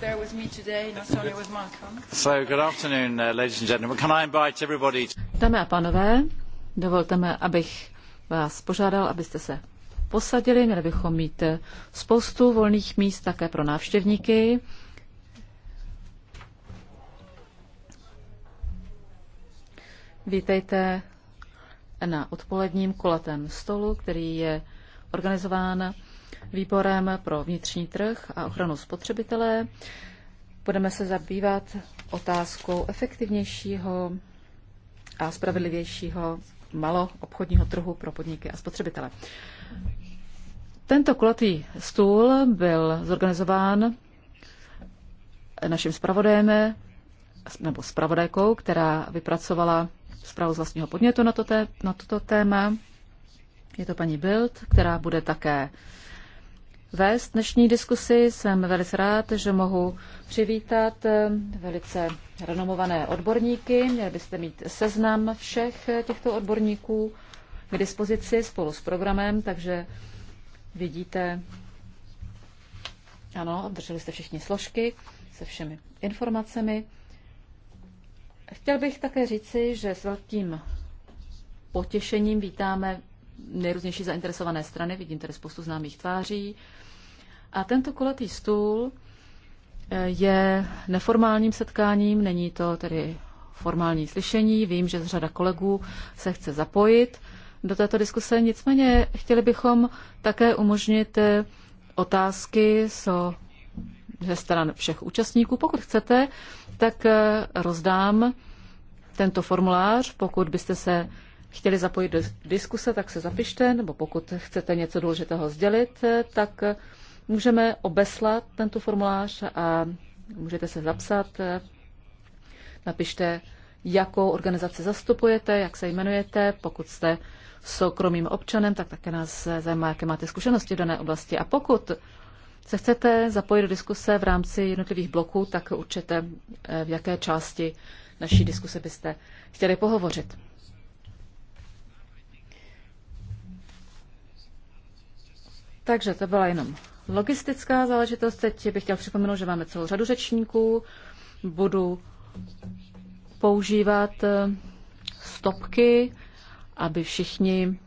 there with me today, not only with Malcolm. So, good afternoon, uh, ladies and gentlemen. Can I invite everybody... Dámy a pánové, dovolte mi, abych vás požádal, abyste se posadili. Měli bychom mít eh, spoustu volných míst také pro návštěvníky. Vítejte na odpoledním kulatém stolu, který je organizován výborem pro vnitřní trh a ochranu spotřebitelé. Budeme se zabývat otázkou efektivnějšího a spravedlivějšího maloobchodního trhu pro podniky a spotřebitele. Tento kulatý stůl byl zorganizován naším zpravodajem nebo zpravodajkou, která vypracovala zprávu z vlastního podnětu na, to té, na toto téma. Je to paní Bild, která bude také vést dnešní diskusi. Jsem velice rád, že mohu přivítat eh, velice renomované odborníky. Měli byste mít seznam všech těchto odborníků k dispozici spolu s programem, takže vidíte, ano, obdrželi jste všichni složky se všemi informacemi. Chtěl bych také říci, že s velkým potěšením vítáme nejrůznější zainteresované strany, vidím tady spoustu známých tváří. A tento kulatý stůl eh, je neformálním setkáním, není to tedy formální slyšení. Vím, že řada kolegů se chce zapojit do této diskuse, nicméně chtěli bychom také umožnit eh, otázky so, ze stran všech účastníků. Pokud chcete, tak eh, rozdám tento formulář, pokud byste se chtěli zapojit do diskuse, tak se zapište, nebo pokud chcete něco důležitého sdělit, tak můžeme obeslat tento formulář a můžete se zapsat. Napište, jakou organizaci zastupujete, jak se jmenujete, pokud jste soukromým občanem, tak také nás zajímá, jaké máte zkušenosti v dané oblasti. A pokud se chcete zapojit do diskuse v rámci jednotlivých bloků, tak určete, eh, v jaké části naší diskuse byste chtěli pohovořit. Takže to byla jenom logistická záležitost. Teď bych chtěl připomenout, že máme celou řadu řečníků. Budu používat eh, stopky, aby všichni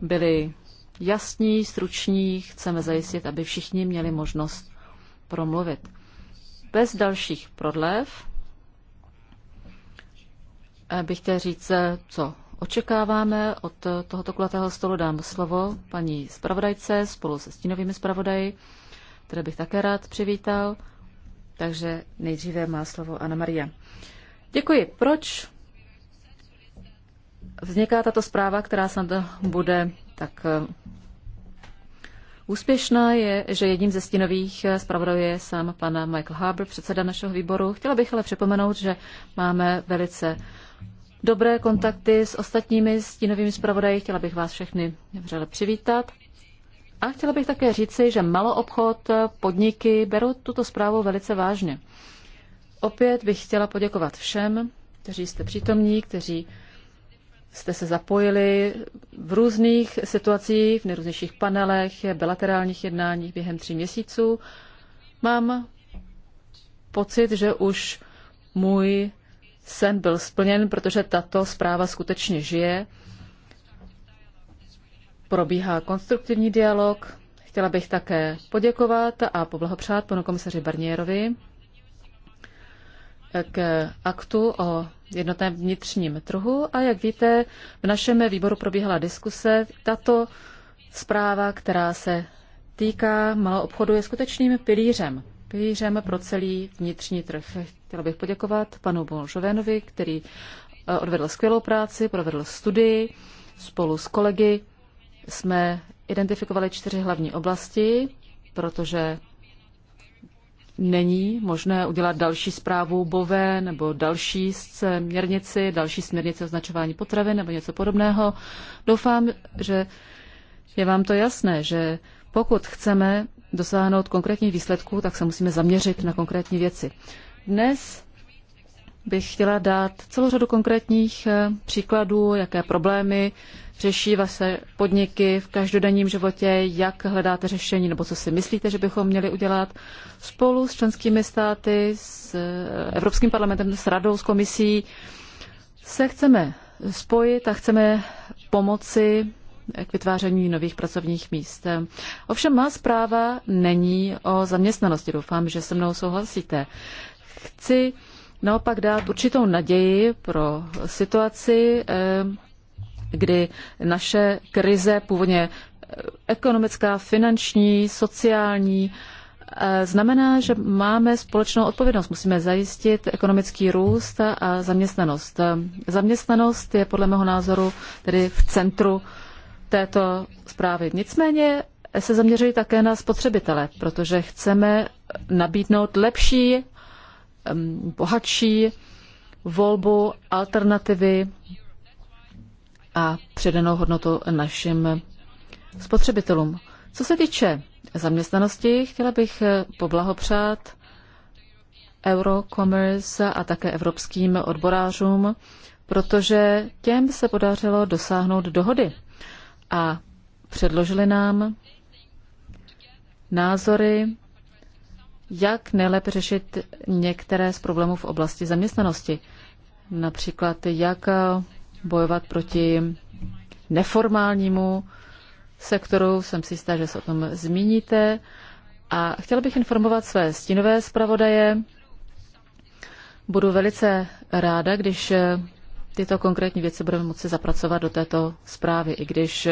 byli jasní, struční. Chceme zajistit, aby všichni měli možnost promluvit. Bez dalších prodlev eh, bych chtěl říct, eh, co očekáváme od tohoto kulatého stolu, dám slovo paní zpravodajce spolu se stínovými zpravodaji, které bych také rád přivítal. Takže nejdříve má slovo Ana Maria. Děkuji. Proč vzniká tato zpráva, která snad bude tak eh, Úspěšná je, že jedním ze stínových eh, zpravodajů je sám pan Michael Harbour, předseda našeho výboru. Chtěla bych ale připomenout, že máme velice dobré kontakty s ostatními stínovými zpravodaji. Chtěla bych vás všechny vřele přivítat. A chtěla bych také říci, že maloobchod, podniky berou tuto zprávu velice vážně. Opět bych chtěla poděkovat všem, kteří jste přítomní, kteří jste se zapojili v různých situacích, v nejrůznějších panelech, bilaterálních jednáních během tří měsíců. Mám pocit, že už můj sen byl splněn, protože tato zpráva skutečně žije. Probíhá konstruktivní dialog. Chtěla bych také poděkovat a poblahopřát panu komisaři Barnierovi k aktu o jednotném vnitřním trhu. A jak víte, v našem výboru probíhala diskuse. Tato zpráva, která se týká malou obchodu, je skutečným pilířem pilířem pro celý vnitřní trh. Chtěla bych poděkovat panu Bonžovénovi, který eh, odvedl skvělou práci, provedl studii. Spolu s kolegy jsme identifikovali čtyři hlavní oblasti, protože není možné udělat další zprávu bové nebo další směrnici, další směrnici označování potravy nebo něco podobného. Doufám, že je vám to jasné, že pokud chceme dosáhnout konkrétních výsledků, tak se musíme zaměřit na konkrétní věci. Dnes bych chtěla dát celou řadu konkrétních eh, příkladů, jaké problémy řeší vaše podniky v každodenním životě, jak hledáte řešení nebo co si myslíte, že bychom měli udělat spolu s členskými státy, s eh, Evropským parlamentem, s Radou, s komisí. Se chceme spojit a chceme pomoci k vytváření nových pracovních míst. Ovšem má zpráva není o zaměstnanosti. Doufám, že se mnou souhlasíte. Chci naopak dát určitou naději pro situaci, eh, kdy naše krize, původně eh, ekonomická, finanční, sociální, eh, znamená, že máme společnou odpovědnost. Musíme zajistit ekonomický růst a zaměstnanost. Zaměstnanost je podle mého názoru tedy v centru této zprávy. Nicméně se zaměřují také na spotřebitele, protože chceme nabídnout lepší, bohatší volbu, alternativy a předanou hodnotu našim spotřebitelům. Co se týče zaměstnanosti, chtěla bych poblahopřát Eurocommerce a také evropským odborářům, protože těm se podařilo dosáhnout dohody a předložili nám názory, jak nejlépe řešit některé z problémů v oblasti zaměstnanosti. Například, jak bojovat proti neformálnímu sektoru. Jsem si jistá, že se o tom zmíníte. A chtěla bych informovat své stínové zpravodaje. Budu velice ráda, když tyto konkrétní věci budeme moci zapracovat do této zprávy, i když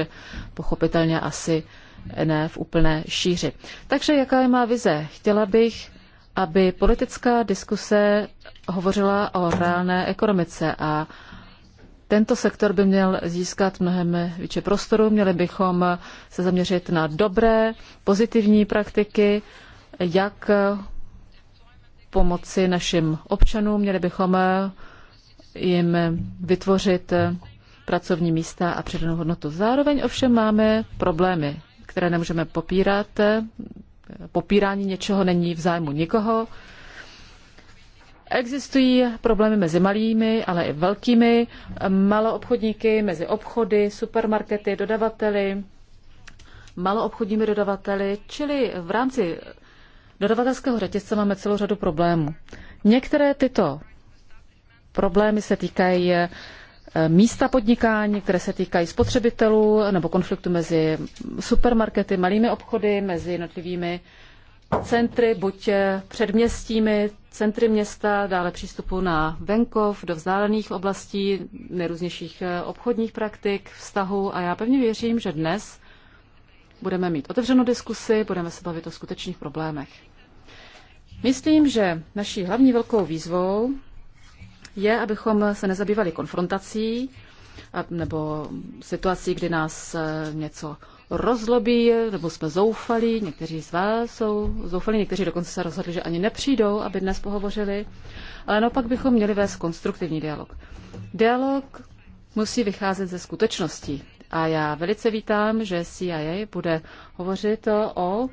pochopitelně asi ne v úplné šíři. Takže jaká je má vize? Chtěla bych, aby politická diskuse hovořila o reálné ekonomice a tento sektor by měl získat mnohem více prostoru, měli bychom se zaměřit na dobré, pozitivní praktiky, jak pomoci našim občanům, měli bychom jim vytvořit eh, pracovní místa a přidanou hodnotu. Zároveň ovšem máme problémy, které nemůžeme popírat. Eh, popírání něčeho není v zájmu nikoho. Existují problémy mezi malými, ale i velkými maloobchodníky, mezi obchody, supermarkety, dodavateli, maloobchodními dodavateli, čili v rámci dodavatelského řetězce máme celou řadu problémů. Některé tyto problémy se týkají eh, místa podnikání, které se týkají spotřebitelů nebo konfliktu mezi supermarkety, malými obchody, mezi jednotlivými centry, buď eh, předměstími, centry města, dále přístupu na venkov, do vzdálených oblastí, nejrůznějších eh, obchodních praktik, vztahů a já pevně věřím, že dnes budeme mít otevřenou diskusi, budeme se bavit o skutečných problémech. Myslím, že naší hlavní velkou výzvou je, abychom se nezabývali konfrontací nebo situací, kdy nás eh, něco rozlobí, nebo jsme zoufalí, někteří z vás jsou zoufalí, někteří dokonce se rozhodli, že ani nepřijdou, aby dnes pohovořili, ale naopak bychom měli vést konstruktivní dialog. Dialog musí vycházet ze skutečností. A já velice vítám, že CIA bude hovořit o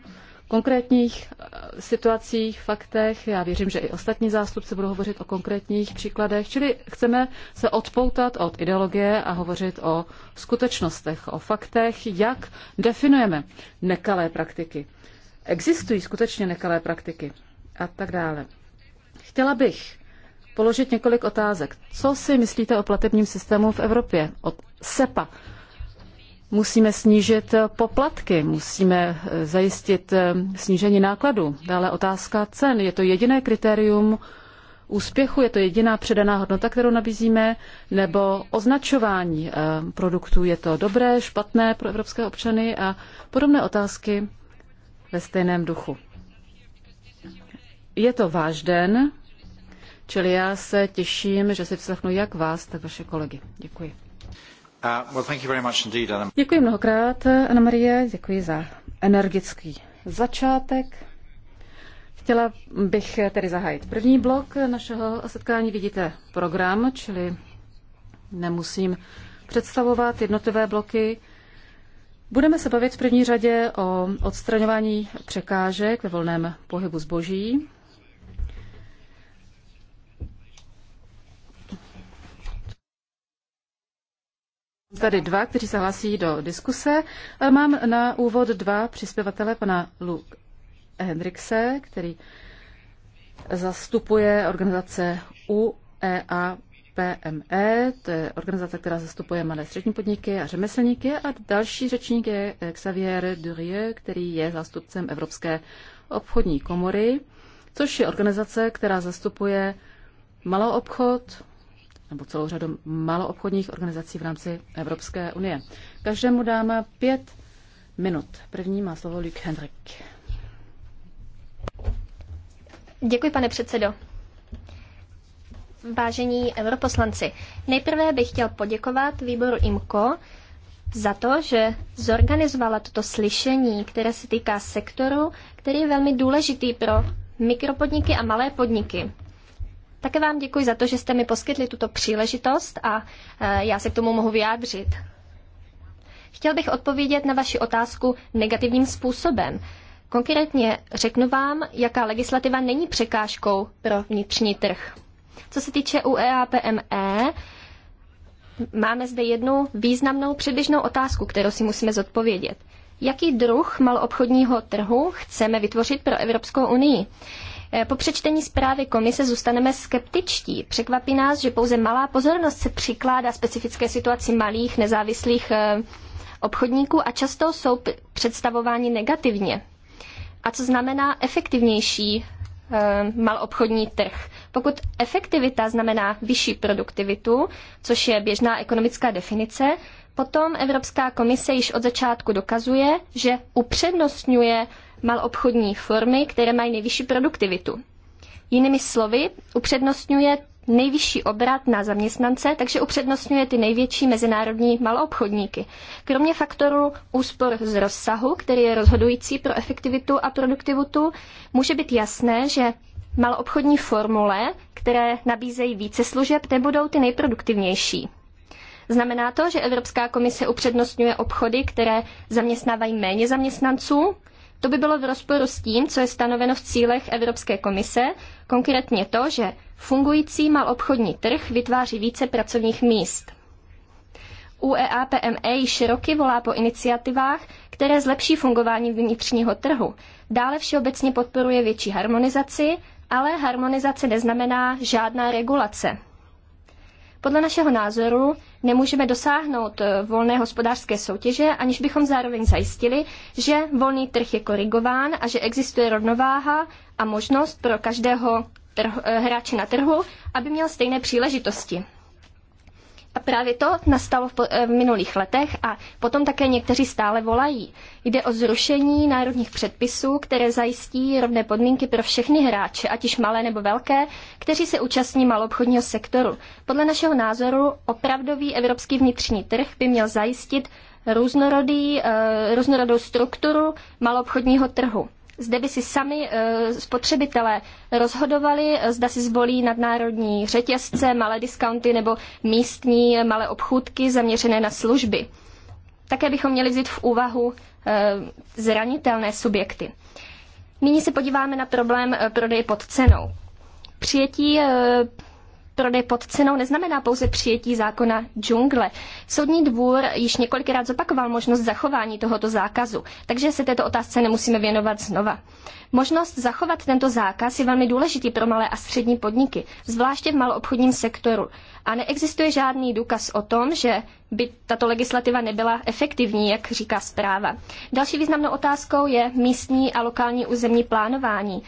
konkrétních eh, situacích, faktech. Já věřím, že i ostatní zástupci budou hovořit o konkrétních příkladech, čili chceme se odpoutat od ideologie a hovořit o skutečnostech, o faktech, jak definujeme nekalé praktiky. Existují skutečně nekalé praktiky a tak dále. Chtěla bych položit několik otázek. Co si myslíte o platebním systému v Evropě, od SEPA? Musíme snížit poplatky, musíme zajistit eh, snížení nákladů. Dále otázka cen. Je to jediné kritérium úspěchu, je to jediná předaná hodnota, kterou nabízíme, nebo označování eh, produktů. Je to dobré, špatné pro evropské občany a podobné otázky ve stejném duchu. Je to váš den, čili já se těším, že si vyslechnu jak vás, tak vaše kolegy. Děkuji. Uh, děkuji mnohokrát, Anna Marie, děkuji za energický začátek. Chtěla bych tedy zahájit první blok našeho setkání. Vidíte program, čili nemusím představovat jednotlivé bloky. Budeme se bavit v první řadě o odstraňování překážek ve volném pohybu zboží. Tady dva, kteří se hlasí do diskuse. Mám na úvod dva přispěvatele, pana Luke Hendrikse, který zastupuje organizace UEAPME, e. to je organizace, která zastupuje malé střední podniky a řemeslníky. A další řečník je Xavier Durieux, který je zástupcem Evropské obchodní komory, což je organizace, která zastupuje malou obchod, nebo celou řadu maloobchodních organizací v rámci Evropské unie. Každému dáme pět minut. První má slovo Luc Hendrik. Děkuji, pane předsedo. Vážení europoslanci, nejprve bych chtěl poděkovat výboru IMCO za to, že zorganizovala toto slyšení, které se týká sektoru, který je velmi důležitý pro mikropodniky a malé podniky. Také vám děkuji za to, že jste mi poskytli tuto příležitost a e, já se k tomu mohu vyjádřit. Chtěl bych odpovědět na vaši otázku negativním způsobem. Konkrétně řeknu vám, jaká legislativa není překážkou pro vnitřní trh. Co se týče UEAPME, e, máme zde jednu významnou předběžnou otázku, kterou si musíme zodpovědět. Jaký druh maloobchodního trhu chceme vytvořit pro Evropskou unii? Eh, po přečtení zprávy komise zůstaneme skeptičtí. Překvapí nás, že pouze malá pozornost se přikládá specifické situaci malých nezávislých eh, obchodníků a často jsou představováni negativně. A co znamená efektivnější eh, malobchodní trh? Pokud efektivita znamená vyšší produktivitu, což je běžná ekonomická definice, potom Evropská komise již od začátku dokazuje, že upřednostňuje malobchodní formy, které mají nejvyšší produktivitu. Jinými slovy, upřednostňuje nejvyšší obrat na zaměstnance, takže upřednostňuje ty největší mezinárodní maloobchodníky. Kromě faktoru úspor z rozsahu, který je rozhodující pro efektivitu a produktivitu, může být jasné, že maloobchodní formule, které nabízejí více služeb, nebudou ty nejproduktivnější. Znamená to, že Evropská komise upřednostňuje obchody, které zaměstnávají méně zaměstnanců, to by bylo v rozporu s tím, co je stanoveno v cílech Evropské komise, konkrétně to, že fungující malobchodní trh vytváří více pracovních míst. UEAPMA e již roky volá po iniciativách, které zlepší fungování vnitřního trhu. Dále všeobecně podporuje větší harmonizaci, ale harmonizace neznamená žádná regulace. Podle našeho názoru nemůžeme dosáhnout eh, volné hospodářské soutěže, aniž bychom zároveň zajistili, že volný trh je korigován a že existuje rovnováha a možnost pro každého eh, hráče na trhu, aby měl stejné příležitosti. A právě to nastalo v, eh, v minulých letech a potom také někteří stále volají. Jde o zrušení národních předpisů, které zajistí rovné podmínky pro všechny hráče, ať již malé nebo velké, kteří se účastní maloobchodního sektoru. Podle našeho názoru opravdový evropský vnitřní trh by měl zajistit různorodý, eh, různorodou strukturu maloobchodního trhu. Zde by si sami eh, spotřebitelé rozhodovali, eh, zda si zvolí nadnárodní řetězce, malé diskonty nebo místní malé obchůdky zaměřené na služby. Také bychom měli vzít v úvahu eh, zranitelné subjekty. Nyní se podíváme na problém prodeje pod cenou. Přijetí Prodej pod cenou neznamená pouze přijetí zákona džungle. Soudní dvůr již několikrát zopakoval možnost zachování tohoto zákazu, takže se této otázce nemusíme věnovat znova. Možnost zachovat tento zákaz je velmi důležitý pro malé a střední podniky, zvláště v maloobchodním sektoru. A neexistuje žádný důkaz o tom, že by tato legislativa nebyla efektivní, jak říká zpráva. Další významnou otázkou je místní a lokální územní plánování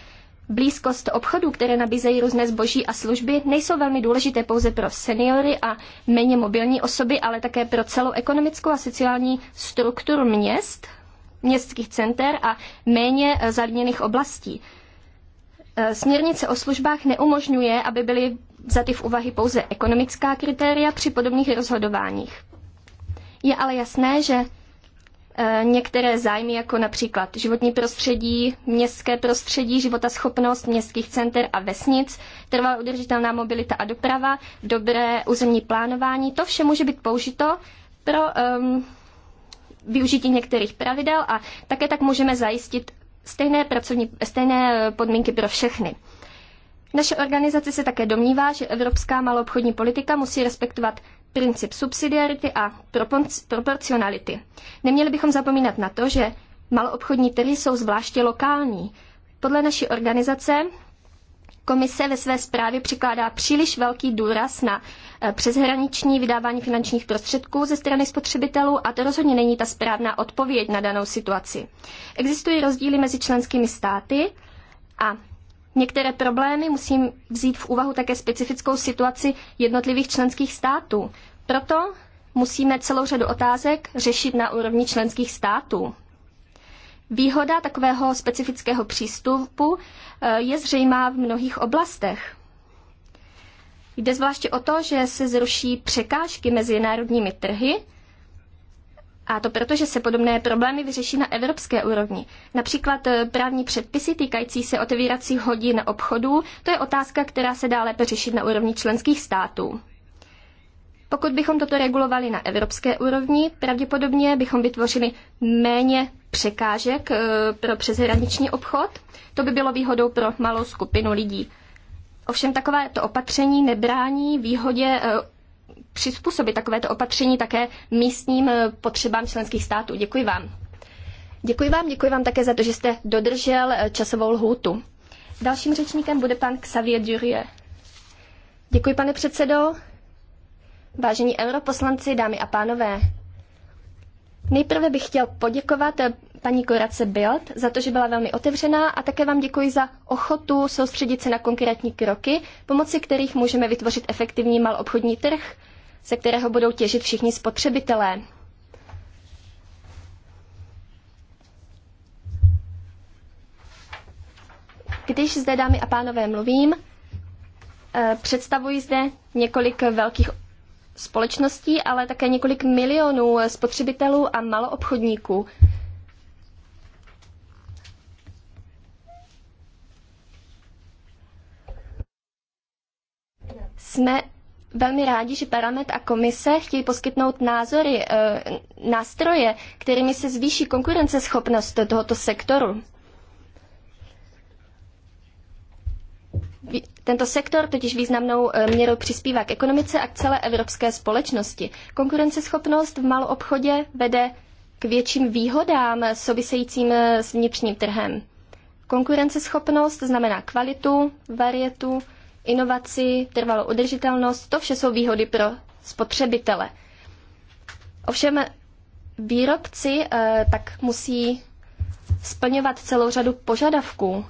blízkost obchodů, které nabízejí různé zboží a služby, nejsou velmi důležité pouze pro seniory a méně mobilní osoby, ale také pro celou ekonomickou a sociální strukturu měst, městských center a méně eh, zalidněných oblastí. Eh, směrnice o službách neumožňuje, aby byly vzaty v úvahy pouze ekonomická kritéria při podobných rozhodováních. Je ale jasné, že Eh, některé zájmy, jako například životní prostředí, městské prostředí, životaschopnost městských center a vesnic, trvalá udržitelná mobilita a doprava, dobré územní plánování, to vše může být použito pro um, využití některých pravidel a také tak můžeme zajistit stejné, pracovní, stejné eh, podmínky pro všechny. Naše organizace se také domnívá, že evropská maloobchodní politika musí respektovat princip subsidiarity a proporcionality. Neměli bychom zapomínat na to, že maloobchodní trhy jsou zvláště lokální. Podle naší organizace komise ve své zprávě přikládá příliš velký důraz na eh, přeshraniční vydávání finančních prostředků ze strany spotřebitelů a to rozhodně není ta správná odpověď na danou situaci. Existují rozdíly mezi členskými státy a Některé problémy musím vzít v úvahu také specifickou situaci jednotlivých členských států. Proto musíme celou řadu otázek řešit na úrovni členských států. Výhoda takového specifického přístupu eh, je zřejmá v mnohých oblastech. Jde zvláště o to, že se zruší překážky mezi národními trhy a to proto, že se podobné problémy vyřeší na evropské úrovni. Například eh, právní předpisy týkající se otevírací hodin obchodů, to je otázka, která se dá lépe řešit na úrovni členských států. Pokud bychom toto regulovali na evropské úrovni, pravděpodobně bychom vytvořili méně překážek eh, pro přeshraniční obchod. To by bylo výhodou pro malou skupinu lidí. Ovšem takovéto opatření nebrání výhodě eh, přizpůsobit takovéto opatření také místním eh, potřebám členských států. Děkuji vám. Děkuji vám, děkuji vám také za to, že jste dodržel eh, časovou lhůtu. Dalším řečníkem bude pan Xavier Durie. Děkuji, pane předsedo. Vážení europoslanci, dámy a pánové. Nejprve bych chtěl poděkovat eh, paní Korace Bild za to, že byla velmi otevřená a také vám děkuji za ochotu soustředit se na konkrétní kroky, pomocí kterých můžeme vytvořit efektivní malobchodní trh, ze kterého budou těžit všichni spotřebitelé. Když zde, dámy a pánové, mluvím, eh, představuji zde několik velkých společností, ale také několik milionů spotřebitelů a maloobchodníků. jsme velmi rádi, že parlament a komise chtějí poskytnout názory, eh, nástroje, kterými se zvýší konkurenceschopnost tohoto sektoru. Tento sektor totiž významnou eh, měrou přispívá k ekonomice a k celé evropské společnosti. Konkurenceschopnost v maloobchodě vede k větším výhodám eh, souvisejícím s vnitřním trhem. Konkurenceschopnost znamená kvalitu, varietu, inovaci, trvalou udržitelnost, to vše jsou výhody pro spotřebitele. Ovšem výrobci eh, tak musí splňovat celou řadu požadavků.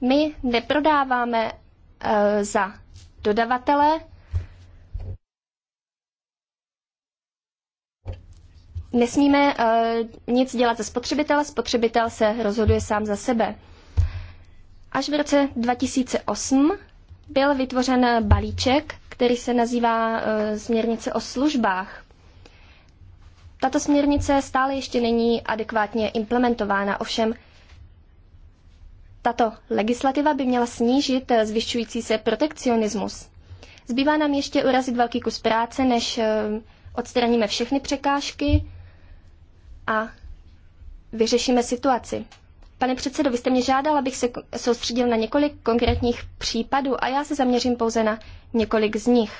My neprodáváme eh, za dodavatele, nesmíme uh, nic dělat ze spotřebitele, spotřebitel se rozhoduje sám za sebe. Až v roce 2008 byl vytvořen balíček, který se nazývá uh, směrnice o službách. Tato směrnice stále ještě není adekvátně implementována, ovšem tato legislativa by měla snížit eh, zvyšující se protekcionismus. Zbývá nám ještě urazit velký kus práce, než odstraníme všechny překážky a vyřešíme situaci. Pane předsedo, vy jste mě žádal, abych se soustředil na několik konkrétních případů a já se zaměřím pouze na několik z nich.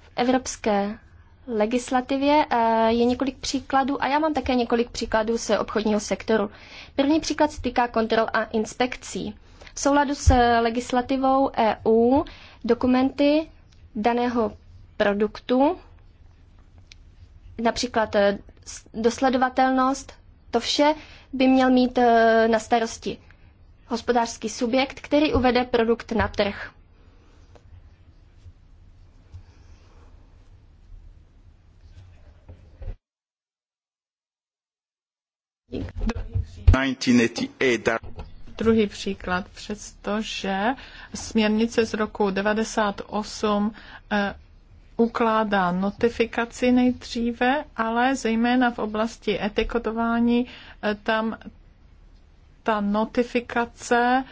V evropské legislativě eh, je několik příkladů a já mám také několik příkladů z obchodního sektoru. První příklad se týká kontrol a inspekcí. V souladu s legislativou EU dokumenty daného produktu například eh, dosledovatelnost, to vše by měl mít eh, na starosti hospodářský subjekt, který uvede produkt na trh. Druhý příklad, přestože směrnice z roku 98 ukládá notifikaci nejdříve, ale zejména v oblasti etikotování eh, tam ta notifikace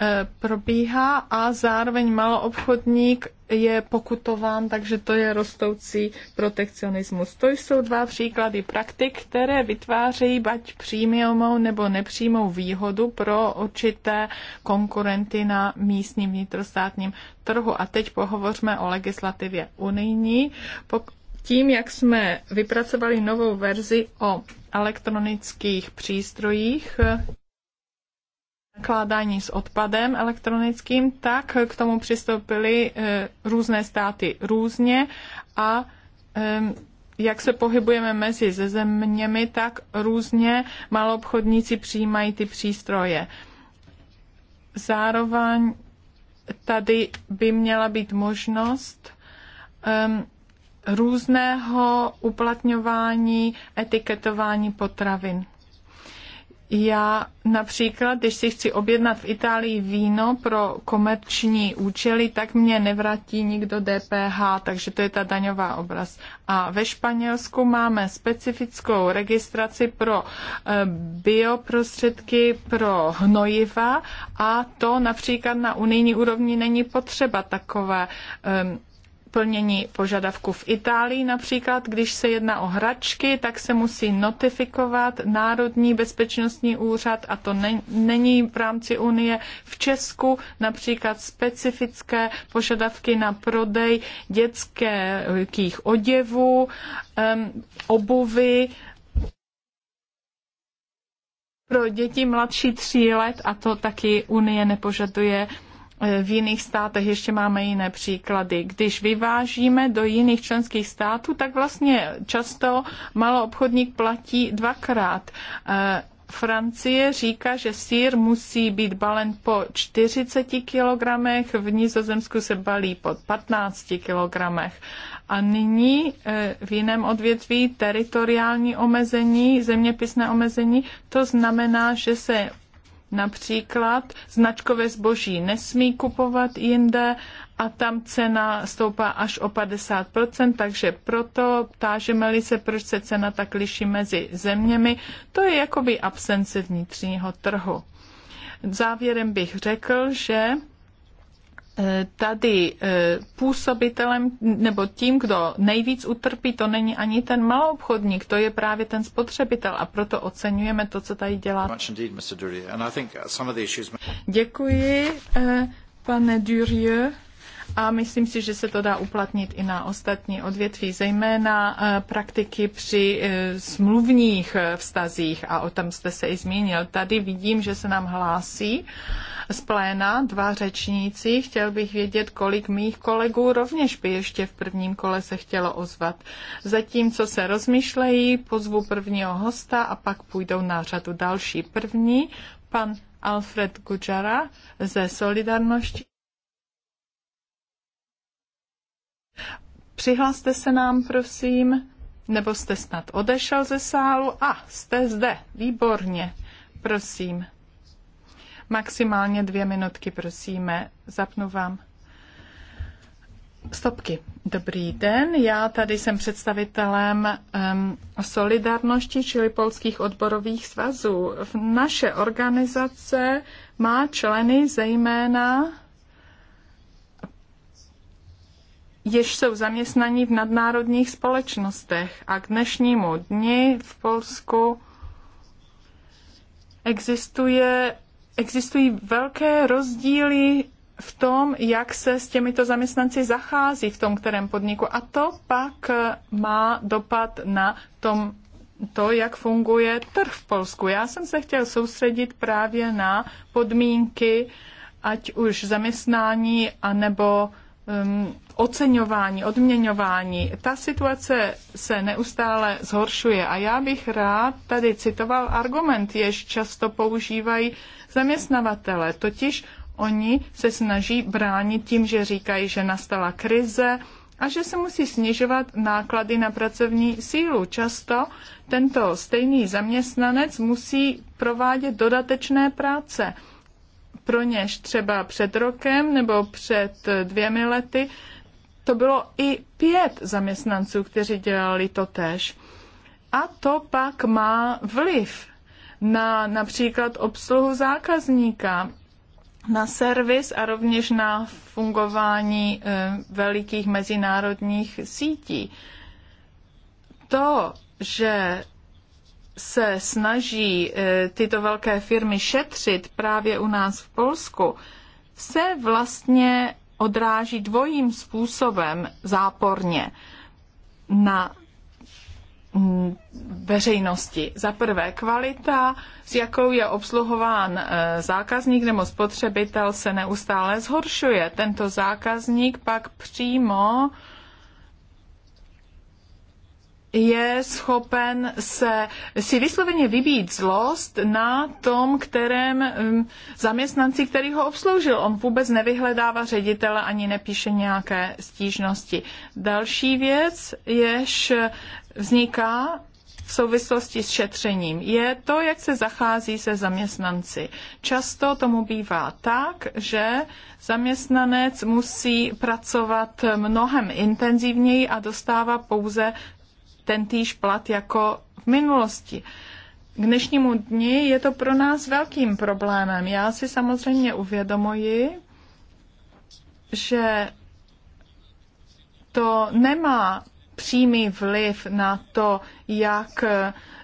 Eh, probíhá a zároveň maloobchodník je pokutován, takže to je rostoucí protekcionismus. To jsou dva příklady praktik, které vytvářejí bať přímou nebo nepřímou výhodu pro určité konkurenty na místním vnitrostátním trhu. A teď pohovořme o legislativě unijní. Tím, jak jsme vypracovali novou verzi o elektronických přístrojích, nakládání s odpadem elektronickým, tak k tomu přistoupily eh, různé státy různě a jak se pohybujeme mezi ze zeměmi, tak různě maloobchodníci přijímají ty přístroje. Zároveň tady by měla být možnost um, různého uplatňování etiketování potravin. Já například, když si chci objednat v Itálii víno pro komerční účely, tak mě nevratí nikdo DPH, takže to je ta daňová obraz. A ve Španělsku máme specifickou registraci pro eh, bioprostředky pro hnojiva a to například na unijní úrovni není potřeba takové um, plnění požadavků v Itálii například, když se jedná o hračky, tak se musí notifikovat Národní bezpečnostní úřad a to ne- není v rámci Unie. V Česku například specifické požadavky na prodej dětských oděvů, um, obuvy, pro děti mladší tří let a to taky Unie nepožaduje v jiných státech ještě máme jiné příklady. Když vyvážíme do jiných členských států, tak vlastně často maloobchodník platí dvakrát. Eh, Francie říká, že sír musí být balen po 40 kg, v Nizozemsku se balí po 15 kg. A nyní eh, v jiném odvětví teritoriální omezení, zeměpisné omezení, to znamená, že se Například značkové zboží nesmí kupovat jinde a tam cena stoupá až o 50%, takže proto tážeme-li se, proč se cena tak liší mezi zeměmi, to je jakoby absence vnitřního trhu. Závěrem bych řekl, že Eh, tady eh, působitelem nebo tím, kdo nejvíc utrpí, to není ani ten maloobchodník, to je právě ten spotřebitel a proto oceňujeme to, co tady dělá. Uh, Děkuji, eh, pane Durieux a myslím si, že se to dá uplatnit i na ostatní odvětví, zejména eh, praktiky při eh, smluvních eh, vztazích a o tom jste se i zmínil. Tady vidím, že se nám hlásí z pléna dva řečníci. Chtěl bych vědět, kolik mých kolegů rovněž by ještě v prvním kole se chtělo ozvat. Zatímco se rozmýšlejí, pozvu prvního hosta a pak půjdou na řadu další. První, pan Alfred Gujara ze Solidarnosti. Přihlaste se nám, prosím, nebo jste snad odešel ze sálu? A, jste zde, výborně, prosím. Maximálně dvě minutky, prosíme, zapnu vám. Stopky. Dobrý den, já tady jsem představitelem um, Solidarnosti, čili polských odborových svazů. V naše organizace má členy zejména jež jsou zaměstnaní v nadnárodních společnostech a k dnešnímu dni v Polsku existuje, existují velké rozdíly v tom, jak se s těmito zaměstnanci zachází v tom kterém podniku. A to pak má dopad na tom, to, jak funguje trh v Polsku. Já jsem se chtěl soustředit právě na podmínky, ať už zaměstnání, anebo um, oceňování, odměňování. Ta situace se neustále zhoršuje a já bych rád tady citoval argument, jež často používají zaměstnavatele, totiž oni se snaží bránit tím, že říkají, že nastala krize a že se musí snižovat náklady na pracovní sílu. Často tento stejný zaměstnanec musí provádět dodatečné práce pro něž třeba před rokem nebo před dvěmi lety, to bylo i pět zaměstnanců, kteří dělali to tež. A to pak má vliv na například obsluhu zákazníka, na servis a rovněž na fungování eh, velikých mezinárodních sítí. To, že se snaží eh, tyto velké firmy šetřit právě u nás v Polsku, se vlastně odráží dvojím způsobem záporně na mm, veřejnosti. Za prvé kvalita, s jakou je obsluhován eh, zákazník nebo spotřebitel, se neustále zhoršuje. Tento zákazník pak přímo je schopen se, si vysloveně vybít zlost na tom, kterém um, zaměstnanci, který ho obsloužil. On vůbec nevyhledává ředitele ani nepíše nějaké stížnosti. Další věc, jež vzniká v souvislosti s šetřením je to, jak se zachází se zaměstnanci. Často tomu bývá tak, že zaměstnanec musí pracovat mnohem intenzivněji a dostává pouze ten týž plat jako v minulosti. K dnešnímu dni je to pro nás velkým problémem. Já si samozřejmě uvědomuji, že to nemá přímý vliv na to, jak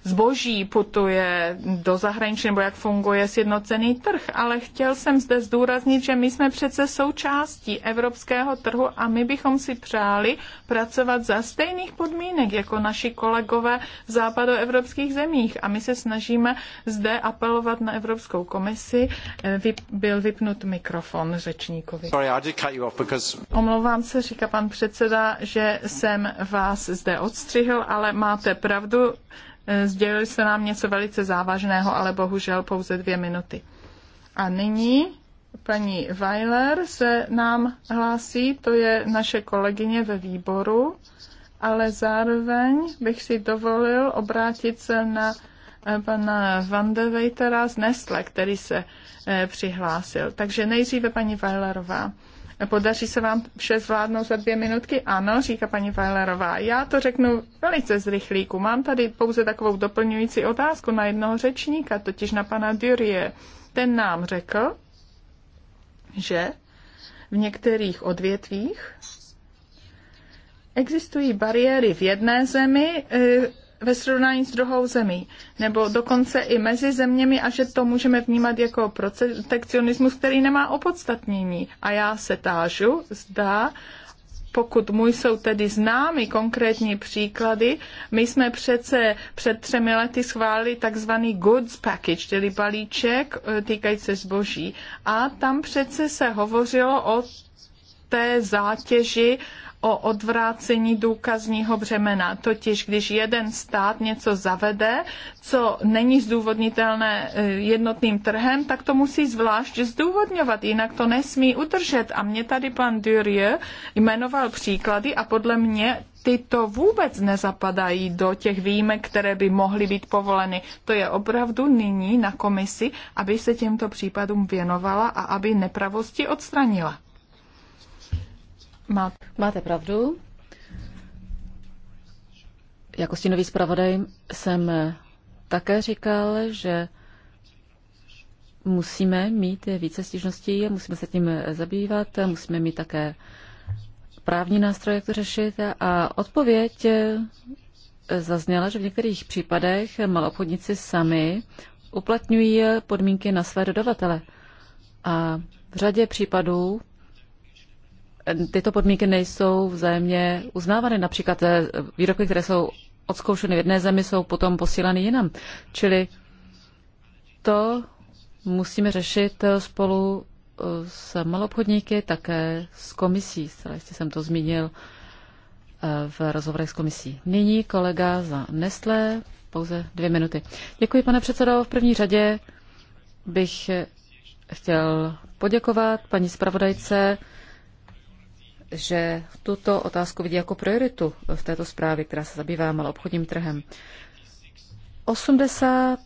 zboží putuje do zahraničí nebo jak funguje sjednocený trh, ale chtěl jsem zde zdůraznit, že my jsme přece součástí evropského trhu a my bychom si přáli pracovat za stejných podmínek jako naši kolegové v západoevropských zemích. A my se snažíme zde apelovat na Evropskou komisi. Eh, vyp, byl vypnut mikrofon řečníkovi. Sorry, I did cut you off because... Omlouvám se, říká pan předseda, že jsem vás zde odstřihl, ale máte pravdu. Eh, sdělili se nám něco velice závažného, ale bohužel pouze dvě minuty. A nyní paní Weiler se nám hlásí, to je naše kolegyně ve výboru, ale zároveň bych si dovolil obrátit se na eh, pana Van de Weitera z Nestle, který se eh, přihlásil. Takže nejdříve paní Weilerová. Podaří se vám vše zvládnout za dvě minutky? Ano, říká paní Fajlerová. Já to řeknu velice z rychlíku. Mám tady pouze takovou doplňující otázku na jednoho řečníka, totiž na pana Durie. Ten nám řekl, že v některých odvětvích existují bariéry v jedné zemi, eh, ve srovnání s druhou zemí, nebo dokonce i mezi zeměmi a že to můžeme vnímat jako protekcionismus, který nemá opodstatnění. A já se tážu, zdá, pokud můj jsou tedy známy konkrétní příklady, my jsme přece před třemi lety schválili takzvaný goods package, tedy balíček eh, týkající se zboží. A tam přece se hovořilo o té zátěži o odvrácení důkazního břemena. Totiž, když jeden stát něco zavede, co není zdůvodnitelné eh, jednotným trhem, tak to musí zvlášť zdůvodňovat, jinak to nesmí udržet. A mě tady pan Durie jmenoval příklady a podle mě tyto vůbec nezapadají do těch výjimek, které by mohly být povoleny. To je opravdu nyní na komisi, aby se těmto případům věnovala a aby nepravosti odstranila. Máte pravdu. Jako stínový zpravodaj jsem také říkal, že musíme mít více stížností, musíme se tím zabývat, musíme mít také právní nástroje, jak to řešit. A odpověď zazněla, že v některých případech malobchodníci sami uplatňují podmínky na své dodavatele. A v řadě případů tyto podmínky nejsou vzájemně uznávány. Například eh, výrobky, které jsou odzkoušeny v jedné zemi, jsou potom posílány jinam. Čili to musíme řešit eh, spolu eh, s malobchodníky, také s komisí. Zcela jistě jsem to zmínil v rozhovorech s komisí. Nyní kolega za Nestlé, pouze dvě minuty. Děkuji, pane předsedo. V první řadě bych chtěl poděkovat paní zpravodajce že tuto otázku vidí jako prioritu v této zprávě, která se zabývá malou obchodním trhem. 80,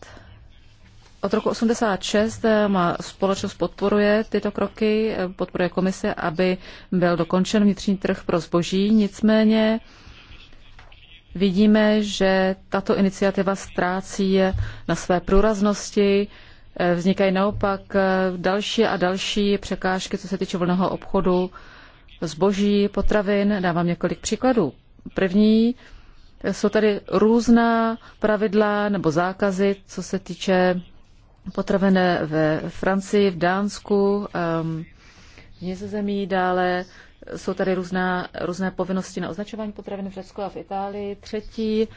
od roku 86 má společnost podporuje tyto kroky, podporuje komise, aby byl dokončen vnitřní trh pro zboží. Nicméně vidíme, že tato iniciativa ztrácí na své průraznosti, vznikají naopak další a další překážky, co se týče volného obchodu zboží, potravin. Dávám několik příkladů. První jsou tady různá pravidla nebo zákazy, co se týče potravin ve Francii, v Dánsku, ehm, v Nizozemí, dále jsou tady různá, různé povinnosti na označování potravin v Řecku a v Itálii. Třetí,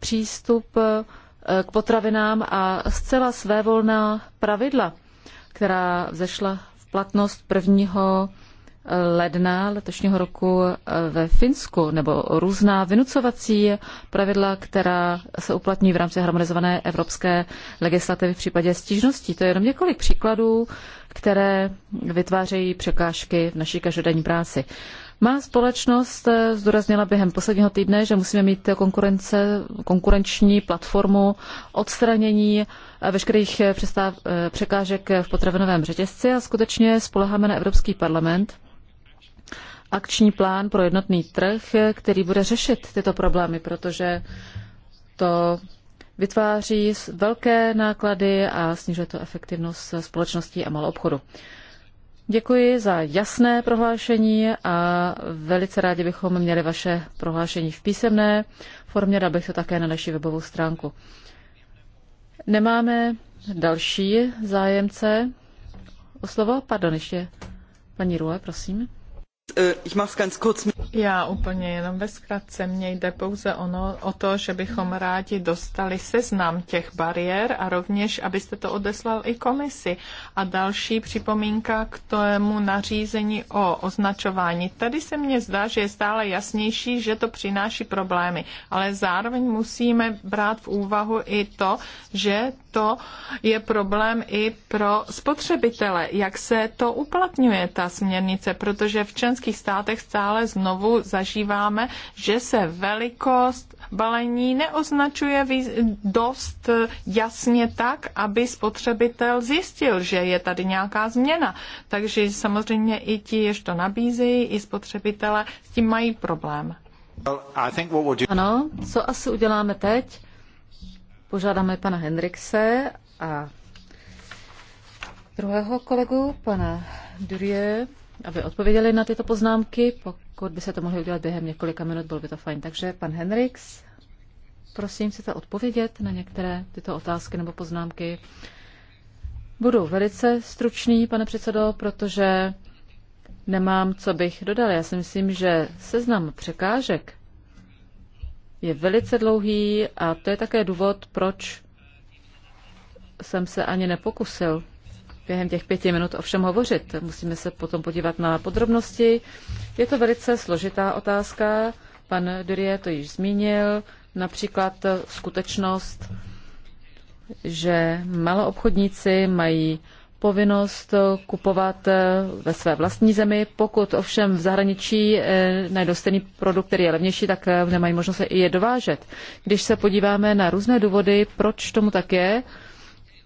přístup eh, k potravinám a zcela svévolná pravidla, která vzešla v platnost 1 ledna letošního roku eh, ve Finsku, nebo různá vynucovací pravidla, která se uplatňují v rámci harmonizované evropské legislativy v případě stížností. To je jenom několik příkladů, které vytvářejí překážky v naší každodenní práci. Má společnost eh, zdůraznila během posledního týdne, že musíme mít konkurence, konkurenční platformu odstranění eh, veškerých překážek v potravinovém řetězci a skutečně spoleháme na Evropský parlament, akční plán pro jednotný trh, který bude řešit tyto problémy, protože to vytváří velké náklady a snižuje to efektivnost společností a malou obchodu. Děkuji za jasné prohlášení a velice rádi bychom měli vaše prohlášení v písemné formě, bych to také na naši webovou stránku. Nemáme další zájemce o slovo. Pardon, ještě paní Rue, prosím. Äh, Já úplně jenom ve zkratce. Mně jde pouze ono, o to, že bychom rádi dostali seznam těch bariér a rovněž, abyste to odeslal i komisi. A další připomínka k tomu nařízení o označování. Tady se mně zdá, že je stále jasnější, že to přináší problémy, ale zároveň musíme brát v úvahu i to, že to je problém i pro spotřebitele, jak se to uplatňuje, ta směrnice, protože v čem členských státech stále znovu zažíváme, že se velikost balení neoznačuje dost jasně tak, aby spotřebitel zjistil, že je tady nějaká změna. Takže samozřejmě i ti, jež to nabízejí, i spotřebitele s tím mají problém. Ano, co asi uděláme teď? Požádáme pana Hendrikse a druhého kolegu, pana Durie, aby odpověděli na tyto poznámky. Pokud by se to mohli udělat během několika minut, bylo by to fajn. Takže pan Henriks, prosím, chcete odpovědět na některé tyto otázky nebo poznámky? Budu velice stručný, pane předsedo, protože nemám, co bych dodal. Já si myslím, že seznam překážek je velice dlouhý a to je také důvod, proč jsem se ani nepokusil během těch pěti minut o všem hovořit. Musíme se potom podívat na podrobnosti. Je to velice složitá otázka. Pan Durie to již zmínil. Například skutečnost, že maloobchodníci mají povinnost kupovat ve své vlastní zemi. Pokud ovšem v zahraničí eh, najdou stejný produkt, který je levnější, tak eh, nemají možnost je dovážet. Když se podíváme na různé důvody, proč tomu tak je,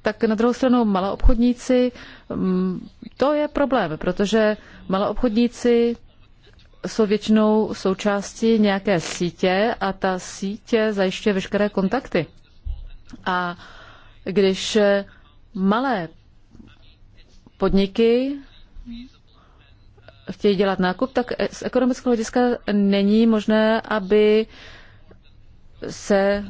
tak na druhou stranu maloobchodníci, mm, to je problém, protože maloobchodníci jsou většinou součástí nějaké sítě a ta sítě zajišťuje veškeré kontakty. A když malé podniky chtějí dělat nákup, tak z ekonomického hlediska není možné, aby se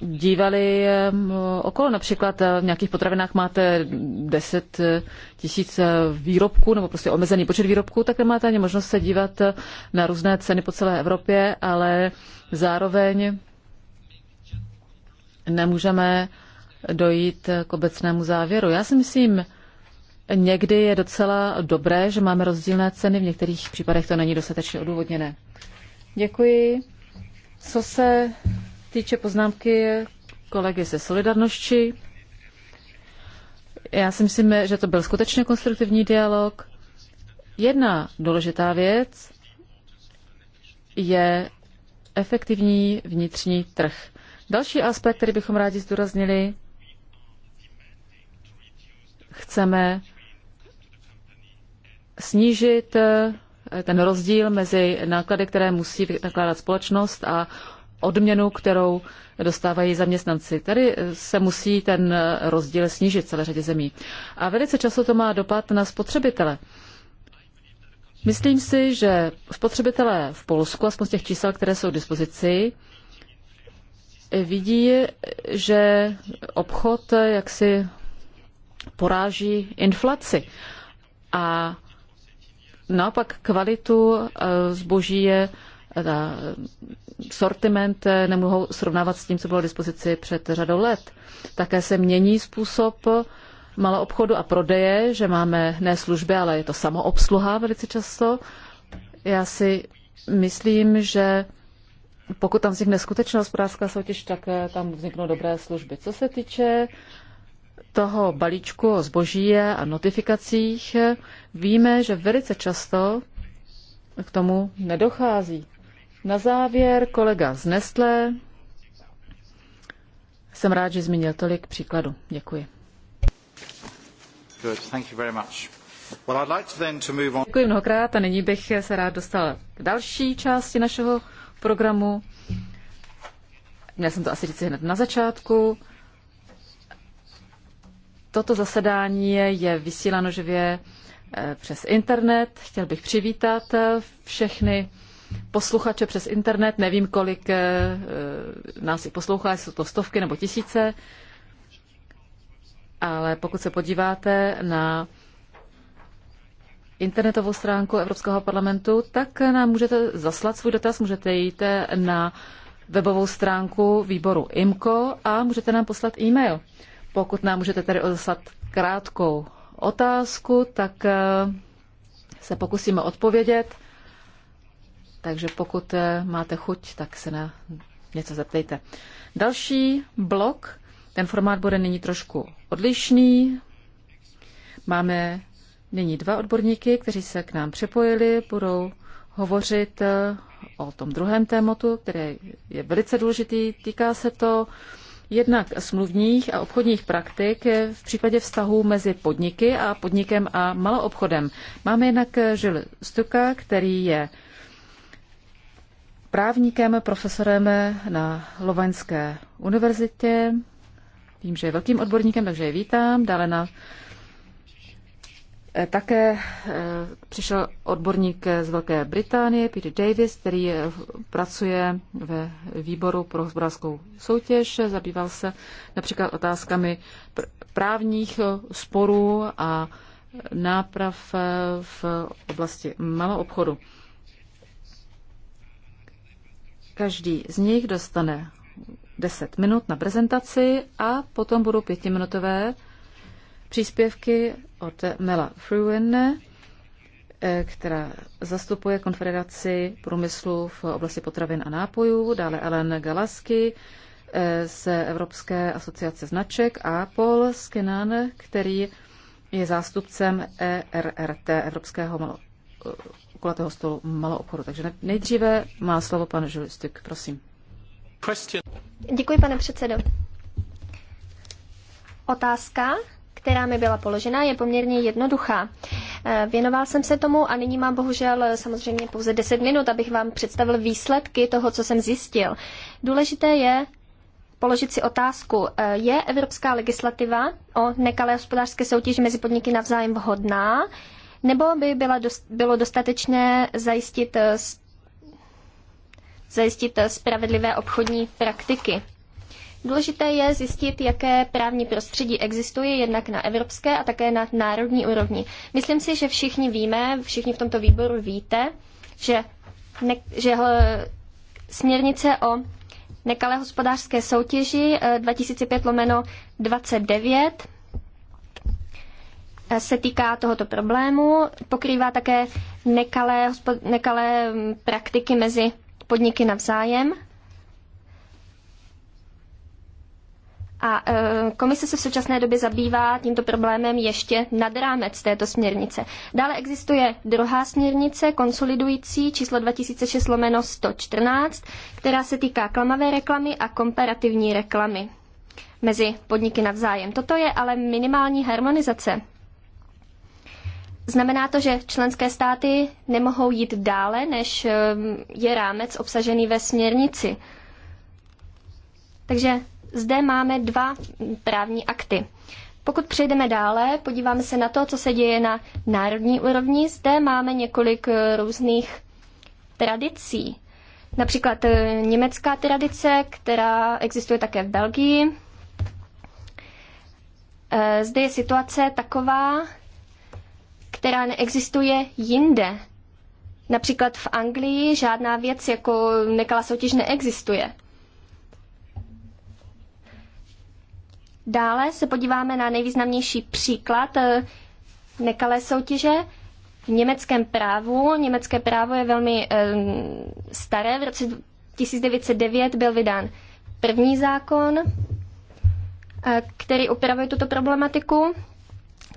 dívali ehm, okolo. Například eh, v nějakých potravinách máte 10 eh, tisíc eh, výrobků nebo prostě omezený počet výrobků, tak nemáte ani možnost se dívat na různé ceny po celé Evropě, ale zároveň nemůžeme dojít k obecnému závěru. Já si myslím, někdy je docela dobré, že máme rozdílné ceny, v některých případech to není dostatečně odůvodněné. Děkuji. Co se týče poznámky kolegy ze Solidarnosti, já si myslím, že to byl skutečně konstruktivní dialog. Jedna důležitá věc je efektivní vnitřní trh. Další aspekt, který bychom rádi zdůraznili, chceme snížit ten rozdíl mezi náklady, které musí nakládat společnost a odměnu, kterou dostávají zaměstnanci. Tady se musí ten rozdíl snížit celé řadě zemí. A velice často to má dopad na spotřebitele. Myslím si, že spotřebitelé v Polsku, aspoň z těch čísel, které jsou k dispozici, vidí, že obchod jaksi poráží inflaci. A naopak kvalitu eh, zboží je ta eh, sortiment eh, nemohou srovnávat s tím, co bylo v dispozici před řadou let. Také se mění způsob eh, malou obchodu a prodeje, že máme ne služby, ale je to samoobsluha velice často. Já si myslím, že pokud tam vznikne skutečná hospodářská soutěž, tak tam vzniknou dobré služby. Co se týče toho balíčku o zboží a notifikacích, víme, že velice často k tomu nedochází. Na závěr kolega z Nestlé. Jsem rád, že zmínil tolik příkladů. Děkuji. Děkuji mnohokrát a nyní bych se rád dostal k další části našeho programu. Měl jsem to asi říct hned na začátku. Toto zasedání je vysíláno živě eh, přes internet. Chtěl bych přivítat eh, všechny posluchače přes internet, nevím, kolik eh, eh, nás i poslouchá, jsou to stovky nebo tisíce, ale pokud se podíváte na internetovou stránku Evropského parlamentu, tak nám můžete zaslat svůj dotaz, můžete jít na webovou stránku výboru IMCO a můžete nám poslat e-mail. Pokud nám můžete tady odeslat krátkou otázku, tak eh, se pokusíme odpovědět. Takže pokud eh, máte chuť, tak se na něco zeptejte. Další blok, ten formát bude nyní trošku odlišný. Máme nyní dva odborníky, kteří se k nám připojili, budou hovořit eh, o tom druhém tématu, které je velice důležitý. Týká se to jednak smluvních a obchodních praktik v případě vztahů mezi podniky a podnikem a maloobchodem. Máme jednak eh, Žil Stuka, který je právníkem, profesorem na Lovaňské univerzitě. Vím, že je velkým odborníkem, takže je vítám. Dále na eh, také eh, přišel odborník z Velké Británie, Peter Davis, který eh, pracuje ve výboru pro hospodářskou soutěž. Zabýval se například otázkami právních sporů a náprav v oblasti malou obchodu. Každý z nich dostane 10 minut na prezentaci a potom budou pětiminutové příspěvky od Mela Fruin, eh, která zastupuje Konfederaci průmyslu v oblasti potravin a nápojů, dále Ellen Galasky eh, z Evropské asociace značek a Paul Skinan, který je zástupcem ERRT, Evropského kulatého stolu malou obchodu. Takže nejdříve má slovo pan Žulistik, prosím. Děkuji, pane předsedo. Otázka, která mi byla položena, je poměrně jednoduchá. Eh, věnoval jsem se tomu a nyní mám bohužel samozřejmě pouze 10 minut, abych vám představil výsledky toho, co jsem zjistil. Důležité je položit si otázku, eh, je evropská legislativa o nekalé hospodářské soutěži mezi podniky navzájem vhodná? Nebo by byla dost, bylo dostatečné zajistit, eh, zajistit eh, spravedlivé obchodní praktiky. Důležité je zjistit, jaké právní prostředí existuje jednak na evropské a také na národní úrovni. Myslím si, že všichni víme, všichni v tomto výboru víte, že, ne, že eh, směrnice o nekalé hospodářské soutěži 2005 lomeno 29 se týká tohoto problému. Pokrývá také nekalé, nekalé mm, praktiky mezi podniky navzájem. A e, komise se v současné době zabývá tímto problémem ještě nad rámec této směrnice. Dále existuje druhá směrnice, konsolidující číslo 2006 lomeno 114, která se týká klamavé reklamy a komparativní reklamy mezi podniky navzájem. Toto je ale minimální harmonizace Znamená to, že členské státy nemohou jít dále, než ehm, je rámec obsažený ve směrnici. Takže zde máme dva právní akty. Pokud přejdeme dále, podíváme se na to, co se děje na národní úrovni. Zde máme několik eh, různých tradicí. Například eh, německá tradice, která existuje také v Belgii. Eh, zde je situace taková, která neexistuje jinde. Například v Anglii žádná věc jako nekala soutěž neexistuje. Dále se podíváme na nejvýznamnější příklad eh, nekalé soutěže v německém právu. Německé právo je velmi eh, staré. V roce 1909 byl vydán první zákon, eh, který upravuje tuto problematiku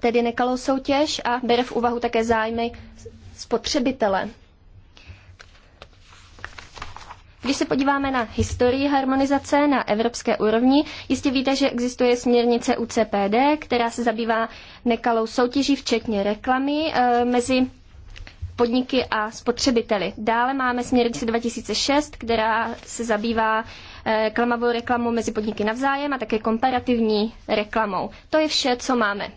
tedy nekalou soutěž a bere v úvahu také zájmy spotřebitele. Když se podíváme na historii harmonizace na evropské úrovni, jistě víte, že existuje směrnice UCPD, která se zabývá nekalou soutěží, včetně reklamy e, mezi podniky a spotřebiteli. Dále máme směrnici 2006, která se zabývá e, klamavou reklamou mezi podniky navzájem a také komparativní reklamou. To je vše, co máme.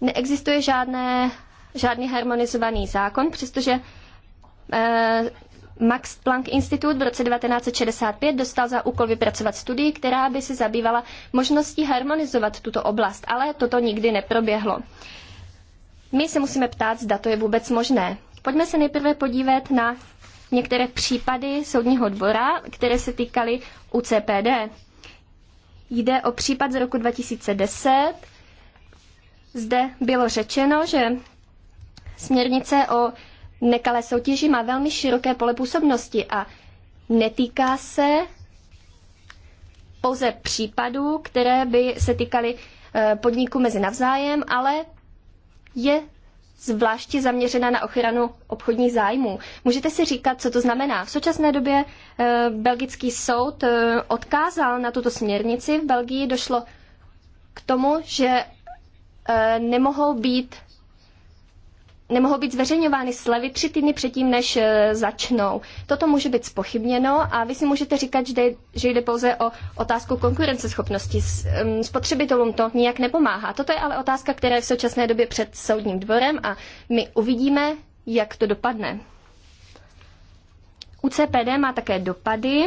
Neexistuje žádné, žádný harmonizovaný zákon, přestože eh, Max Planck Institut v roce 1965 dostal za úkol vypracovat studii, která by se zabývala možností harmonizovat tuto oblast, ale toto nikdy neproběhlo. My se musíme ptát, zda to je vůbec možné. Pojďme se nejprve podívat na některé případy soudního dvora, které se týkaly UCPD. Jde o případ z roku 2010, zde bylo řečeno, že směrnice o nekalé soutěži má velmi široké pole působnosti a netýká se pouze případů, které by se týkaly eh, podniků mezi navzájem, ale je zvláště zaměřena na ochranu obchodních zájmů. Můžete si říkat, co to znamená. V současné době eh, belgický soud eh, odkázal na tuto směrnici. V Belgii došlo k tomu, že Eh, nemohou být nemohou být zveřejňovány slevy tři týdny předtím, než eh, začnou. Toto může být spochybněno a vy si můžete říkat, že jde, že jde pouze o otázku konkurenceschopnosti. Spotřebitelům to nijak nepomáhá. Toto je ale otázka, která je v současné době před soudním dvorem a my uvidíme, jak to dopadne. UCPD má také dopady.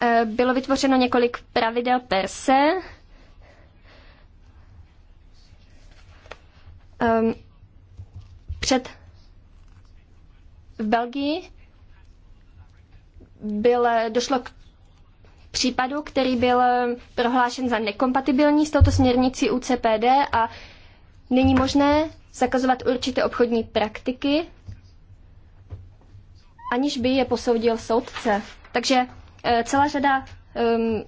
Eh, bylo vytvořeno několik pravidel per se, um, před v Belgii byl, došlo k případu, který byl prohlášen za nekompatibilní s touto směrnicí UCPD a není možné zakazovat určité obchodní praktiky, aniž by je posoudil soudce. Takže eh, celá řada ehm,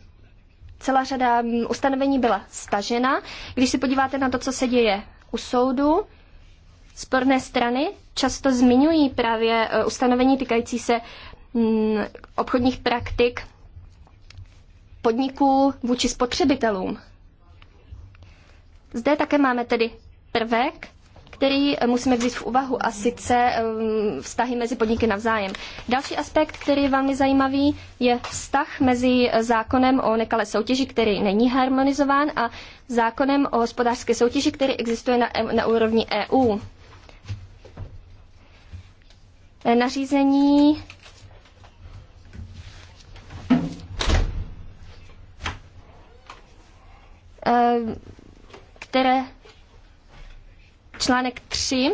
celá řada mm, ustanovení byla stažena. Když se podíváte na to, co se děje u soudu sporné strany často zmiňují právě eh, ustanovení týkající se mm, obchodních praktik podniků vůči spotřebitelům. Zde také máme tedy prvek, který eh, musíme vzít v úvahu a sice eh, vztahy mezi podniky navzájem. Další aspekt, který je velmi zajímavý, je vztah mezi eh, zákonem o nekalé soutěži, který není harmonizován, a zákonem o hospodářské soutěži, který existuje na, na úrovni EU. Nařízení které Článek 3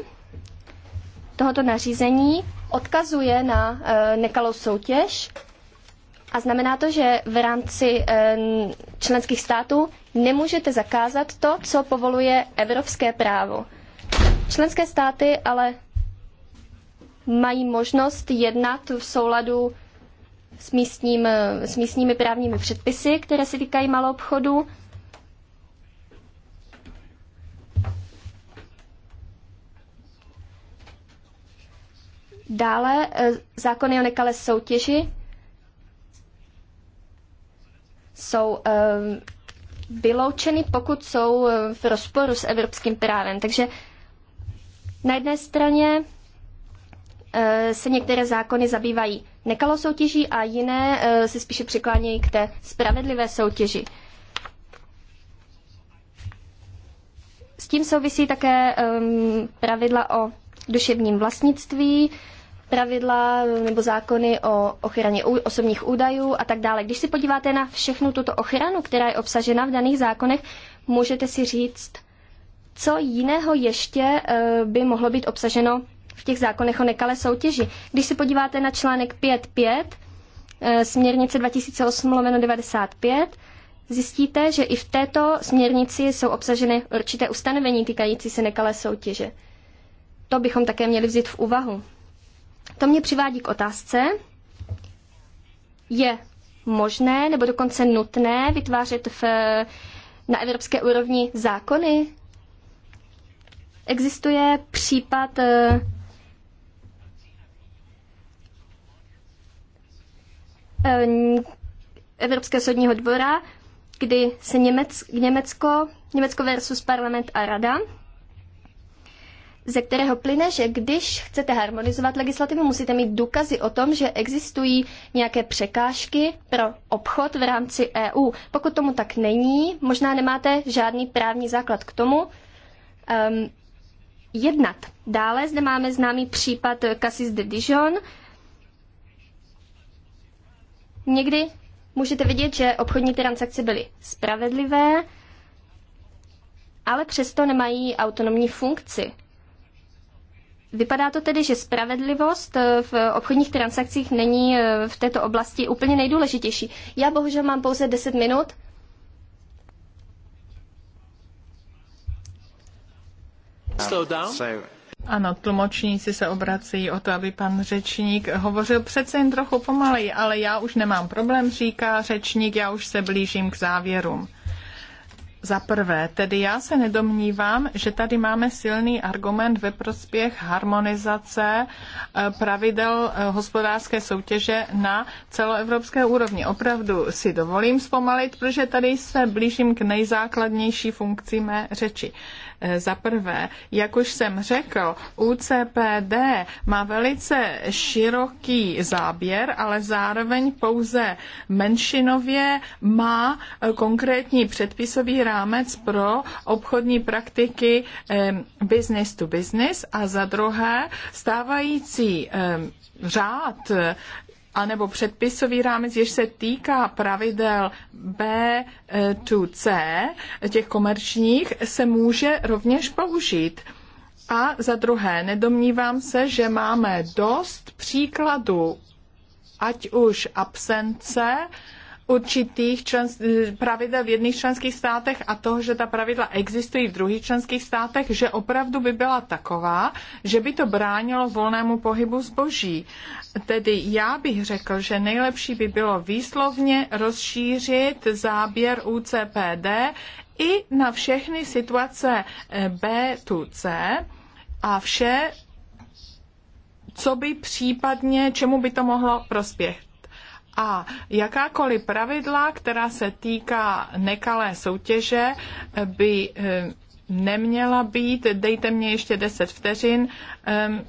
tohoto nařízení odkazuje na eh, nekalou soutěž a znamená to, že v rámci eh, členských států nemůžete zakázat to, co povoluje evropské právo. Členské státy ale mají možnost jednat v souladu s, místním, eh, s místními právními předpisy, které se týkají malou obchodu Dále e, zákony o nekalé soutěži jsou e, vyloučeny, pokud jsou e, v rozporu s evropským právem. Takže na jedné straně se některé zákony zabývají nekalou soutěží a jiné se spíše přiklánějí k té spravedlivé soutěži. S tím souvisí také pravidla o duševním vlastnictví, pravidla nebo zákony o ochraně osobních údajů a tak dále. Když si podíváte na všechnu tuto ochranu, která je obsažena v daných zákonech, můžete si říct, co jiného ještě eh, by mohlo být obsaženo v těch zákonech o nekalé soutěži. Když si podíváte na článek 5.5 eh, směrnice 2008-95, zjistíte, že i v této směrnici jsou obsaženy určité ustanovení týkající se nekalé soutěže. To bychom také měli vzít v úvahu. To mě přivádí k otázce, je možné nebo dokonce nutné vytvářet v, na evropské úrovni zákony? Existuje případ eh, eh, Evropského soudního dvora, kdy se Němec, Německo, Německo versus parlament a rada ze kterého plyne, že když chcete harmonizovat legislativu, musíte mít důkazy o tom, že existují nějaké překážky pro obchod v rámci EU. Pokud tomu tak není, možná nemáte žádný právní základ k tomu um, jednat. Dále zde máme známý případ Cassis de Dijon. Někdy můžete vidět, že obchodní transakce byly spravedlivé, ale přesto nemají autonomní funkci. Vypadá to tedy, že spravedlivost eh, v obchodních transakcích není eh, v této oblasti úplně nejdůležitější. Já bohužel mám pouze 10 minut. Slow down. Ano, tlumočníci se obrací o to, aby pan řečník hovořil přece jen trochu pomaleji, ale já už nemám problém, říká řečník, já už se blížím k závěrům. Za prvé, tedy já se nedomnívám, že tady máme silný argument ve prospěch harmonizace eh, pravidel eh, hospodářské soutěže na celoevropské úrovni. Opravdu si dovolím zpomalit, protože tady se blížím k nejzákladnější funkci mé řeči. Eh, za prvé, jak už jsem řekl, UCPD má velice široký záběr, ale zároveň pouze menšinově má eh, konkrétní předpisový rámec pro obchodní praktiky eh, business to business a za druhé stávající řád anebo předpisový rámec, jež se týká pravidel B eh, to C, těch komerčních, se může rovněž použít. A za druhé, nedomnívám se, že máme dost příkladů, ať už absence, určitých člen, eh, pravidel v jedných členských státech a toho, že ta pravidla existují v druhých členských státech, že opravdu by byla taková, že by to bránilo volnému pohybu zboží. Tedy já bych řekl, že nejlepší by bylo výslovně rozšířit záběr UCPD i na všechny situace eh, B tu C a vše co by případně, čemu by to mohlo prospěch, a jakákoliv pravidla, která se týká nekalé soutěže, by eh, neměla být, dejte mě ještě 10 vteřin, ehm,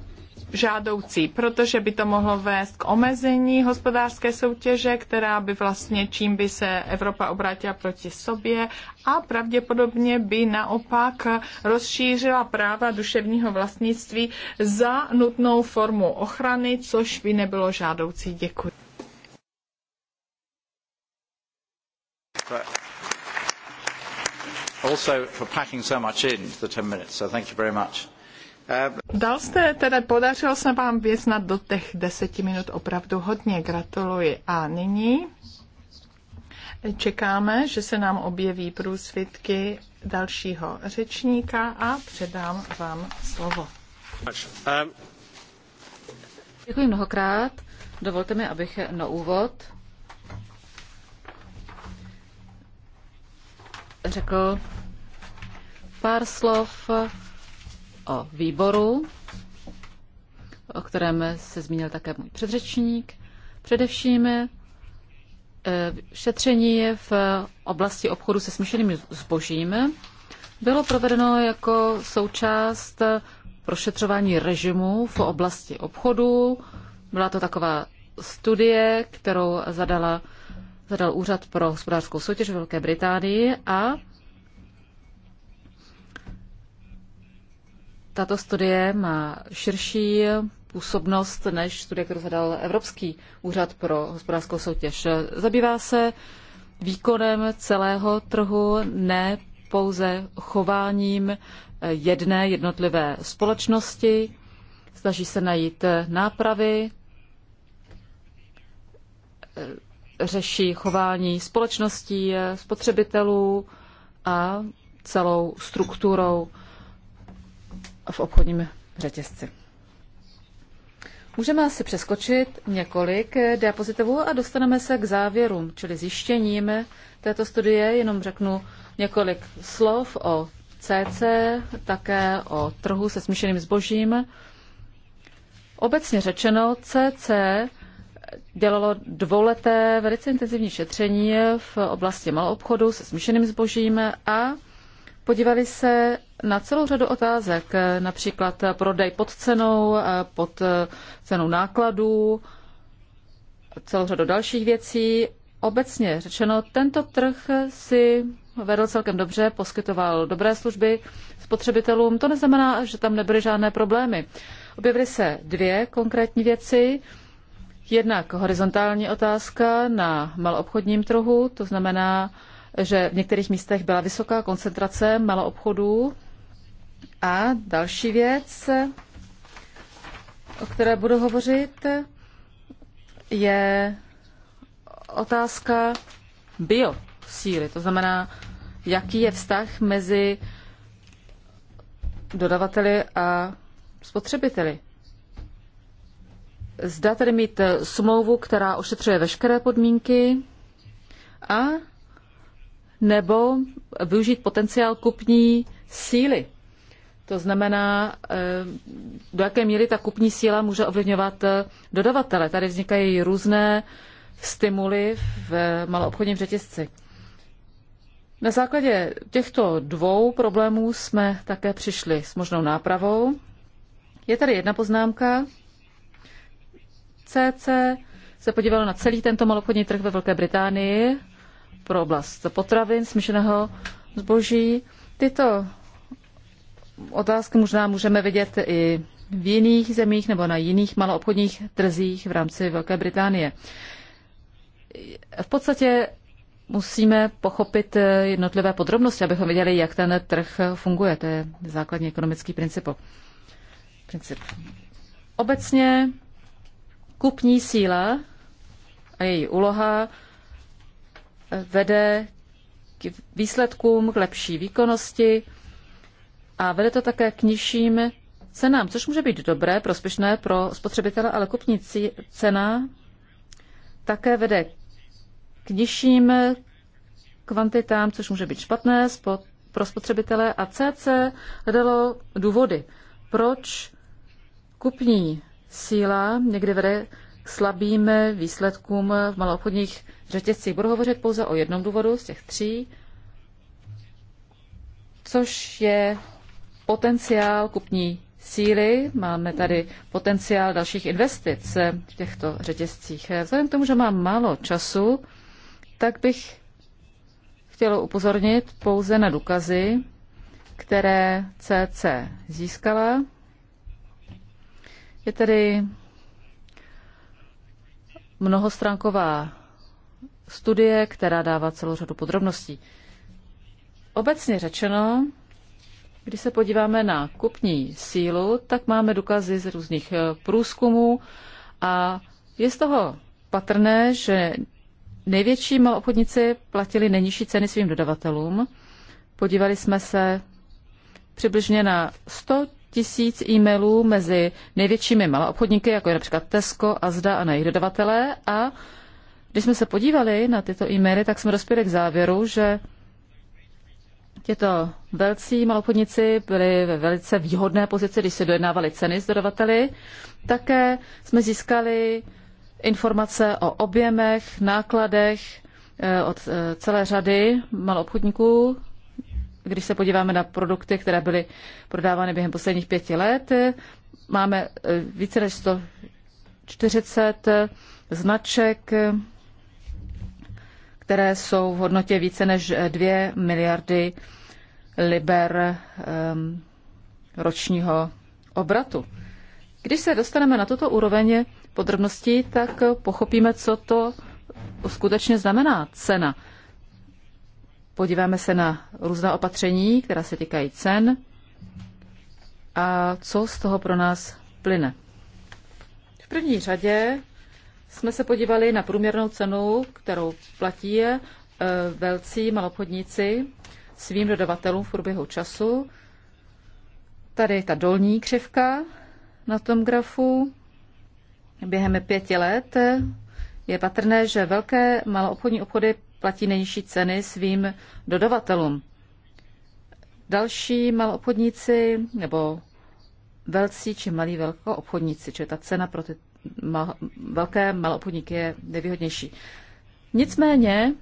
žádoucí, protože by to mohlo vést k omezení hospodářské soutěže, která by vlastně čím by se Evropa obrátila proti sobě a pravděpodobně by naopak rozšířila práva duševního vlastnictví za nutnou formu ochrany, což by nebylo žádoucí. Děkuji. Right. Also for packing so much in the 10 minutes, so thank you very much. Uh, Dal jste, podařilo se vám věznat do těch deseti minut opravdu hodně. Gratuluji. A nyní čekáme, že se nám objeví průsvitky dalšího řečníka a předám vám slovo. Děkuji mnohokrát. Dovolte mi, abych na úvod řekl pár slov o výboru, o kterém se zmínil také můj předřečník. Především eh, šetření v oblasti obchodu se smíšeným zbožím bylo provedeno jako součást prošetřování režimu v oblasti obchodu. Byla to taková studie, kterou zadala zadal Úřad pro hospodářskou soutěž v Velké Británii a tato studie má širší působnost než studie, kterou zadal Evropský úřad pro hospodářskou soutěž. Zabývá se výkonem celého trhu, ne pouze chováním jedné jednotlivé společnosti, snaží se najít nápravy, řeší chování společností, spotřebitelů a celou strukturou v obchodním řetězci. Můžeme asi přeskočit několik diapozitivů a dostaneme se k závěrům, čili zjištěním této studie. Jenom řeknu několik slov o CC, také o trhu se smíšeným zbožím. Obecně řečeno, CC dělalo dvouleté velice intenzivní šetření v oblasti maloobchodu se smíšeným zbožím a podívali se na celou řadu otázek, například prodej pod cenou, pod cenou nákladů, celou řadu dalších věcí. Obecně řečeno, tento trh si vedl celkem dobře, poskytoval dobré služby spotřebitelům. To neznamená, že tam nebyly žádné problémy. Objevily se dvě konkrétní věci. Jednak horizontální otázka na maloobchodním trhu, to znamená, že v některých místech byla vysoká koncentrace maloobchodů. A další věc, o které budu hovořit, je otázka biosíly. To znamená, jaký je vztah mezi dodavateli a spotřebiteli. Zda tedy mít eh, smlouvu, která ošetřuje veškeré podmínky a nebo využít potenciál kupní síly. To znamená, eh, do jaké míry ta kupní síla může ovlivňovat eh, dodavatele. Tady vznikají různé stimuly v maloobchodním řetězci. Na základě těchto dvou problémů jsme také přišli s možnou nápravou. Je tady jedna poznámka, CC se podívalo na celý tento malobchodní trh ve Velké Británii pro oblast potravin, smíšeného zboží. Tyto otázky možná můžeme vidět i v jiných zemích nebo na jiných maloobchodních trzích v rámci Velké Británie. V podstatě musíme pochopit jednotlivé podrobnosti, abychom viděli, jak ten trh funguje. To je základní ekonomický princip. princip. Obecně kupní síla a její úloha vede k výsledkům, k lepší výkonnosti a vede to také k nižším cenám, což může být dobré, prospěšné pro spotřebitele, ale kupní cena také vede k nižším kvantitám, což může být špatné pro spotřebitele. A CC hledalo důvody, proč kupní síla někdy vede k slabým výsledkům v maloobchodních řetězcích. Budu hovořit pouze o jednom důvodu z těch tří, což je potenciál kupní síly, máme tady potenciál dalších investic v těchto řetězcích. Vzhledem k tomu, že mám málo času, tak bych chtěla upozornit pouze na důkazy, které CC získala je tedy mnohostránková studie, která dává celou řadu podrobností. Obecně řečeno, když se podíváme na kupní sílu, tak máme důkazy z různých eh, průzkumů a je z toho patrné, že největší obchodníci platili nejnižší ceny svým dodavatelům. Podívali jsme se přibližně na 100 tisíc e-mailů mezi největšími maloobchodníky, jako je například Tesco, Azda a na jejich dodavatele. A když jsme se podívali na tyto e-maily, tak jsme dospěli k závěru, že Těto velcí maloobchodníci byli ve velice výhodné pozici, když se dojednávali ceny s dodavateli. Také jsme získali informace o objemech, nákladech eh, od eh, celé řady maloobchodníků když se podíváme na produkty, které byly prodávány během posledních pěti let, máme eh, více než 140 eh, značek, eh, které jsou v hodnotě více než 2 miliardy liber um, ročního obratu. Když se dostaneme na tuto úroveň podrobností, tak pochopíme, co to skutečně znamená cena. Podíváme se na různá opatření, která se týkají cen a co z toho pro nás plyne. V první řadě jsme se podívali na průměrnou cenu, kterou platí eh, velcí malobchodníci svým dodavatelům v průběhu času. Tady je ta dolní křivka na tom grafu. Během pěti let je patrné, že velké maloobchodní obchody platí nejnižší ceny svým dodavatelům. Další malobchodníci nebo velcí či malí velkoobchodníci, čili ta cena pro ty mal, velké malobchodníky je nevýhodnější. Nicméně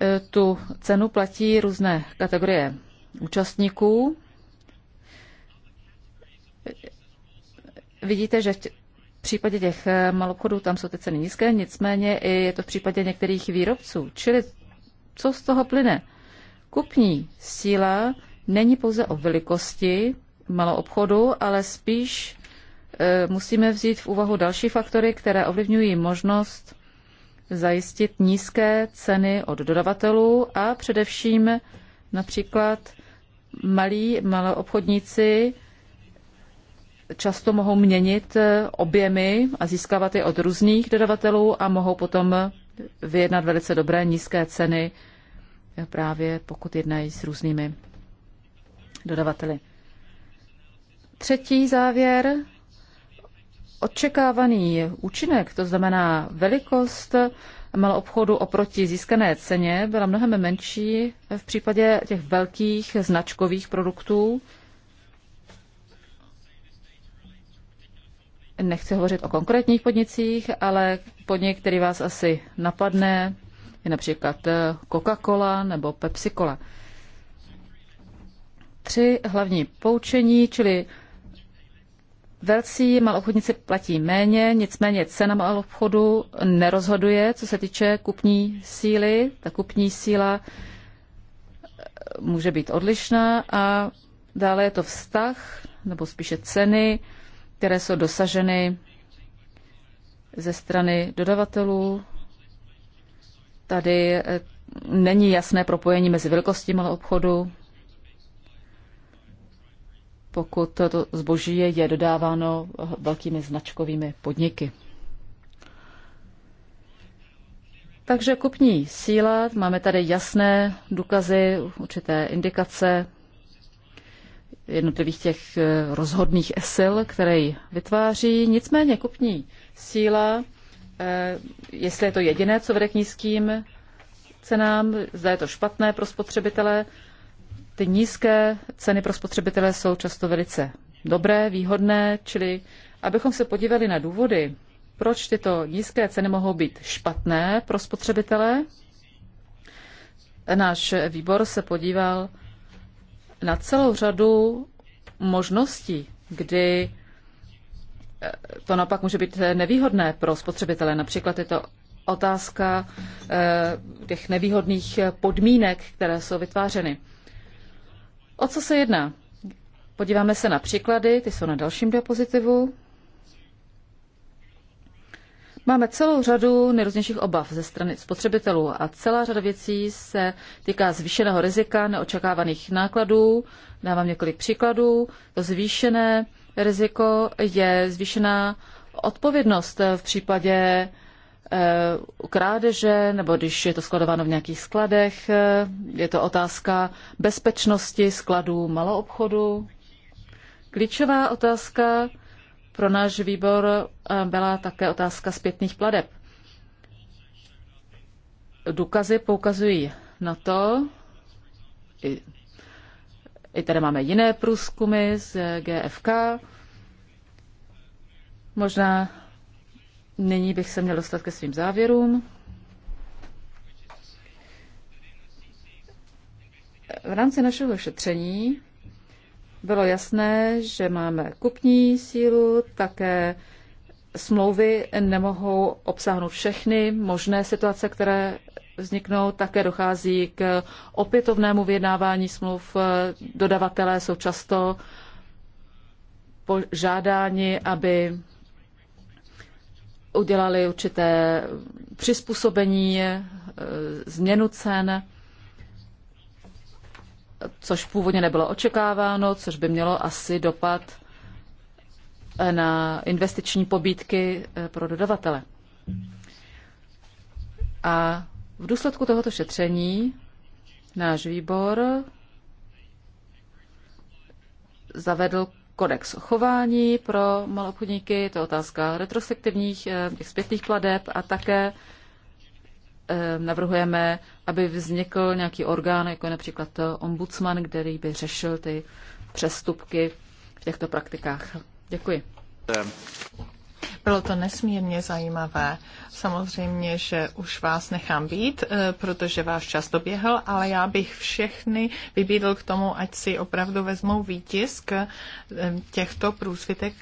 e, tu cenu platí různé kategorie účastníků. Vidíte, že případě těch eh, malobchodů tam jsou ty ceny nízké, nicméně i je to v případě některých výrobců. Čili co z toho plyne? Kupní síla není pouze o velikosti maloobchodu, ale spíš eh, musíme vzít v úvahu další faktory, které ovlivňují možnost zajistit nízké ceny od dodavatelů a především například malí maloobchodníci často mohou měnit eh, objemy a získávat je od různých dodavatelů a mohou potom vyjednat velice dobré nízké ceny, eh, právě pokud jednají s různými dodavateli. Třetí závěr. Očekávaný účinek, to znamená velikost obchodu oproti získané ceně, byla mnohem menší v případě těch velkých značkových produktů, nechci hovořit o konkrétních podnicích, ale podnik, který vás asi napadne, je například eh, Coca-Cola nebo Pepsi-Cola. Tři hlavní poučení, čili velcí malobchodníci platí méně, nicméně cena malobchodu nerozhoduje, co se týče kupní síly. Ta kupní síla eh, může být odlišná a dále je to vztah, nebo spíše ceny které jsou dosaženy ze strany dodavatelů. Tady eh, není jasné propojení mezi velikostí malého obchodu, pokud to zboží je dodáváno velkými značkovými podniky. Takže kupní síla, máme tady jasné důkazy, určité indikace jednotlivých těch eh, rozhodných esil, které ji vytváří. Nicméně kupní síla, eh, jestli je to jediné, co vede k nízkým cenám, zda je to špatné pro spotřebitele, ty nízké ceny pro spotřebitele jsou často velice dobré, výhodné, čili abychom se podívali na důvody, proč tyto nízké ceny mohou být špatné pro spotřebitele, náš výbor se podíval na celou řadu možností, kdy eh, to naopak může být eh, nevýhodné pro spotřebitele. Například je to otázka eh, těch nevýhodných podmínek, které jsou vytvářeny. O co se jedná? Podíváme se na příklady, ty jsou na dalším diapozitivu. Máme celou řadu nejrůznějších obav ze strany spotřebitelů a celá řada věcí se týká zvýšeného rizika, neočekávaných nákladů. Dávám několik příkladů. To zvýšené riziko je zvýšená odpovědnost v případě eh, krádeže, nebo když je to skladováno v nějakých skladech, eh, je to otázka bezpečnosti skladů maloobchodu. Klíčová otázka pro náš výbor eh, byla také otázka zpětných pladeb. Důkazy poukazují na to, i, i tady máme jiné průzkumy z GFK, možná nyní bych se měl dostat ke svým závěrům. V rámci našeho šetření bylo jasné, že máme kupní sílu, také smlouvy nemohou obsáhnout všechny možné situace, které vzniknou. Také dochází k opětovnému vyjednávání smluv. Dodavatelé jsou často požádáni, aby udělali určité přizpůsobení, e, změnu cen což původně nebylo očekáváno, což by mělo asi dopad na investiční pobídky eh, pro dodavatele. A v důsledku tohoto šetření náš výbor zavedl kodex chování pro malobchodníky, to je otázka retrospektivních, eh, těch zpětných kladeb a také Eh, navrhujeme, aby vznikl nějaký orgán, jako například ombudsman, který by řešil ty přestupky v těchto praktikách. Děkuji. Bylo to nesmírně zajímavé. Samozřejmě, že už vás nechám být, eh, protože váš čas doběhl, ale já bych všechny vybídl k tomu, ať si opravdu vezmou výtisk eh, těchto průsvitek.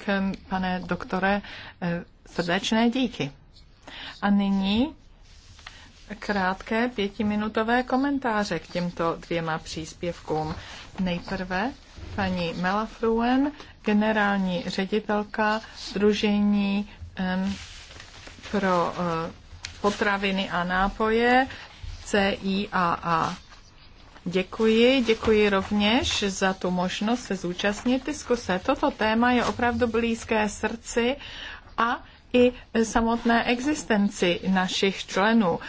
Pane doktore, srdečné díky. A nyní krátké pětiminutové komentáře k těmto dvěma příspěvkům. Nejprve paní Melafruen, generální ředitelka Združení pro eh, potraviny a nápoje CIAA. Děkuji, děkuji rovněž za tu možnost se zúčastnit diskuse. Toto téma je opravdu blízké srdci a i samotné existenci našich členů.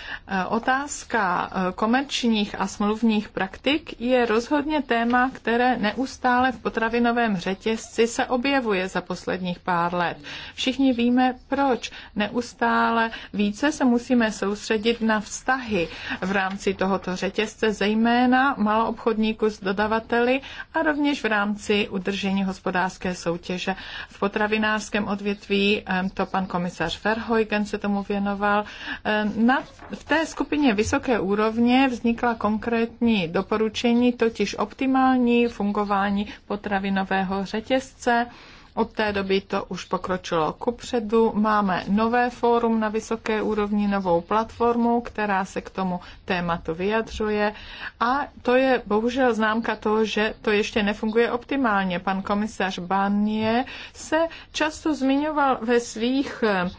Otázka eh, komerčních a smluvních praktik je rozhodně téma, které neustále v potravinovém řetězci se objevuje za posledních pár let. Všichni víme, proč neustále více se musíme soustředit na vztahy v rámci tohoto řetězce, zejména maloobchodníků s dodavateli a rovněž v rámci udržení hospodářské soutěže. V potravinářském odvětví to pan komisař Verheugen se tomu věnoval. E, na, v té skupině vysoké úrovně vznikla konkrétní doporučení, totiž optimální fungování potravinového řetězce, od té doby to už pokročilo kupředu. Máme nové fórum na vysoké úrovni, novou platformu, která se k tomu tématu vyjadřuje. A to je bohužel známka toho, že to ještě nefunguje optimálně. Pan komisař Barnier se často zmiňoval ve svých eh,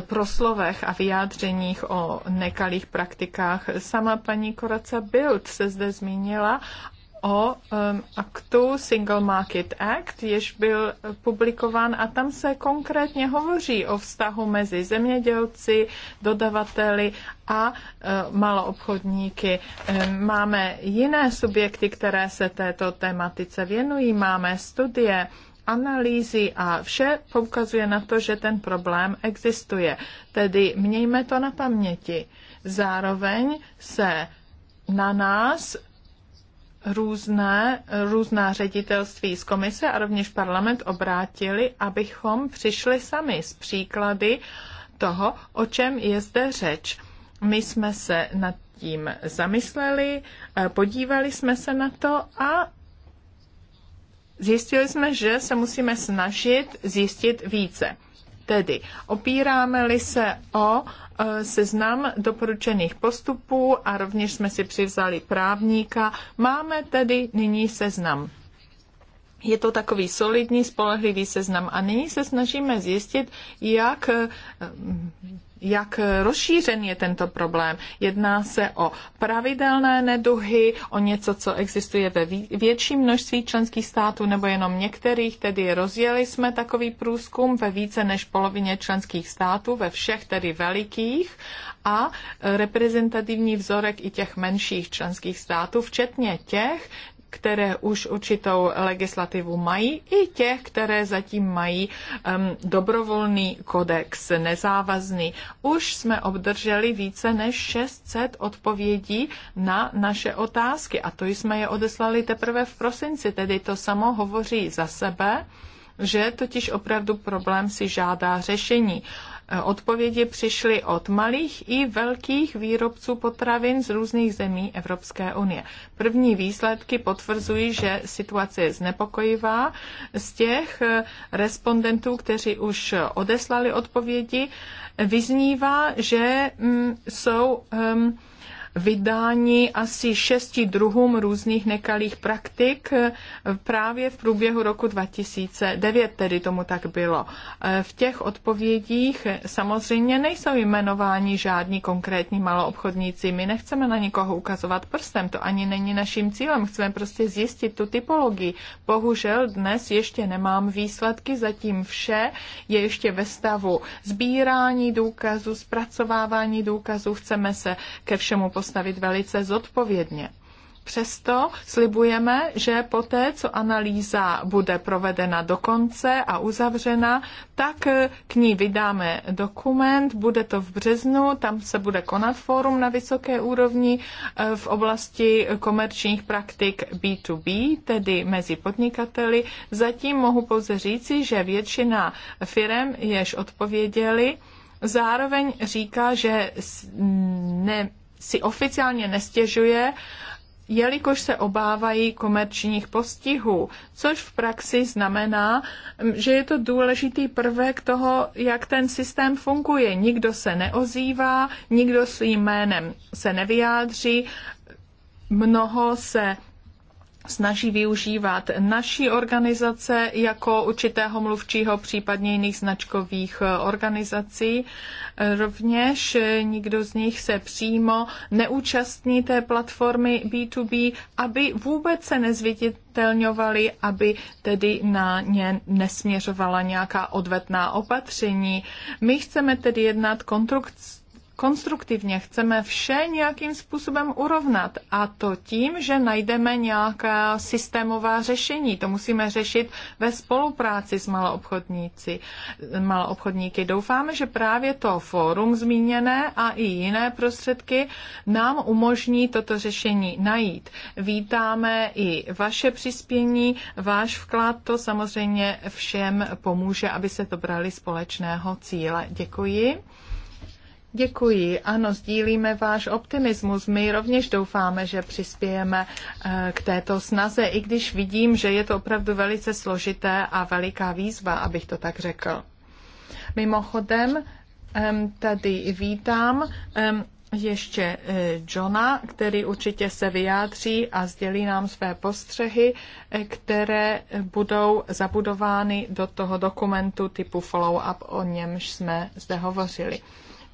proslovech a vyjádřeních o nekalých praktikách. Sama paní Koraca Bild se zde zmínila o um, aktu Single Market Act, jež byl publikován a tam se konkrétně hovoří o vztahu mezi zemědělci, dodavateli a uh, maloobchodníky. Um, máme jiné subjekty, které se této tematice věnují, máme studie, analýzy a vše poukazuje na to, že ten problém existuje. Tedy mějme to na paměti. Zároveň se na nás různé, různá ředitelství z komise a rovněž parlament obrátili, abychom přišli sami s příklady toho, o čem je zde řeč. My jsme se nad tím zamysleli, eh, podívali jsme se na to a zjistili jsme, že se musíme snažit zjistit více. Tedy opíráme-li se o Eh, seznam doporučených postupů a rovněž jsme si přivzali právníka. Máme tedy nyní seznam. Je to takový solidní, spolehlivý seznam a nyní se snažíme zjistit, jak eh, jak rozšířen je tento problém. Jedná se o pravidelné neduhy, o něco, co existuje ve větším množství členských států nebo jenom některých, tedy rozjeli jsme takový průzkum ve více než polovině členských států, ve všech tedy velikých a reprezentativní vzorek i těch menších členských států, včetně těch, které už určitou legislativu mají, i těch, které zatím mají um, dobrovolný kodex, nezávazný. Už jsme obdrželi více než 600 odpovědí na naše otázky a to jsme je odeslali teprve v prosinci, tedy to samo hovoří za sebe že totiž opravdu problém si žádá řešení odpovědi přišly od malých i velkých výrobců potravin z různých zemí Evropské unie. První výsledky potvrzují, že situace je znepokojivá. Z těch eh, respondentů, kteří už odeslali odpovědi, vyznívá, že mm, jsou um, vydání asi šesti druhům různých nekalých praktik eh, právě v průběhu roku 2009, tedy tomu tak bylo. Eh, v těch odpovědích samozřejmě nejsou jmenováni žádní konkrétní maloobchodníci. My nechceme na nikoho ukazovat prstem, to ani není naším cílem. Chceme prostě zjistit tu typologii. Bohužel dnes ještě nemám výsledky, zatím vše je ještě ve stavu sbírání důkazů, zpracovávání důkazů. Chceme se ke všemu postavit postavit velice zodpovědně. Přesto slibujeme, že poté, co analýza bude provedena do konce a uzavřena, tak k ní vydáme dokument, bude to v březnu, tam se bude konat fórum na vysoké úrovni eh, v oblasti komerčních praktik B2B, tedy mezi podnikateli. Zatím mohu pouze říci, že většina firm, jež odpověděli, zároveň říká, že ne, si oficiálně nestěžuje, jelikož se obávají komerčních postihů, což v praxi znamená, že je to důležitý prvek toho, jak ten systém funguje. Nikdo se neozývá, nikdo svým jménem se nevyjádří, mnoho se snaží využívat naší organizace jako určitého mluvčího, případně jiných značkových eh, organizací. Rovněž eh, nikdo z nich se přímo neúčastní té platformy B2B, aby vůbec se nezviditelňovali, aby tedy na ně nesměřovala nějaká odvetná opatření. My chceme tedy jednat konstruktivně konstruktivně, chceme vše nějakým způsobem urovnat a to tím, že najdeme nějaká systémová řešení. To musíme řešit ve spolupráci s maloobchodníci, maloobchodníky. Doufáme, že právě to fórum zmíněné a i jiné prostředky nám umožní toto řešení najít. Vítáme i vaše přispění, váš vklad, to samozřejmě všem pomůže, aby se dobrali společného cíle. Děkuji. Děkuji. Ano, sdílíme váš optimismus. My rovněž doufáme, že přispějeme eh, k této snaze, i když vidím, že je to opravdu velice složité a veliká výzva, abych to tak řekl. Mimochodem, tady vítám ještě eh, Johna, který určitě se vyjádří a sdělí nám své postřehy, eh, které budou zabudovány do toho dokumentu typu follow-up, o němž jsme zde hovořili.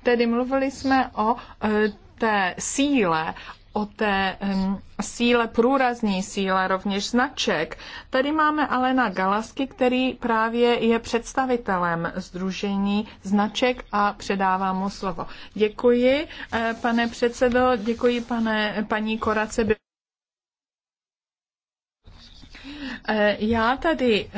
Tedy mluvili jsme o e, té síle, o té um, síle, průrazní síle rovněž značek. Tady máme Alena Galasky, který právě je představitelem Združení značek a předává mu slovo. Děkuji, e, pane předsedo, děkuji pane, paní Korace. E, já tady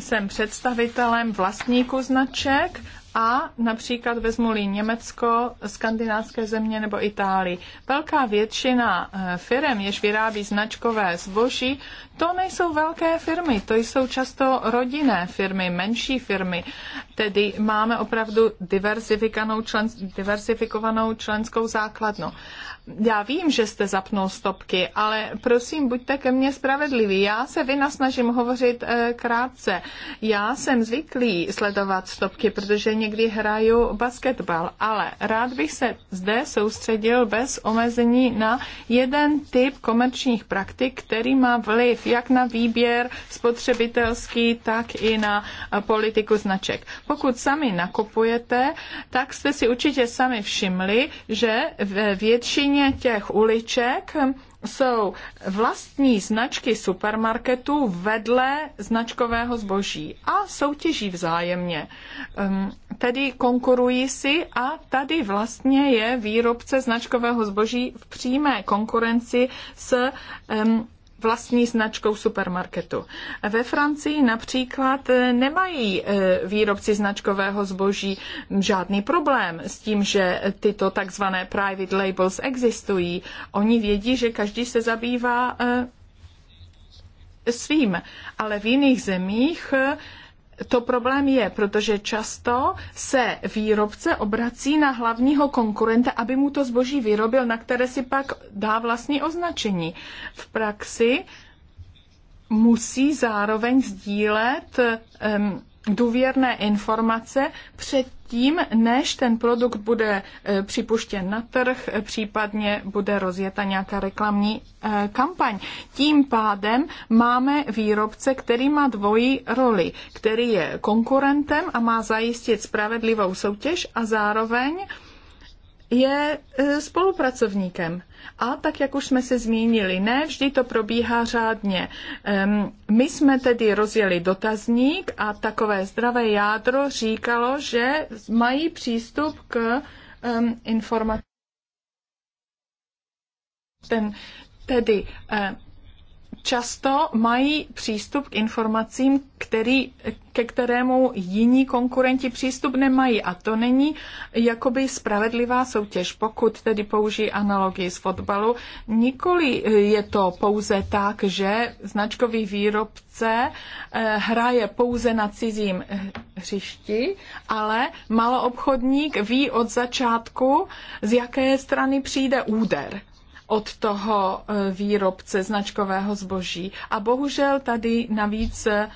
jsem představitelem vlastníků značek a například vezmu-li Německo, skandinávské země nebo Itálii. Velká většina eh, firm, jež vyrábí značkové zboží, to nejsou velké firmy, to jsou často rodinné firmy, menší firmy. Tedy máme opravdu člen, diversifikovanou členskou základnu já vím, že jste zapnul stopky, ale prosím, buďte ke mně spravedliví. Já se vina snažím hovořit e, krátce. Já jsem zvyklý sledovat stopky, protože někdy hraju basketbal, ale rád bych se zde soustředil bez omezení na jeden typ komerčních praktik, který má vliv jak na výběr spotřebitelský, tak i na eh, politiku značek. Pokud sami nakupujete, tak jste si určitě sami všimli, že ve většině Většině těch uliček jsou vlastní značky supermarketů vedle značkového zboží a soutěží vzájemně. Ehm, tedy konkurují si a tady vlastně je výrobce značkového zboží v přímé konkurenci s ehm, vlastní značkou supermarketu. Ve Francii například eh, nemají eh, výrobci značkového zboží žádný problém s tím, že tyto takzvané private labels existují. Oni vědí, že každý se zabývá eh, svým, ale v jiných zemích to problém je, protože často se výrobce obrací na hlavního konkurenta, aby mu to zboží vyrobil, na které si pak dá vlastní označení. V praxi musí zároveň sdílet um, důvěrné informace předtím, než ten produkt bude e, připuštěn na trh, e, případně bude rozjeta nějaká reklamní e, kampaň. Tím pádem máme výrobce, který má dvojí roli, který je konkurentem a má zajistit spravedlivou soutěž a zároveň je spolupracovníkem. A tak, jak už jsme se zmínili, ne vždy to probíhá řádně. My jsme tedy rozjeli dotazník a takové zdravé jádro říkalo, že mají přístup k informacím. Ten, tedy eh, často mají přístup k informacím, který, ke kterému jiní konkurenti přístup nemají. A to není jakoby spravedlivá soutěž. Pokud tedy použijí analogii z fotbalu, nikoli je to pouze tak, že značkový výrobce eh, hraje pouze na cizím hřišti, ale maloobchodník ví od začátku, z jaké strany přijde úder od toho e, výrobce značkového zboží. A bohužel tady navíc e,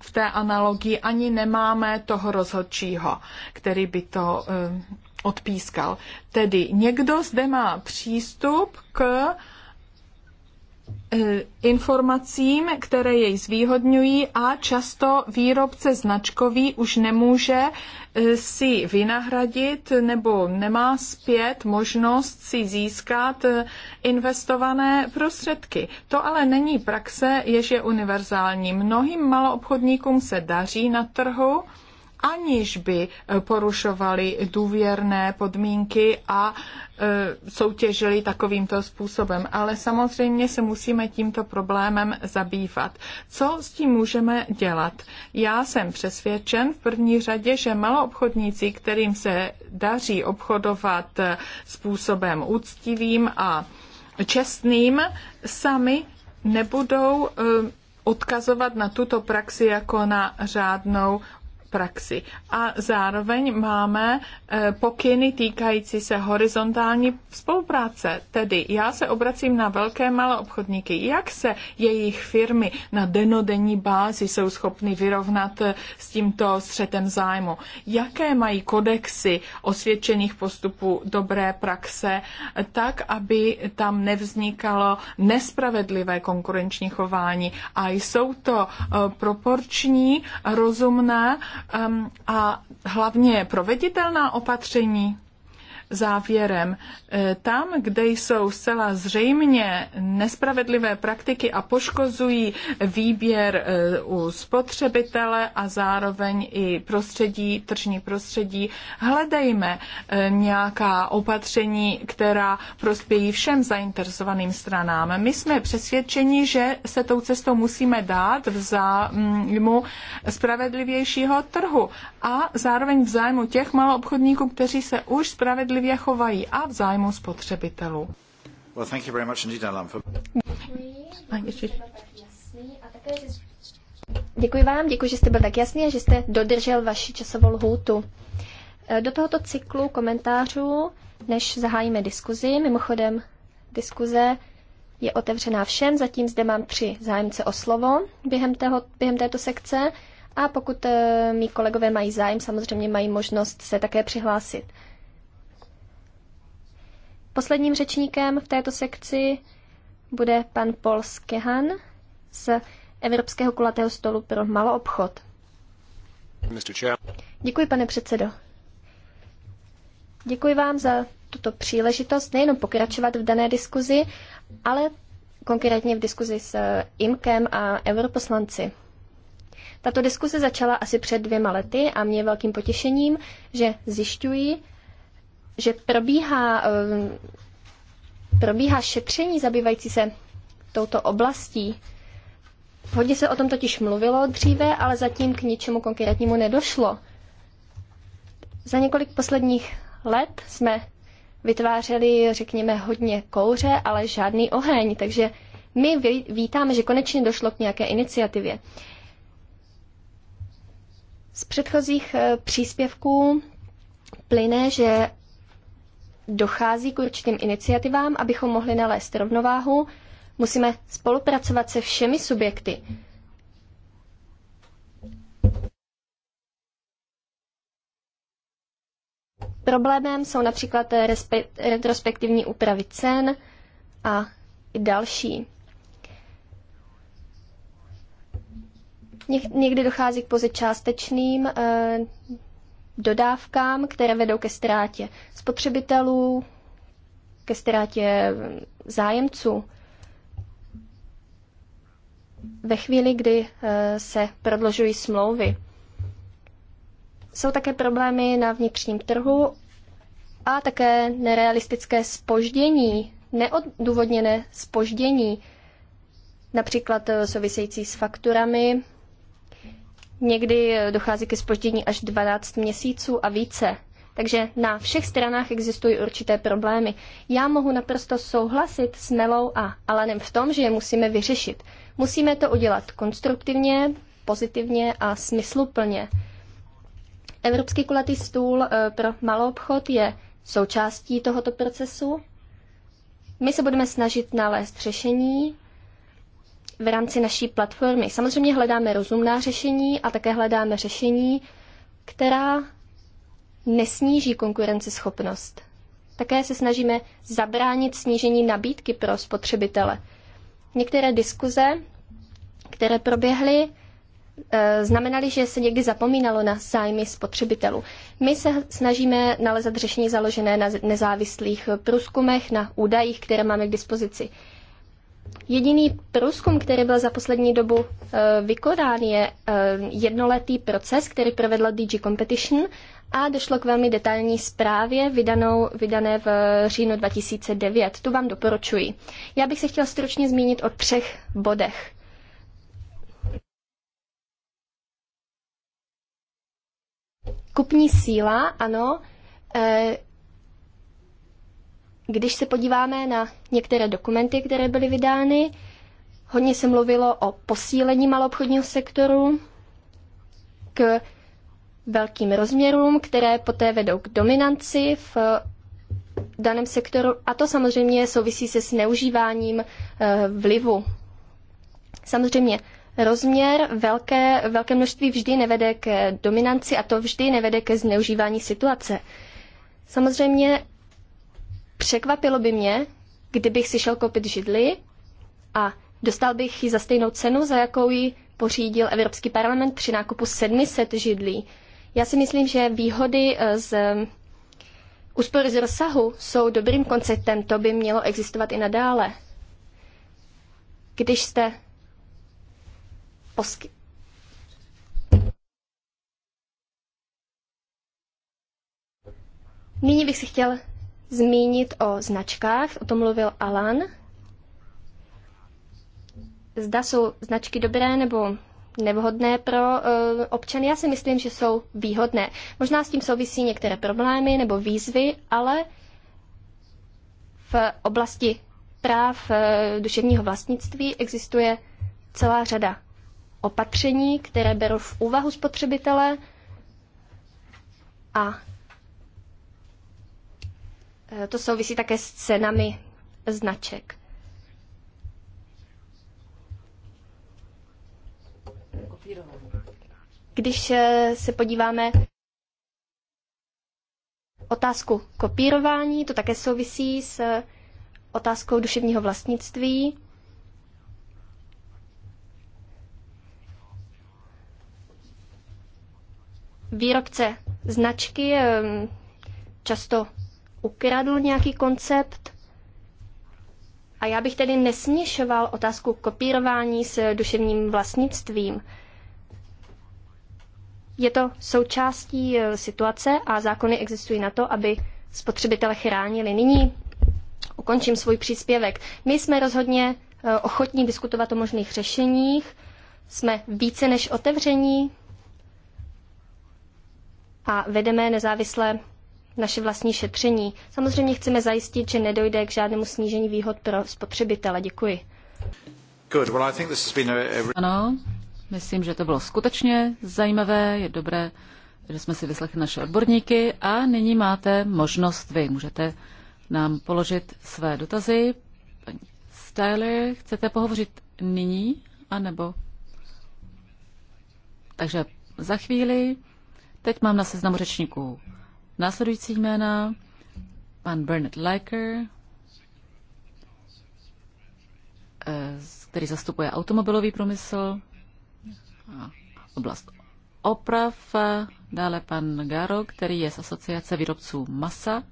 v té analogii ani nemáme toho rozhodčího, který by to e, odpískal. Tedy někdo zde má přístup k Eh, informacím, které jej zvýhodňují a často výrobce značkový už nemůže eh, si vynahradit nebo nemá zpět možnost si získat eh, investované prostředky. To ale není praxe, jež je univerzální. Mnohým maloobchodníkům se daří na trhu, aniž by eh, porušovali důvěrné podmínky a eh, soutěžili takovýmto způsobem. Ale samozřejmě se musíme tímto problémem zabývat. Co s tím můžeme dělat? Já jsem přesvědčen v první řadě, že maloobchodníci, kterým se daří obchodovat eh, způsobem úctivým a čestným, sami nebudou odkazovat na tuto praxi jako na řádnou praxi. A zároveň máme eh, pokyny týkající se horizontální spolupráce. Tedy já se obracím na velké malé obchodníky. Jak se jejich firmy na denodenní bázi jsou schopny vyrovnat eh, s tímto střetem zájmu? Jaké mají kodexy osvědčených postupů dobré praxe, eh, tak, aby tam nevznikalo nespravedlivé konkurenční chování? A jsou to proporční, rozumné, Um, a hlavně proveditelná opatření? Závěrem, e, tam, kde jsou zcela zřejmě nespravedlivé praktiky a poškozují výběr e, u spotřebitele a zároveň i prostředí, tržní prostředí, hledejme e, nějaká opatření, která prospějí všem zainteresovaným stranám. My jsme přesvědčeni, že se tou cestou musíme dát v zájmu spravedlivějšího trhu a zároveň v zájmu těch maloobchodníků, kteří se už spravedlivě chovají a v zájmu spotřebitelů. Well, thank you very much indeed, Alan, for... Děkuji vám, děkuji, že jste byl tak jasný a že jste dodržel vaši časovou lhůtu. Eh, do tohoto cyklu komentářů, než zahájíme diskuzi, mimochodem diskuze je otevřená všem, zatím zde mám tři zájemce o slovo během, tého, během této sekce. A pokud eh, mý kolegové mají zájem, samozřejmě mají možnost se také přihlásit. Posledním řečníkem v této sekci bude pan Paul Skehan z Evropského kulatého stolu pro maloobchod. Děkuji, pane předsedo. Děkuji vám za tuto příležitost nejenom pokračovat v dané diskuzi, ale konkrétně v diskuzi s IMKem a europoslanci. Tato diskuse začala asi před dvěma lety a mě je velkým potěšením, že zjišťuji, že probíhá, ehm, probíhá šetření zabývající se touto oblastí. Hodně se o tom totiž mluvilo dříve, ale zatím k ničemu konkrétnímu nedošlo. Za několik posledních let jsme vytvářeli, řekněme, hodně kouře, ale žádný oheň, takže my vítáme, že konečně došlo k nějaké iniciativě. Z předchozích eh, příspěvků plyne, že dochází k určitým iniciativám, abychom mohli nalézt rovnováhu. Musíme spolupracovat se všemi subjekty. Problémem jsou například retrospektivní úpravy cen a i další. Někdy dochází k pozit částečným eh, dodávkám, které vedou ke ztrátě spotřebitelů, ke ztrátě eh, zájemců. Ve chvíli, kdy eh, se prodlužují smlouvy. Jsou také problémy na vnitřním trhu a také nerealistické spoždění, neodůvodněné spoždění, například související s fakturami Někdy eh, dochází ke spoždění až 12 měsíců a více. Takže na všech stranách existují určité problémy. Já mohu naprosto souhlasit s Melou a Alanem v tom, že je musíme vyřešit. Musíme to udělat konstruktivně, pozitivně a smysluplně. Evropský kulatý stůl eh, pro malou obchod je součástí tohoto procesu. My se budeme snažit nalézt řešení, v rámci naší platformy. Samozřejmě hledáme rozumná řešení a také hledáme řešení, která nesníží konkurenceschopnost. Také se snažíme zabránit snížení nabídky pro spotřebitele. Některé diskuze, které proběhly, eh, znamenaly, že se někdy zapomínalo na zájmy spotřebitelů. My se snažíme nalezat řešení založené na nezávislých průzkumech, na údajích, které máme k dispozici. Jediný průzkum, který byl za poslední dobu eh, vykonán, je eh, jednoletý proces, který provedla DG Competition a došlo k velmi detailní zprávě vydanou, vydané v eh, říjnu 2009. Tu vám doporučuji. Já bych se chtěla stručně zmínit o třech bodech. Kupní síla, ano, když se podíváme na některé dokumenty, které byly vydány, hodně se mluvilo o posílení maloobchodního sektoru k velkým rozměrům, které poté vedou k dominanci v daném sektoru a to samozřejmě souvisí se zneužíváním eh, vlivu. Samozřejmě rozměr velké, velké množství vždy nevede k dominanci a to vždy nevede ke zneužívání situace. Samozřejmě Překvapilo by mě, kdybych si šel koupit židli a dostal bych ji za stejnou cenu, za jakou ji pořídil Evropský parlament při nákupu 700 židlí. Já si myslím, že výhody eh, z eh, úspory z rozsahu jsou dobrým konceptem, to by mělo existovat i nadále. Když jste posky... Nyní bych si chtěl zmínit o značkách, o tom mluvil Alan. Zda jsou značky dobré nebo nevhodné pro uh, občany. Já si myslím, že jsou výhodné. Možná s tím souvisí některé problémy nebo výzvy, ale v oblasti práv uh, duševního vlastnictví existuje celá řada opatření, které berou v úvahu spotřebitele a Eh, to souvisí také s cenami značek. Když eh, se podíváme otázku kopírování, to také souvisí s eh, otázkou duševního vlastnictví. Výrobce značky často ukradl nějaký koncept. A já bych tedy nesměšoval otázku kopírování s duševním vlastnictvím. Je to součástí eh, situace a zákony existují na to, aby spotřebitele chránili. Nyní ukončím svůj příspěvek. My jsme rozhodně eh, ochotní diskutovat o možných řešeních, jsme více než otevření a vedeme nezávislé naše vlastní šetření. Samozřejmě chceme zajistit, že nedojde k žádnému snížení výhod pro spotřebitele. Děkuji. Ano, myslím, že to bylo skutečně zajímavé. Je dobré, že jsme si vyslechli naše odborníky a nyní máte možnost vy. Můžete nám položit své dotazy. Paní Styler, chcete pohovořit nyní, anebo? Takže za chvíli. Teď mám na seznamu řečníků Následující jména pan Bernard Leiker, eh, který zastupuje automobilový průmysl a oblast oprav, dále pan Garo, který je z asociace výrobců masa,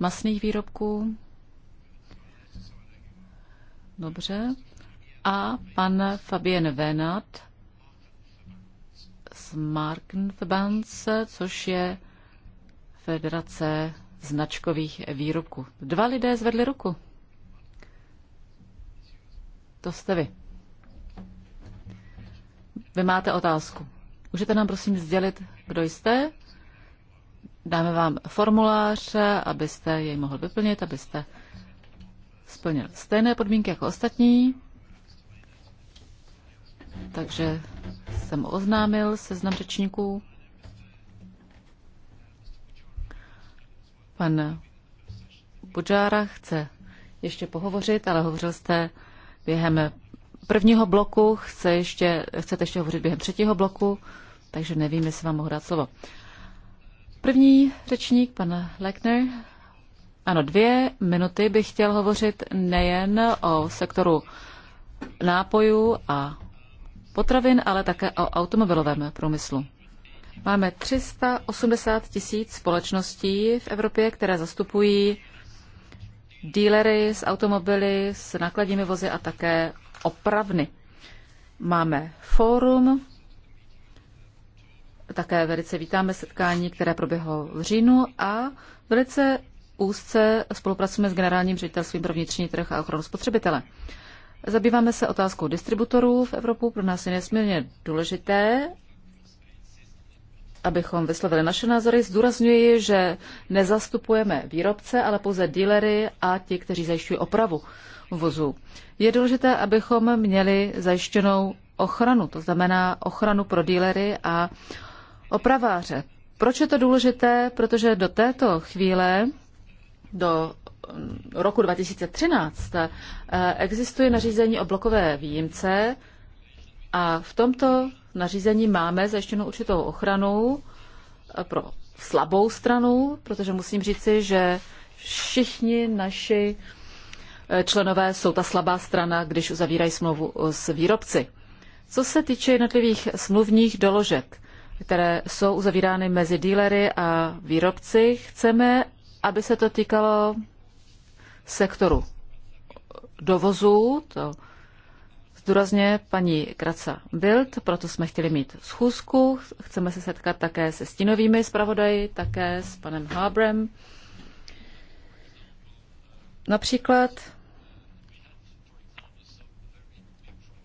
masných výrobků, dobře, a pan Fabien Venat z Markenverbands, což je Federace značkových výrobků. Dva lidé zvedli ruku. To jste vy. Vy máte otázku. Můžete nám prosím sdělit, kdo jste? Dáme vám formulář, abyste jej mohl vyplnit, abyste splnil stejné podmínky jako ostatní. Takže jsem oznámil seznam řečníků. Pan Budžára chce ještě pohovořit, ale hovořil jste během prvního bloku, chce ještě, chcete ještě hovořit během třetího bloku, takže nevím, jestli vám mohu dát slovo. První řečník, pan Lechner. Ano, dvě minuty bych chtěl hovořit nejen o sektoru nápojů a potravin, ale také o automobilovém průmyslu. Máme 380 tisíc společností v Evropě, které zastupují dílery s automobily, s nákladními vozy a také opravny. Máme fórum, také velice vítáme setkání, které proběhlo v říjnu a velice úzce spolupracujeme s generálním ředitelstvím pro vnitřní trh a ochranu spotřebitele. Zabýváme se otázkou distributorů v Evropu. Pro nás je nesmírně důležité, abychom vyslovili naše názory. Zdůrazňuji, že nezastupujeme výrobce, ale pouze dílery a ti, kteří zajišťují opravu vozu. Je důležité, abychom měli zajištěnou ochranu, to znamená ochranu pro dílery a opraváře. Proč je to důležité? Protože do této chvíle, do roku 2013, eh, existuje nařízení o blokové výjimce a v tomto nařízení máme zajištěnou určitou ochranu eh, pro slabou stranu, protože musím říci, že všichni naši eh, členové jsou ta slabá strana, když uzavírají smlouvu eh, s výrobci. Co se týče jednotlivých smluvních doložek, které jsou uzavírány mezi dílery a výrobci, chceme, aby se to týkalo sektoru dovozu, to zdůrazňuje paní Kraca Bild, proto jsme chtěli mít schůzku. Chceme se setkat také se stínovými zpravodaji, také s panem Habrem. Například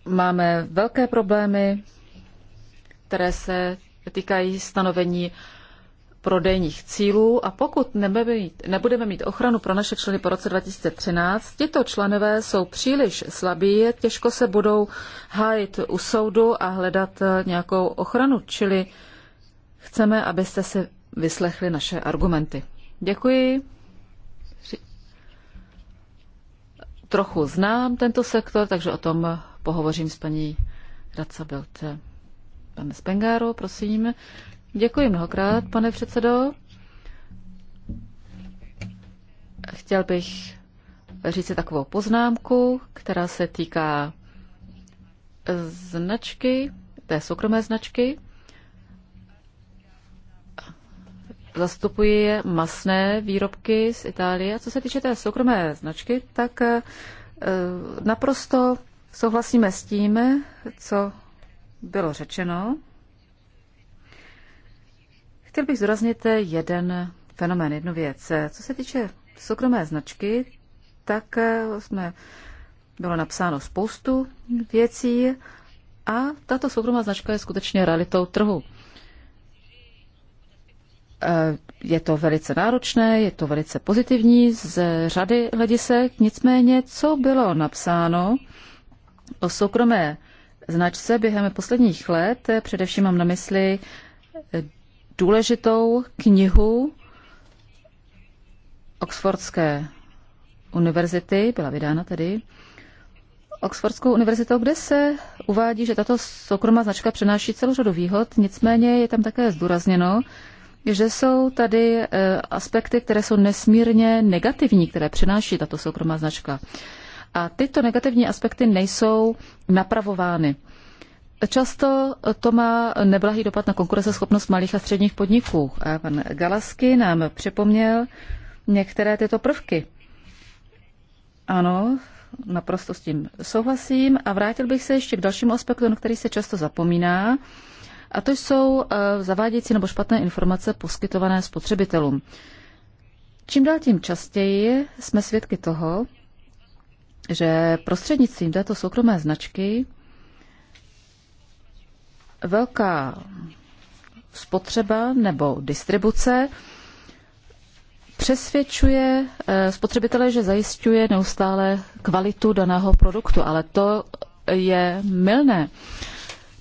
máme velké problémy, které se týkají stanovení prodejních cílů a pokud nebudeme mít, ochranu pro naše členy po roce 2013, tyto členové jsou příliš slabí, těžko se budou hájit u soudu a hledat eh, nějakou ochranu, čili chceme, abyste si vyslechli naše argumenty. Děkuji. Trochu znám tento sektor, takže o tom pohovořím s paní Racabilt. Pane Spengáro, prosím. Děkuji mnohokrát, pane předsedo. Chtěl bych říct si takovou poznámku, která se týká značky, té soukromé značky. zastupuje masné výrobky z Itálie. Co se týče té soukromé značky, tak eh, naprosto souhlasíme s tím, co bylo řečeno. Chtěl bych zdůraznit jeden fenomén, jednu věc. Co se týče soukromé značky, tak eh, jsme, bylo napsáno spoustu věcí a tato soukromá značka je skutečně realitou trhu. Eh, je to velice náročné, je to velice pozitivní z řady hledisek, nicméně co bylo napsáno o soukromé značce během posledních let, eh, především mám na mysli důležitou knihu Oxfordské univerzity, byla vydána tedy Oxfordskou univerzitou, kde se uvádí, že tato soukromá značka přenáší celou řadu výhod, nicméně je tam také zdůrazněno, že jsou tady eh, aspekty, které jsou nesmírně negativní, které přináší tato soukromá značka. A tyto negativní aspekty nejsou napravovány. Často to má neblahý dopad na konkurenceschopnost malých a středních podniků. A pan Galasky nám připomněl některé tyto prvky. Ano, naprosto s tím souhlasím. A vrátil bych se ještě k dalšímu aspektu, na který se často zapomíná. A to jsou eh, zavádějící nebo špatné informace poskytované spotřebitelům. Čím dál tím častěji jsme svědky toho, že prostřednictvím této soukromé značky velká spotřeba nebo distribuce přesvědčuje eh, spotřebitele, že zajišťuje neustále kvalitu daného produktu, ale to je mylné.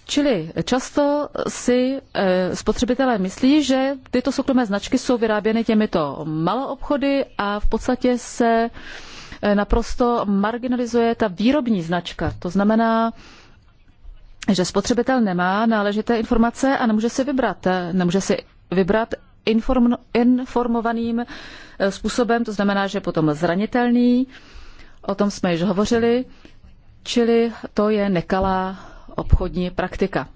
Čili často si eh, spotřebitelé myslí, že tyto soukromé značky jsou vyráběny těmito maloobchody a v podstatě se eh, naprosto marginalizuje ta výrobní značka. To znamená, že spotřebitel nemá náležité informace a nemůže si vybrat. Nemůže si vybrat inform, informovaným eh, způsobem, to znamená, že je potom zranitelný, o tom jsme již hovořili, čili to je nekalá obchodní praktika.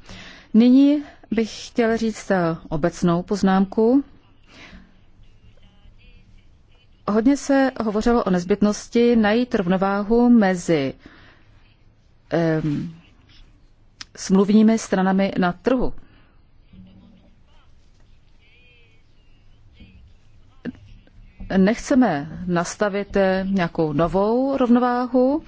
Nyní bych chtěl říct eh, obecnou poznámku. Hodně se hovořilo o nezbytnosti najít rovnováhu mezi um, smluvními stranami na trhu. Nechceme nastavit nějakou novou rovnováhu.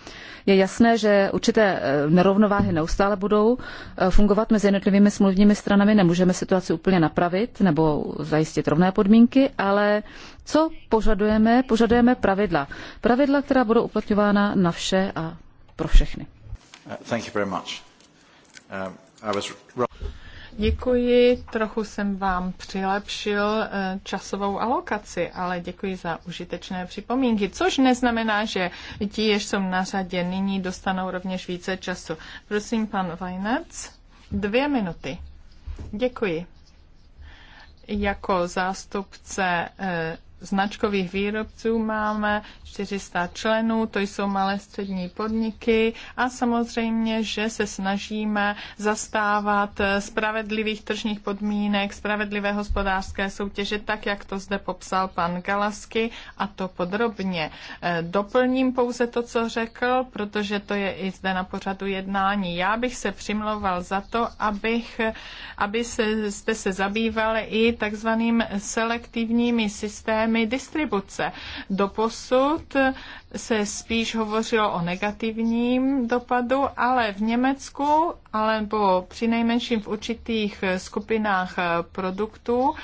Je jasné, že určité eh, nerovnováhy neustále budou eh, fungovat mezi jednotlivými smluvními stranami. Nemůžeme situaci úplně napravit nebo zajistit rovné podmínky, ale co požadujeme? Požadujeme pravidla. Pravidla, která budou uplatňována na vše a pro všechny. Uh, thank you very much. Um, děkuji, trochu jsem vám přilepšil eh, časovou alokaci, ale děkuji za užitečné připomínky, což neznamená, že ti, jež jsou na řadě nyní, dostanou rovněž více času. Prosím, pan Vajnec, dvě minuty. Děkuji. Jako zástupce eh, značkových výrobců máme 400 členů, to jsou malé střední podniky a samozřejmě, že se snažíme zastávat spravedlivých tržních podmínek, spravedlivé hospodářské soutěže, tak jak to zde popsal pan Galasky a to podrobně. E, doplním pouze to, co řekl, protože to je i zde na pořadu jednání. Já bych se přimlouval za to, abych, aby se, jste se zabývali i takzvaným selektivními systémy, systémy distribuce. Doposud se spíš hovořilo o negativním dopadu, ale v Německu, alebo při nejmenším v určitých skupinách produktů,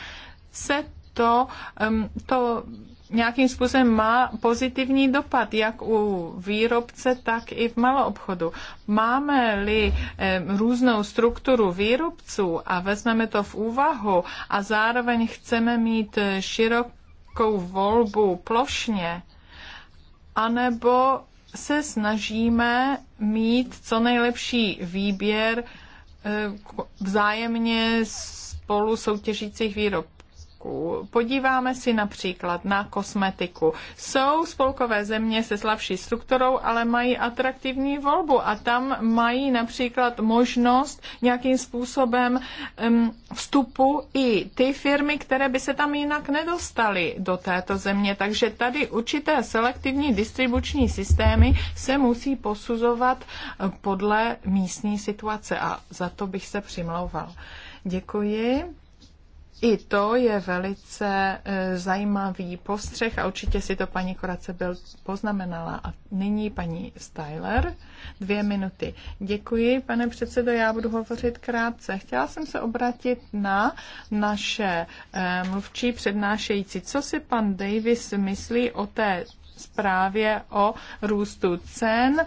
se to, to nějakým způsobem má pozitivní dopad, jak u výrobce, tak i v maloobchodu. Máme-li různou strukturu výrobců a vezmeme to v úvahu a zároveň chceme mít širok nějakou volbu plošně, anebo se snažíme mít co nejlepší výběr eh, vzájemně spolu soutěžících výrobků výrobků. Podíváme si například na kosmetiku. Jsou spolkové země se slabší strukturou, ale mají atraktivní volbu a tam mají například možnost nějakým způsobem um, vstupu i ty firmy, které by se tam jinak nedostaly do této země. Takže tady určité selektivní distribuční systémy se musí posuzovat eh, podle místní situace a za to bych se přimlouval. Děkuji. I to je velice e, zajímavý postřeh a určitě si to paní Korace byl poznamenala. A nyní paní Styler, dvě minuty. Děkuji, pane předsedo, já budu hovořit krátce. Chtěla jsem se obratit na naše e, mluvčí přednášející. Co si pan Davis myslí o té zprávě o růstu cen?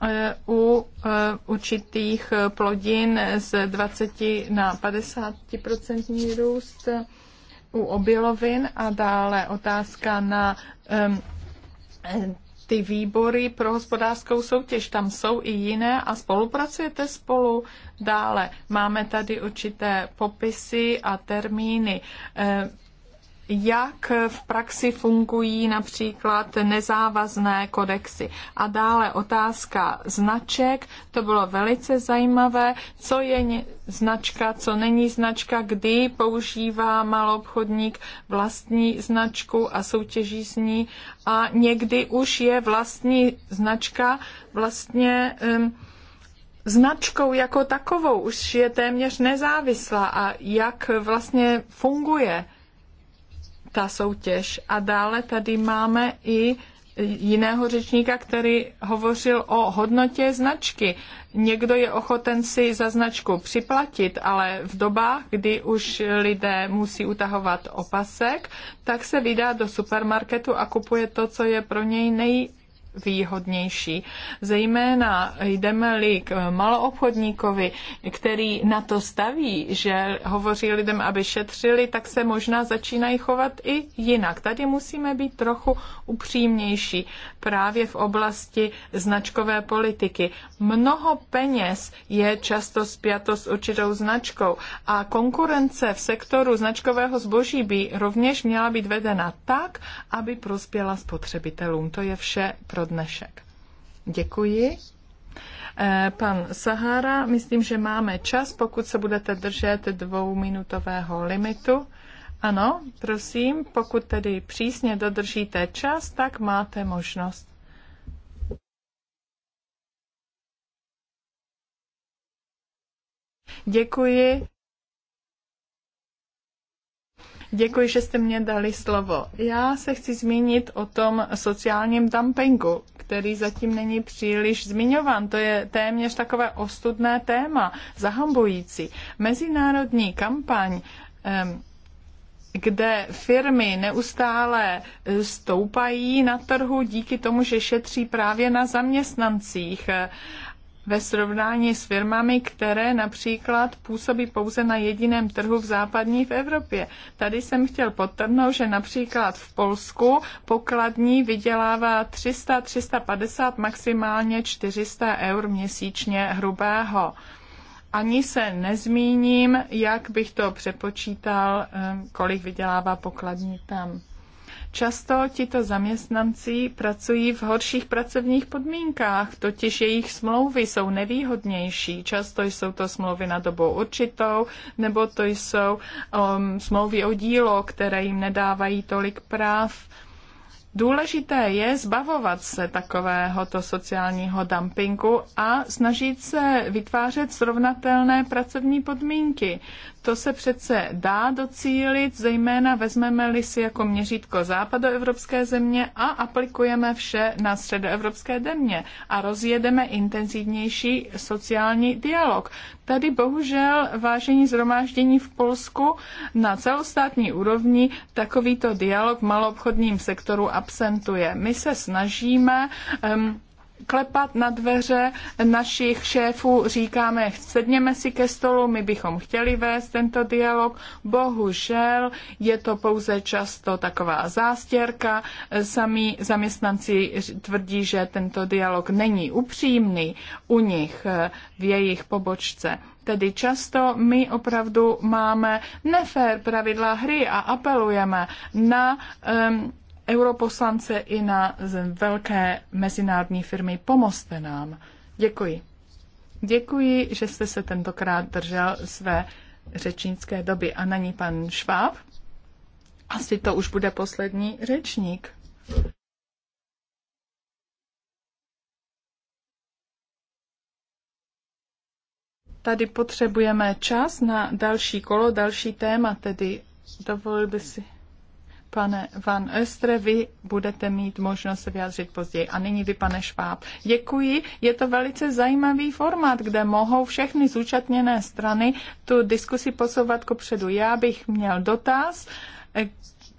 E, u e, určitých e, plodin z 20 na 50 růst u obilovin a dále otázka na ty výbory pro hospodářskou soutěž. Tam jsou i jiné a spolupracujete spolu dále. Máme tady určité popisy a termíny jak v praxi fungují například nezávazné kodexy. A dále otázka značek, to bylo velice zajímavé, co je značka, co není značka, kdy používá malobchodník vlastní značku a soutěží s ní a někdy už je vlastní značka vlastně um, značkou jako takovou, už je téměř nezávislá a jak vlastně funguje ta soutěž. A dále tady máme i jiného řečníka, který hovořil o hodnotě značky. Někdo je ochoten si za značku připlatit, ale v dobách, kdy už lidé musí utahovat opasek, tak se vydá do supermarketu a kupuje to, co je pro něj nej výhodnější. Zejména jdeme-li k maloobchodníkovi, který na to staví, že hovoří lidem, aby šetřili, tak se možná začínají chovat i jinak. Tady musíme být trochu upřímnější právě v oblasti značkové politiky. Mnoho peněz je často spjato s určitou značkou a konkurence v sektoru značkového zboží by rovněž měla být vedena tak, aby prospěla spotřebitelům. To je vše pro dnešek. Děkuji. Eh, pan Sahara, myslím, že máme čas, pokud se budete držet dvouminutového limitu. Ano, prosím, pokud tedy přísně dodržíte čas, tak máte možnost. Děkuji. Děkuji, že jste mě dali slovo. Já se chci zmínit o tom sociálním dumpingu, který zatím není příliš zmiňován. To je téměř takové ostudné téma, zahambující. Mezinárodní kampaň kde firmy neustále stoupají na trhu díky tomu, že šetří právě na zaměstnancích ve srovnání s firmami, které například působí pouze na jediném trhu v západní v Evropě. Tady jsem chtěl podtrhnout, že například v Polsku pokladní vydělává 300, 350, maximálně 400 eur měsíčně hrubého. Ani se nezmíním, jak bych to přepočítal, eh, kolik vydělává pokladní tam. Často tito zaměstnanci pracují v horších pracovních podmínkách, totiž jejich smlouvy jsou nevýhodnější. Často jsou to smlouvy na dobu určitou, nebo to jsou um, smlouvy o dílo, které jim nedávají tolik práv. Důležité je zbavovat se takovéhoto sociálního dumpingu a snažit se vytvářet srovnatelné pracovní podmínky. To se přece dá docílit, zejména vezmeme-li si jako měřítko západoevropské země a aplikujeme vše na středoevropské země a rozjedeme intenzivnější sociální dialog. Tady bohužel vážení zhromáždění v Polsku na celostátní úrovni takovýto dialog v maloobchodním sektoru absentuje. My se snažíme um, klepat na dveře našich šéfů, říkáme, sedněme si ke stolu, my bychom chtěli vést tento dialog. Bohužel je to pouze často taková zástěrka. Sami zaměstnanci tvrdí, že tento dialog není upřímný u nich v jejich pobočce. Tedy často my opravdu máme nefér pravidla hry a apelujeme na um, europoslance i na velké mezinárodní firmy. Pomozte nám. Děkuji. Děkuji, že jste se tentokrát držel své řečnické doby. A na ní pan Šváb? Asi to už bude poslední řečník. Tady potřebujeme čas na další kolo, další téma, tedy dovolil by si Pane Van Östre, vy budete mít možnost se vyjádřit později. A nyní vy, pane Šváb. Děkuji. Je to velice zajímavý formát, kde mohou všechny zúčastněné strany tu diskusi posouvat kopředu. Já bych měl dotaz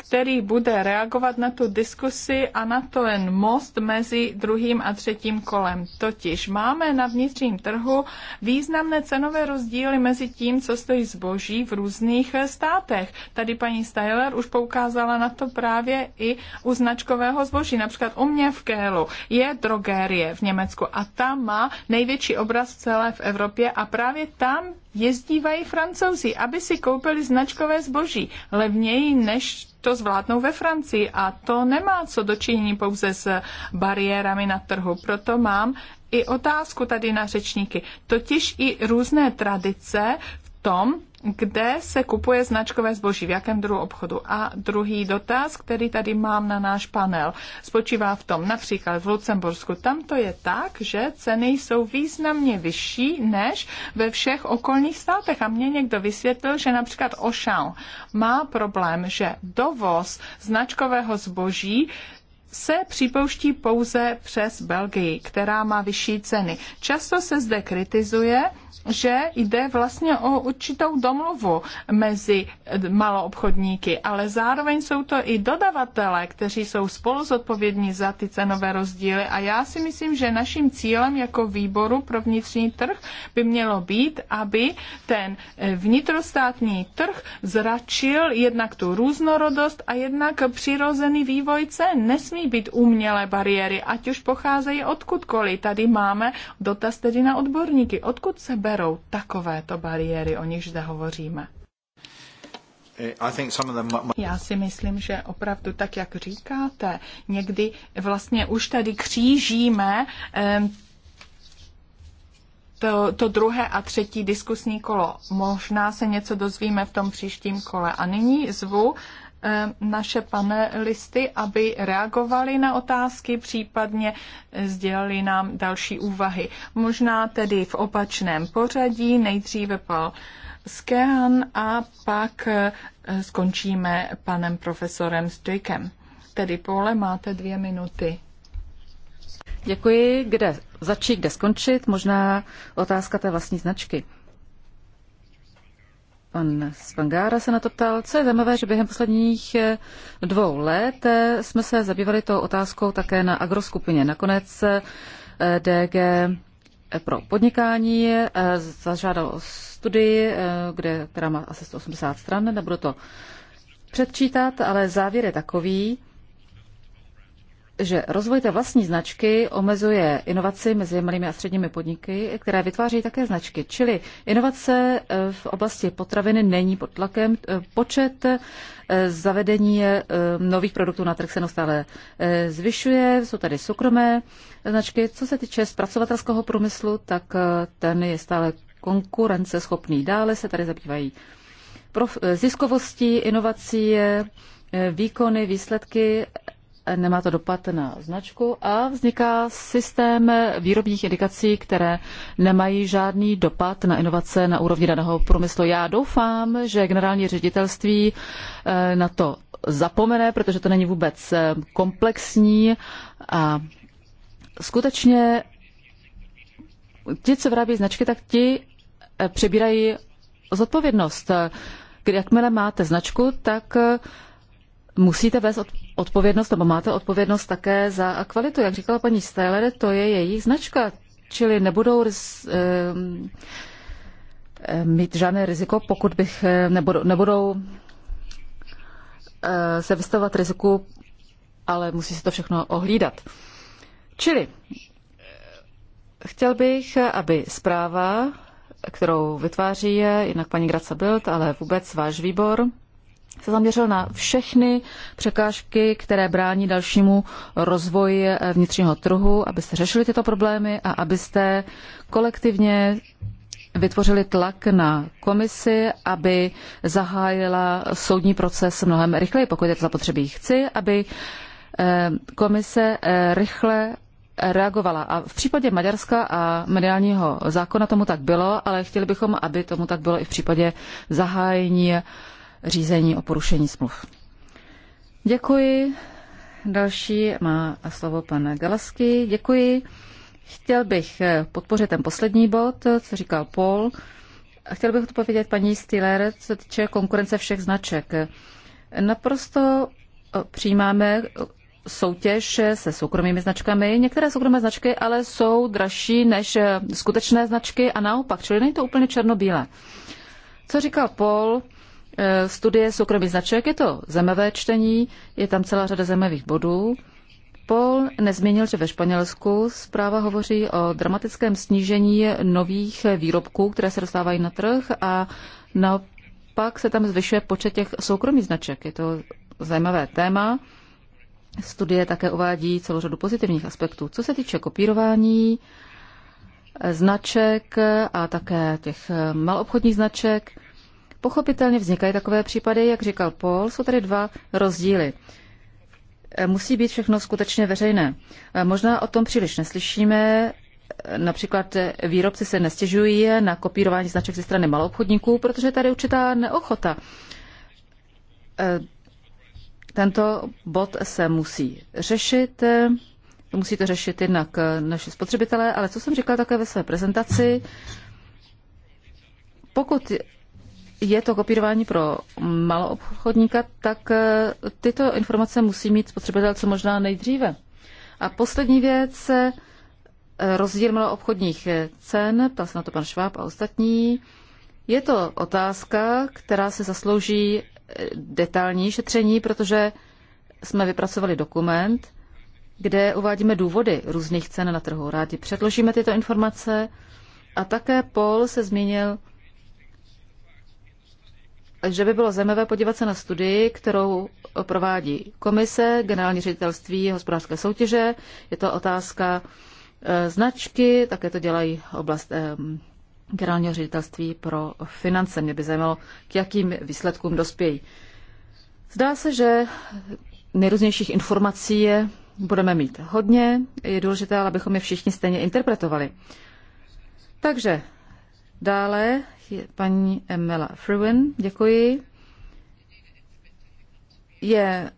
který bude reagovat na tu diskusi a na to ten most mezi druhým a třetím kolem. Totiž máme na vnitřním trhu významné cenové rozdíly mezi tím, co stojí zboží v různých státech. Tady paní Styler už poukázala na to právě i u značkového zboží. Například u mě v Kélu je drogérie v Německu a ta má největší obraz celé v Evropě a právě tam jezdívají francouzi, aby si koupili značkové zboží levněji, než to zvládnou ve Francii. A to nemá co dočinění pouze s bariérami na trhu. Proto mám i otázku tady na řečníky. Totiž i různé tradice tom, kde se kupuje značkové zboží, v jakém druhu obchodu. A druhý dotaz, který tady mám na náš panel, spočívá v tom, například v Lucembursku, tam to je tak, že ceny jsou významně vyšší než ve všech okolních státech. A mě někdo vysvětlil, že například Auchan má problém, že dovoz značkového zboží se připouští pouze přes Belgii, která má vyšší ceny. Často se zde kritizuje, že jde vlastně o určitou domluvu mezi maloobchodníky, ale zároveň jsou to i dodavatele, kteří jsou spolu zodpovědní za ty cenové rozdíly a já si myslím, že naším cílem jako výboru pro vnitřní trh by mělo být, aby ten eh, vnitrostátní trh zračil jednak tu různorodost a jednak přirozený vývoj cen. Nesmí být umělé bariéry, ať už pocházejí odkudkoliv. Tady máme dotaz tedy na odborníky. Odkud se berou berou takovéto bariéry, o nichž zde hovoříme? Já si myslím, že opravdu tak, jak říkáte, někdy vlastně už tady křížíme to, to druhé a třetí diskusní kolo. Možná se něco dozvíme v tom příštím kole. A nyní zvu Eh, naše panelisty, aby reagovali na otázky, případně sdělili nám další úvahy. Možná tedy v opačném pořadí, nejdříve pan Skehan a pak eh, skončíme panem profesorem Stojkem. Tedy pole máte dvě minuty. Děkuji. Kde začít, kde skončit? Možná otázka té vlastní značky. Pan Spangára se na to ptal, co je zajímavé, že během posledních eh, dvou let eh, jsme se zabývali tou otázkou také na agroskupině. Nakonec eh, DG pro podnikání zažádal studii, kde, která má asi 180 stran, nebudu to předčítat, ale závěr je takový, že rozvoj té vlastní značky omezuje inovaci mezi malými a středními podniky, které vytváří také značky. Čili inovace eh, v oblasti potraviny není pod tlakem. Eh, počet eh, zavedení nových produktů na trh se neustále zvyšuje. Jsou tady soukromé značky. Co se týče zpracovatelského průmyslu, tak ten je stále konkurenceschopný. Dále se tady zabývají ziskovostí, inovací, výkony, výsledky nemá to dopad na značku a vzniká systém výrobních indikací, které nemají žádný dopad na inovace na úrovni daného průmyslu. Já doufám, že generální ředitelství eh, na to zapomene, protože to není vůbec eh, komplexní a skutečně ti, co vyrábí značky, tak ti eh, přebírají zodpovědnost. Jakmile máte značku, tak musíte vést odpovědnost, nebo máte odpovědnost také za kvalitu. Jak říkala paní Steller, to je její značka, čili nebudou mít žádné riziko, pokud bych eh, nebudou, nebudou eh, se vystavovat riziku, ale musí se to všechno ohlídat. Čili eh, chtěl bych, aby zpráva, kterou vytváří jinak paní Graca Bild, ale vůbec váš výbor, se zaměřil na všechny překážky, které brání dalšímu rozvoji eh, vnitřního trhu, abyste řešili tyto problémy a abyste kolektivně vytvořili tlak na komisi, aby zahájila soudní proces mnohem rychleji, pokud je to zapotřebí. Chci, aby eh, komise eh, rychle reagovala. A v případě Maďarska a mediálního zákona tomu tak bylo, ale chtěli bychom, aby tomu tak bylo i v případě zahájení řízení o porušení smluv. Děkuji. Další má slovo pan Galasky. Děkuji. Chtěl bych podpořit ten poslední bod, co říkal Paul. A chtěl bych to povědět paní Stiller, co týče konkurence všech značek. Naprosto eh, přijímáme eh, soutěž se soukromými značkami. Některé soukromé značky ale jsou dražší než eh, skutečné značky a naopak, čili není to úplně černobílé. Co říkal Paul, Eh, studie soukromých značek, je to zemevé čtení, je tam celá řada zemevých bodů. Paul nezmínil, že ve Španělsku zpráva hovoří o dramatickém snížení nových výrobků, které se dostávají na trh a naopak se tam zvyšuje počet těch soukromých značek. Je to zajímavé téma. Studie také uvádí celou řadu pozitivních aspektů. Co se týče kopírování, eh, značek a také těch eh, malobchodních značek, Pochopitelně vznikají takové případy, jak říkal Paul, jsou tady dva rozdíly. E, musí být všechno skutečně veřejné. E, možná o tom příliš neslyšíme, e, například výrobci se nestěžují na kopírování značek ze strany maloobchodníků, protože tady je určitá neochota. Tento bod se musí řešit, musí to řešit jednak naše spotřebitelé, ale co jsem říkala také ve své prezentaci, pokud je to kopírování pro maloobchodníka, tak eh, tyto informace musí mít spotřebitel co možná nejdříve. A poslední věc, eh, rozdíl maloobchodních eh, cen, ptá se na to pan Šváb a ostatní. Je to otázka, která se zaslouží detailní šetření, protože jsme vypracovali dokument, kde uvádíme důvody různých cen na trhu. Rádi předložíme tyto informace a také Paul se zmínil že by bylo zajímavé podívat se na studii, kterou provádí komise, generální ředitelství hospodářské soutěže. Je to otázka eh, značky, také to dělají oblast eh, generálního ředitelství pro finance. Mě by zajímalo, k jakým výsledkům dospějí. Zdá se, že nejrůznějších informací je, budeme mít hodně. Je důležité, abychom je všichni stejně interpretovali. Takže Dále je paní Emela Fruin, děkuji. Je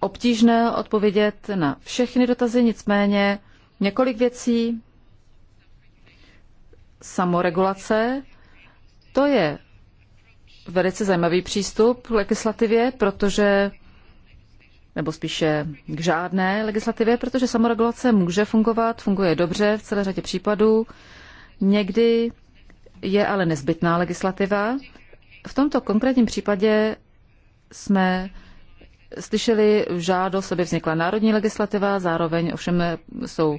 obtížné odpovědět na všechny dotazy, nicméně několik věcí. Samoregulace, to je velice zajímavý přístup k legislativě, protože nebo spíše k žádné legislativě, protože samoregulace může fungovat, funguje dobře v celé řadě případů. Někdy je ale nezbytná legislativa. V tomto konkrétním případě jsme slyšeli žádost, aby vznikla národní legislativa, zároveň ovšem jsou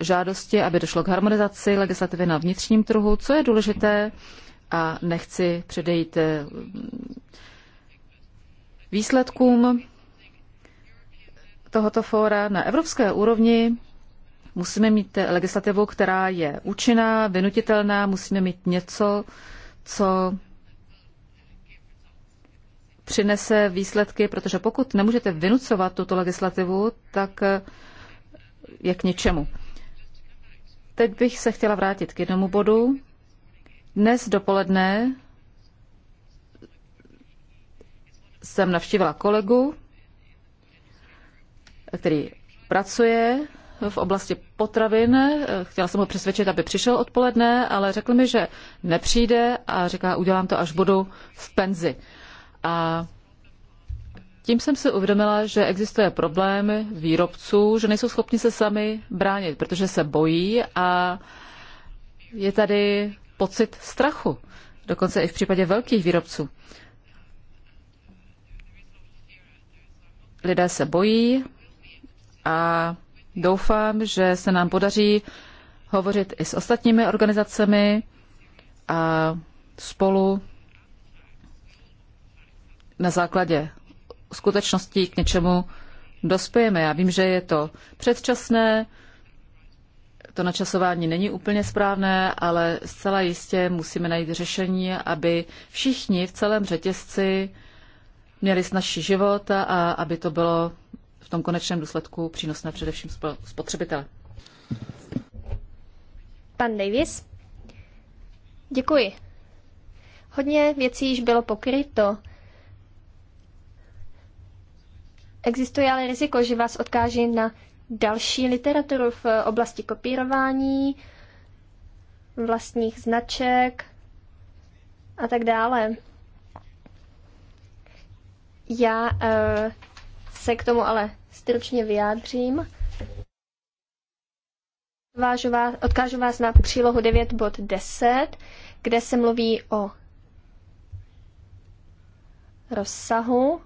žádosti, aby došlo k harmonizaci legislativy na vnitřním trhu, co je důležité a nechci předejít eh, výsledkům tohoto fóra na evropské úrovni Musíme mít legislativu, která je účinná, vynutitelná, musíme mít něco, co přinese výsledky, protože pokud nemůžete vynucovat tuto legislativu, tak eh, je k ničemu. Teď bych se chtěla vrátit k jednomu bodu. Dnes dopoledne jsem navštívila kolegu, který pracuje v oblasti potravin. Chtěla jsem ho přesvědčit, aby přišel odpoledne, ale řekl mi, že nepřijde a říká, udělám to, až budu v penzi. A tím jsem si uvědomila, že existuje problém výrobců, že nejsou schopni se sami bránit, protože se bojí a je tady pocit strachu, dokonce i v případě velkých výrobců. Lidé se bojí a Doufám, že se nám podaří hovořit i s ostatními organizacemi a spolu na základě skutečností k něčemu dospějeme. Já vím, že je to předčasné, to načasování není úplně správné, ale zcela jistě musíme najít řešení, aby všichni v celém řetězci měli snažší život a aby to bylo v tom konečném důsledku přínosné především spotřebitele. Pan Davis. Děkuji. Hodně věcí již bylo pokryto. Existuje ale riziko, že vás odkáží na další literaturu v oblasti kopírování, vlastních značek a tak dále. Já uh, se k tomu ale stručně vyjádřím. vás, odkážu vás na přílohu 9 bod 10, kde se mluví o rozsahu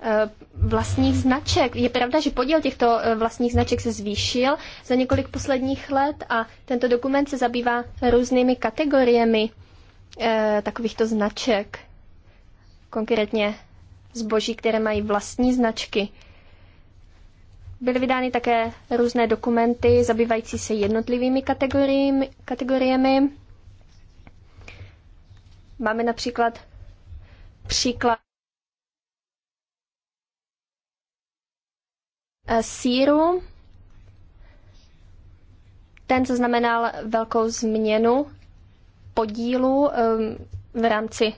eh, vlastních značek. Je pravda, že podíl těchto eh, vlastních značek se zvýšil za několik posledních let a tento dokument se zabývá různými kategoriemi eh, takovýchto značek. Konkrétně zboží, které mají vlastní značky. Byly vydány také různé dokumenty zabývající se jednotlivými kategoriemi. kategoriemi. Máme například příklad eh, síru. Ten zaznamenal velkou změnu podílu eh, v rámci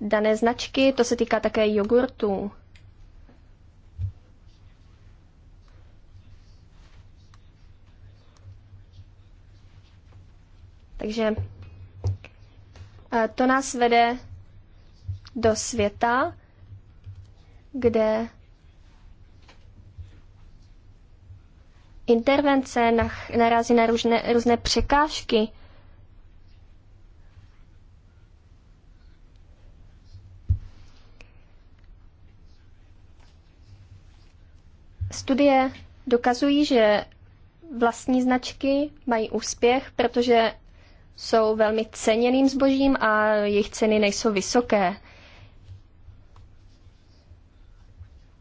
dané značky, to se týká také jogurtů. Takže eh, to nás vede do světa, kde intervence narazí na různé, různé překážky Studie dokazují, že vlastní značky mají úspěch, protože jsou velmi ceněným zbožím a jejich ceny nejsou vysoké.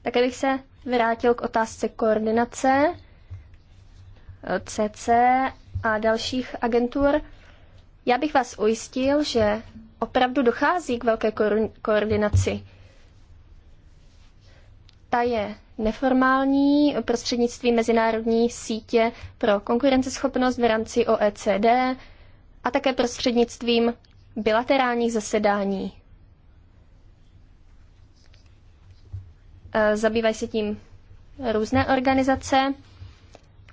Také bych se vrátil k otázce koordinace CC a dalších agentur. Já bych vás ujistil, že opravdu dochází k velké koordinaci. Ta je neformální prostřednictvím mezinárodní sítě pro konkurenceschopnost v rámci OECD a také prostřednictvím bilaterálních zasedání. E, zabývají se tím různé organizace,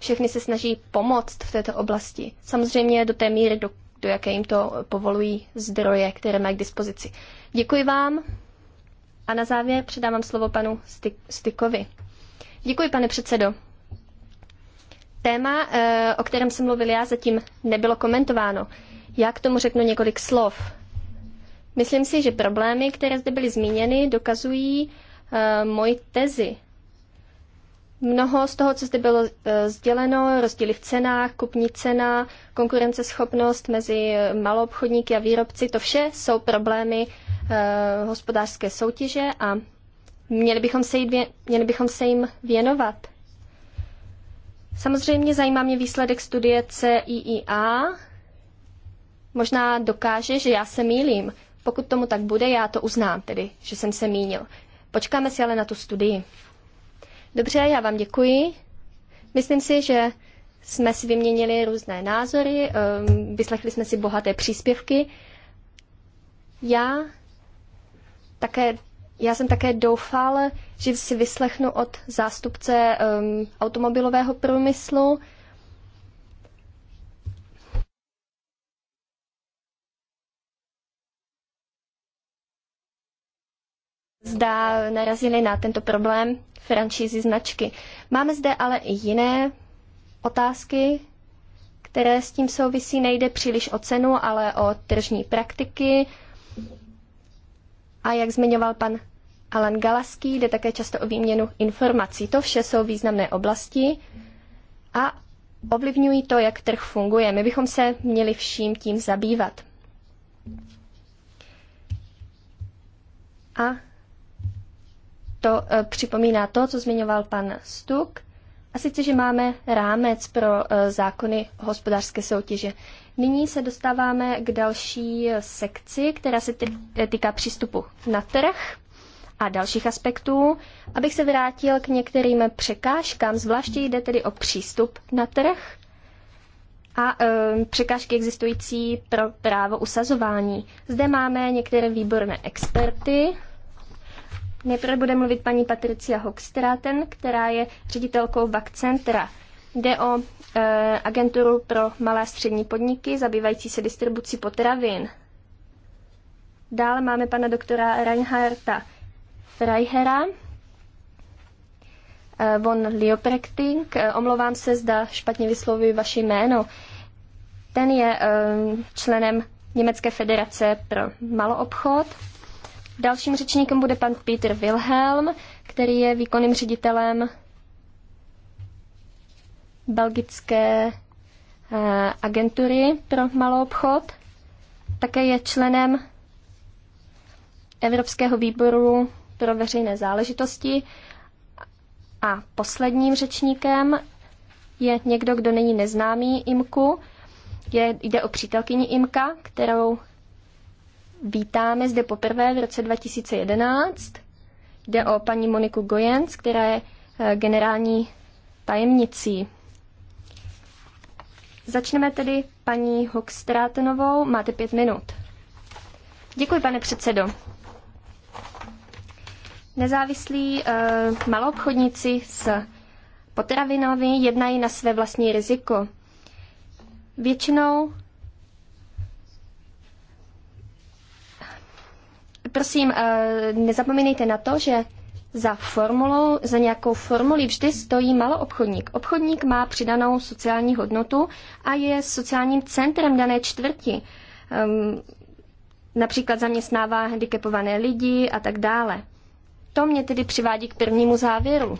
všechny se snaží pomoct v této oblasti. Samozřejmě do té míry, do, do jaké jim to povolují zdroje, které mají k dispozici. Děkuji vám. A na závěr předávám slovo panu Stykovi. Děkuji, pane předsedo. Téma, eh, o kterém jsem mluvil já, zatím nebylo komentováno. Já k tomu řeknu několik slov. Myslím si, že problémy, které zde byly zmíněny, dokazují eh, moji tezi. Mnoho z toho, co zde bylo e, sděleno, rozdíly v cenách, kupní cena, konkurenceschopnost mezi e, maloobchodníky a výrobci, to vše jsou problémy e, hospodářské soutěže a měli bychom se, jim, měli bychom se jim věnovat. Samozřejmě zajímá mě výsledek studie CIIA. Možná dokáže, že já se mýlím. Pokud tomu tak bude, já to uznám tedy, že jsem se mínil. Počkáme si ale na tu studii. Dobře, já vám děkuji. Myslím si, že jsme si vyměnili různé názory, ehm, vyslechli jsme si bohaté příspěvky. Já také, já jsem také doufal, že si vyslechnu od zástupce um, automobilového průmyslu, zda narazili na tento problém franšízy značky. Máme zde ale i jiné otázky, které s tím souvisí. Nejde příliš o cenu, ale o tržní praktiky. A jak zmiňoval pan Alan Galaský, jde také často o výměnu informací. To vše jsou významné oblasti a ovlivňují to, jak trh funguje. My bychom se měli vším tím zabývat. A to e, připomíná to, co zmiňoval pan Stuk, a sice, že máme rámec pro e, zákony hospodářské soutěže. Nyní se dostáváme k další e, sekci, která se týká přístupu na trh a dalších aspektů. Abych se vrátil k některým překážkám, zvláště jde tedy o přístup na trh a e, překážky existující pro právo usazování. Zde máme některé výborné experty, Nejprve bude mluvit paní Patricia Hoxtraten, která je ředitelkou VAC Centra. Jde o e, agenturu pro malé a střední podniky, zabývající se distribucí potravin. Dále máme pana doktora Reinharda Freihera e, von Lioprekting. E, omlouvám se, zda špatně vyslovuji vaše jméno. Ten je e, členem Německé federace pro maloobchod. obchod. Dalším řečníkem bude pan Peter Wilhelm, který je výkonným ředitelem eh, belgické eh, agentury pro malou obchod. Také je členem Evropského výboru pro veřejné záležitosti. A posledním řečníkem je někdo, kdo není neznámý IMKU. Je, jde o přítelkyni IMKA, kterou vítáme zde poprvé v roce 2011. Jde o paní Moniku Gojens, která je eh, generální tajemnicí. Začneme tedy paní Hoxtrátenovou. Máte pět minut. Děkuji, pane předsedo. Nezávislí e, maloobchodníci s potravinami jednají na své vlastní riziko. Většinou Prosím, eh, nezapomínejte na to, že za formulou, za nějakou formulí vždy stojí maloobchodník. Obchodník má přidanou sociální hodnotu a je sociálním centrem dané čtvrti. Um, například zaměstnává handicapované lidi a tak dále. To mě tedy přivádí k prvnímu závěru.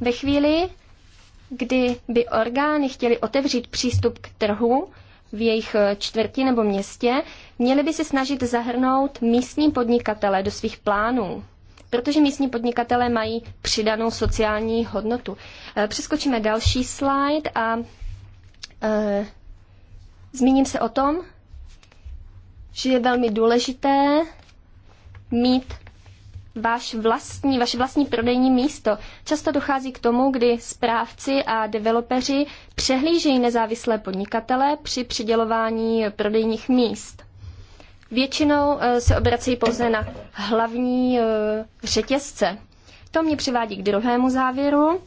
Ve chvíli, kdy by orgány chtěly otevřít přístup k trhu, v jejich eh, čtvrti nebo městě, měli by se snažit zahrnout místní podnikatele do svých plánů, protože místní podnikatele mají přidanou sociální hodnotu. Eh, přeskočíme další slide a e, zmíním se o tom, že je velmi důležité mít váš vlastní, vaše vlastní prodejní místo. Často dochází k tomu, kdy správci a developeři přehlížejí nezávislé podnikatele při přidělování prodejních míst. Většinou eh, se obracejí pouze na hlavní eh, řetězce. To mě přivádí k druhému závěru.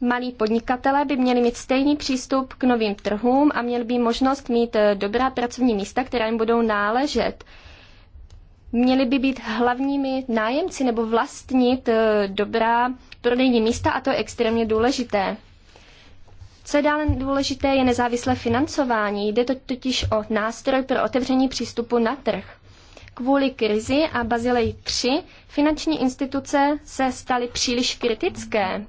Malí podnikatele by měli mít stejný přístup k novým trhům a měli by možnost mít eh, dobrá pracovní místa, která jim budou náležet měli by být hlavními nájemci nebo vlastnit eh, dobrá prodejní místa a to je extrémně důležité. Co je dále důležité, je nezávislé financování. Jde to totiž o nástroj pro otevření přístupu na trh. Kvůli krizi a Bazilej 3 finanční instituce se staly příliš kritické.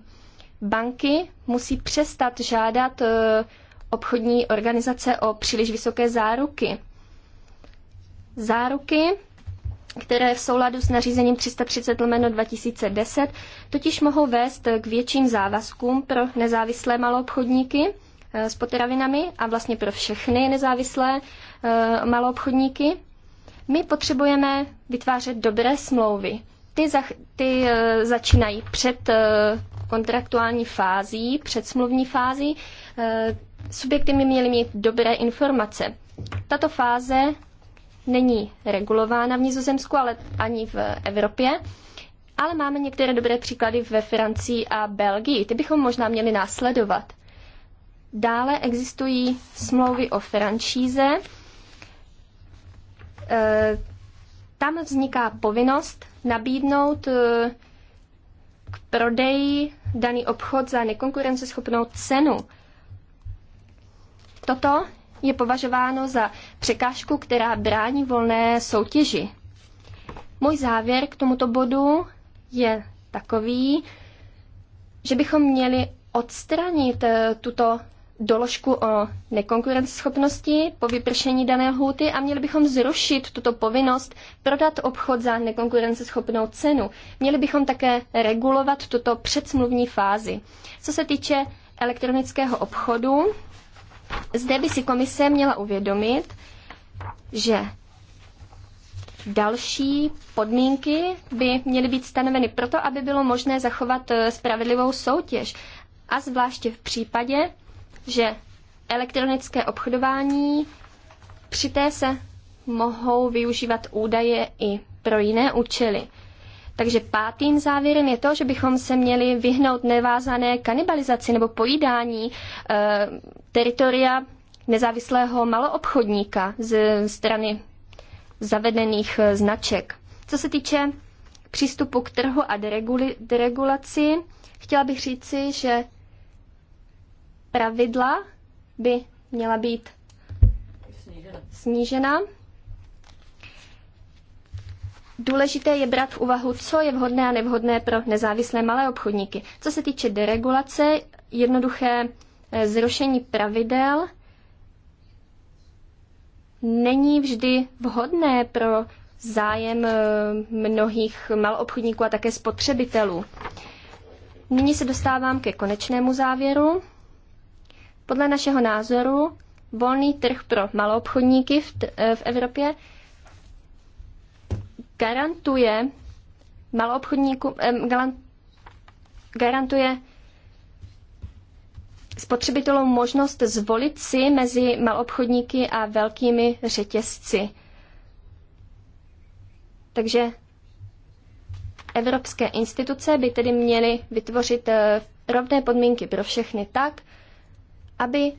Banky musí přestat žádat eh, obchodní organizace o příliš vysoké záruky. Záruky které v souladu s nařízením 330 lomeno 2010 totiž mohou vést k větším závazkům pro nezávislé maloobchodníky eh, s potravinami a vlastně pro všechny nezávislé eh, maloobchodníky. My potřebujeme vytvářet dobré smlouvy. Ty, za, ty eh, začínají před kontraktuální fází, před smluvní fází. Subjekty by měly mít dobré informace. Tato fáze není regulována v Nizozemsku, ale ani v Evropě. Ale máme některé dobré příklady ve Francii a Belgii. Ty bychom možná měli následovat. Dále existují smlouvy o franšíze. E, tam vzniká povinnost nabídnout e, k prodeji daný obchod za nekonkurenceschopnou cenu. Toto je považováno za překážku, která brání volné soutěži. Můj závěr k tomuto bodu je takový, že bychom měli odstranit eh, tuto doložku o nekonkurenceschopnosti po vypršení dané lhůty a měli bychom zrušit tuto povinnost prodat obchod za nekonkurenceschopnou cenu. Měli bychom také regulovat tuto předsmluvní fázi. Co se týče elektronického obchodu, zde by si komise měla uvědomit, že další podmínky by měly být stanoveny proto, aby bylo možné zachovat eh, spravedlivou soutěž. A zvláště v případě, že elektronické obchodování té se mohou využívat údaje i pro jiné účely. Takže pátým závěrem je to, že bychom se měli vyhnout nevázané kanibalizaci nebo pojídání eh, teritoria nezávislého maloobchodníka ze strany zavedených eh, značek. Co se týče přístupu k trhu a deregulaci, chtěla bych říci, že pravidla by měla být snížena. snížena. Důležité je brát v úvahu, co je vhodné a nevhodné pro nezávislé malé obchodníky. Co se týče deregulace, jednoduché zrušení pravidel není vždy vhodné pro zájem eh, mnohých malobchodníků a také spotřebitelů. Nyní se dostávám ke konečnému závěru. Podle našeho názoru volný trh pro maloobchodníky v, eh, v Evropě garantuje maloobchodníkům, eh, garantuje spotřebitelům možnost zvolit si mezi malobchodníky a velkými řetězci. Takže evropské instituce by tedy měly vytvořit eh, rovné podmínky pro všechny tak, aby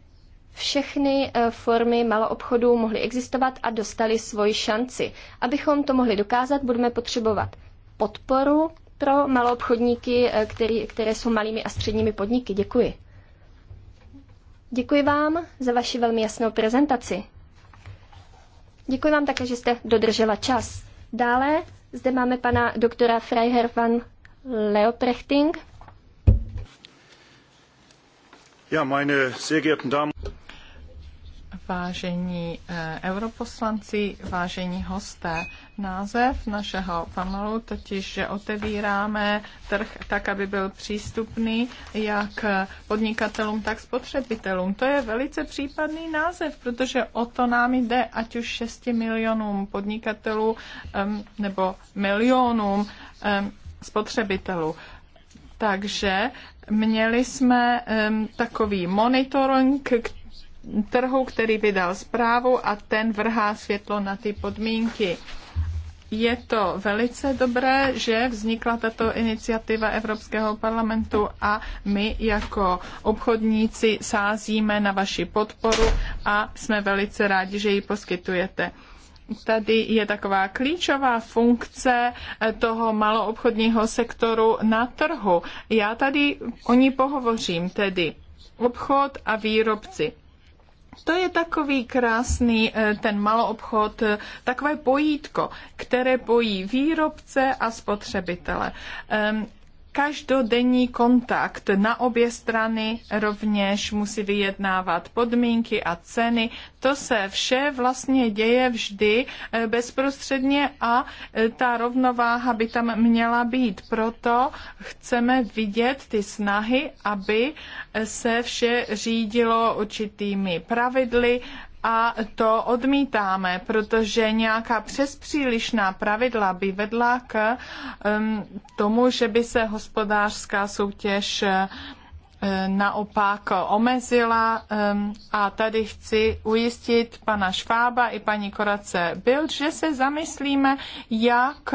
všechny eh, formy maloobchodu mohly existovat a dostali svoji šanci. Abychom to mohli dokázat, budeme potřebovat podporu pro maloobchodníky, eh, které jsou malými a středními podniky. Děkuji. Děkuji vám za vaši velmi jasnou prezentaci. Děkuji vám také, že jste dodržela čas. Dále zde máme pana doktora Freiherr van Leoprechting. Ja, meine sehr geehrten Damen Vážení eh, europoslanci, vážení hosté, název našeho panelu totiž, že otevíráme trh tak, aby byl přístupný jak podnikatelům, tak spotřebitelům. To je velice případný název, protože o to nám jde, ať už 6 milionům podnikatelů nebo milionům spotřebitelů. Takže měli jsme takový monitoring, trhu, který vydal zprávu a ten vrhá světlo na ty podmínky. Je to velice dobré, že vznikla tato iniciativa Evropského parlamentu a my jako obchodníci sázíme na vaši podporu a jsme velice rádi, že ji poskytujete tady je taková klíčová funkce eh, toho maloobchodního sektoru na trhu. Já tady o ní pohovořím, tedy obchod a výrobci. To je takový krásný eh, ten maloobchod, eh, takové pojítko, které pojí výrobce a spotřebitele. Ehm, každodenní kontakt na obě strany rovněž musí vyjednávat podmínky a ceny. To se vše vlastně děje vždy eh, bezprostředně a eh, ta rovnováha by tam měla být. Proto chceme vidět ty snahy, aby eh, se vše řídilo určitými pravidly, a to odmítáme, protože nějaká přespřílišná pravidla by vedla k um, tomu, že by se hospodářská soutěž uh, naopak omezila um, a tady chci ujistit pana Švába i paní Korace Bild, že se zamyslíme, jak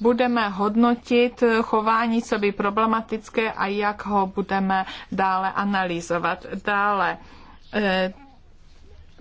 budeme hodnotit chování, co by problematické a jak ho budeme dále analyzovat. Dále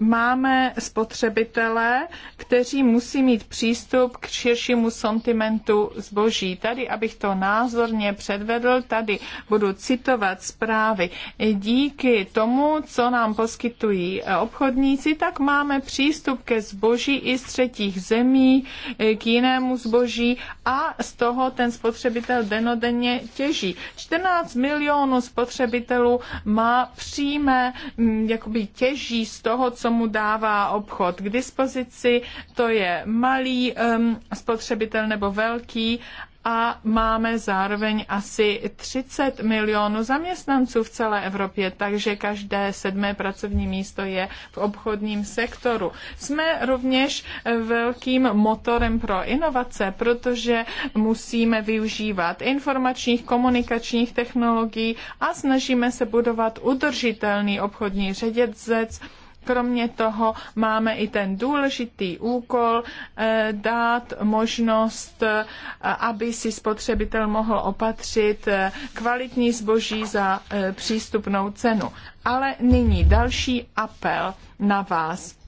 máme spotřebitele, kteří musí mít přístup k širšímu sortimentu zboží. Tady, abych to názorně předvedl, tady budu citovat zprávy. Díky tomu, co nám poskytují eh, obchodníci, tak máme přístup ke zboží i z třetích zemí, eh, k jinému zboží a z toho ten spotřebitel denodenně těží. 14 milionů spotřebitelů má přímé, mm, jakoby těží z toho, co tomu dává obchod k dispozici, to je malý um, spotřebitel nebo velký a máme zároveň asi 30 milionů zaměstnanců v celé Evropě, takže každé sedmé pracovní místo je v obchodním sektoru. Jsme rovněž velkým motorem pro inovace, protože musíme využívat informačních komunikačních technologií a snažíme se budovat udržitelný obchodní řetězec, Kromě toho máme i ten důležitý úkol eh, dát možnost, eh, aby si spotřebitel mohl opatřit eh, kvalitní zboží za přístupnou cenu. Ale nyní další apel na vás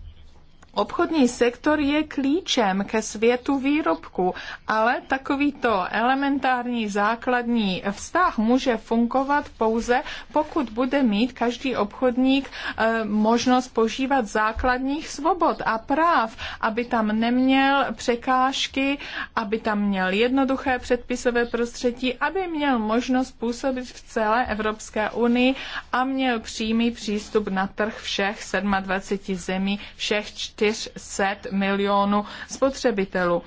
Obchodní sektor je klíčem ke světu výrobku, ale takovýto elementární základní vztah může fungovat pouze, pokud bude mít každý obchodník e, možnost požívat základních svobod a práv, aby tam neměl překážky, aby tam měl jednoduché předpisové prostředí, aby měl možnost působit v celé Evropské unii a měl přímý přístup na trh všech 27 zemí, všech čtyř 400 milionů spotřebitelů.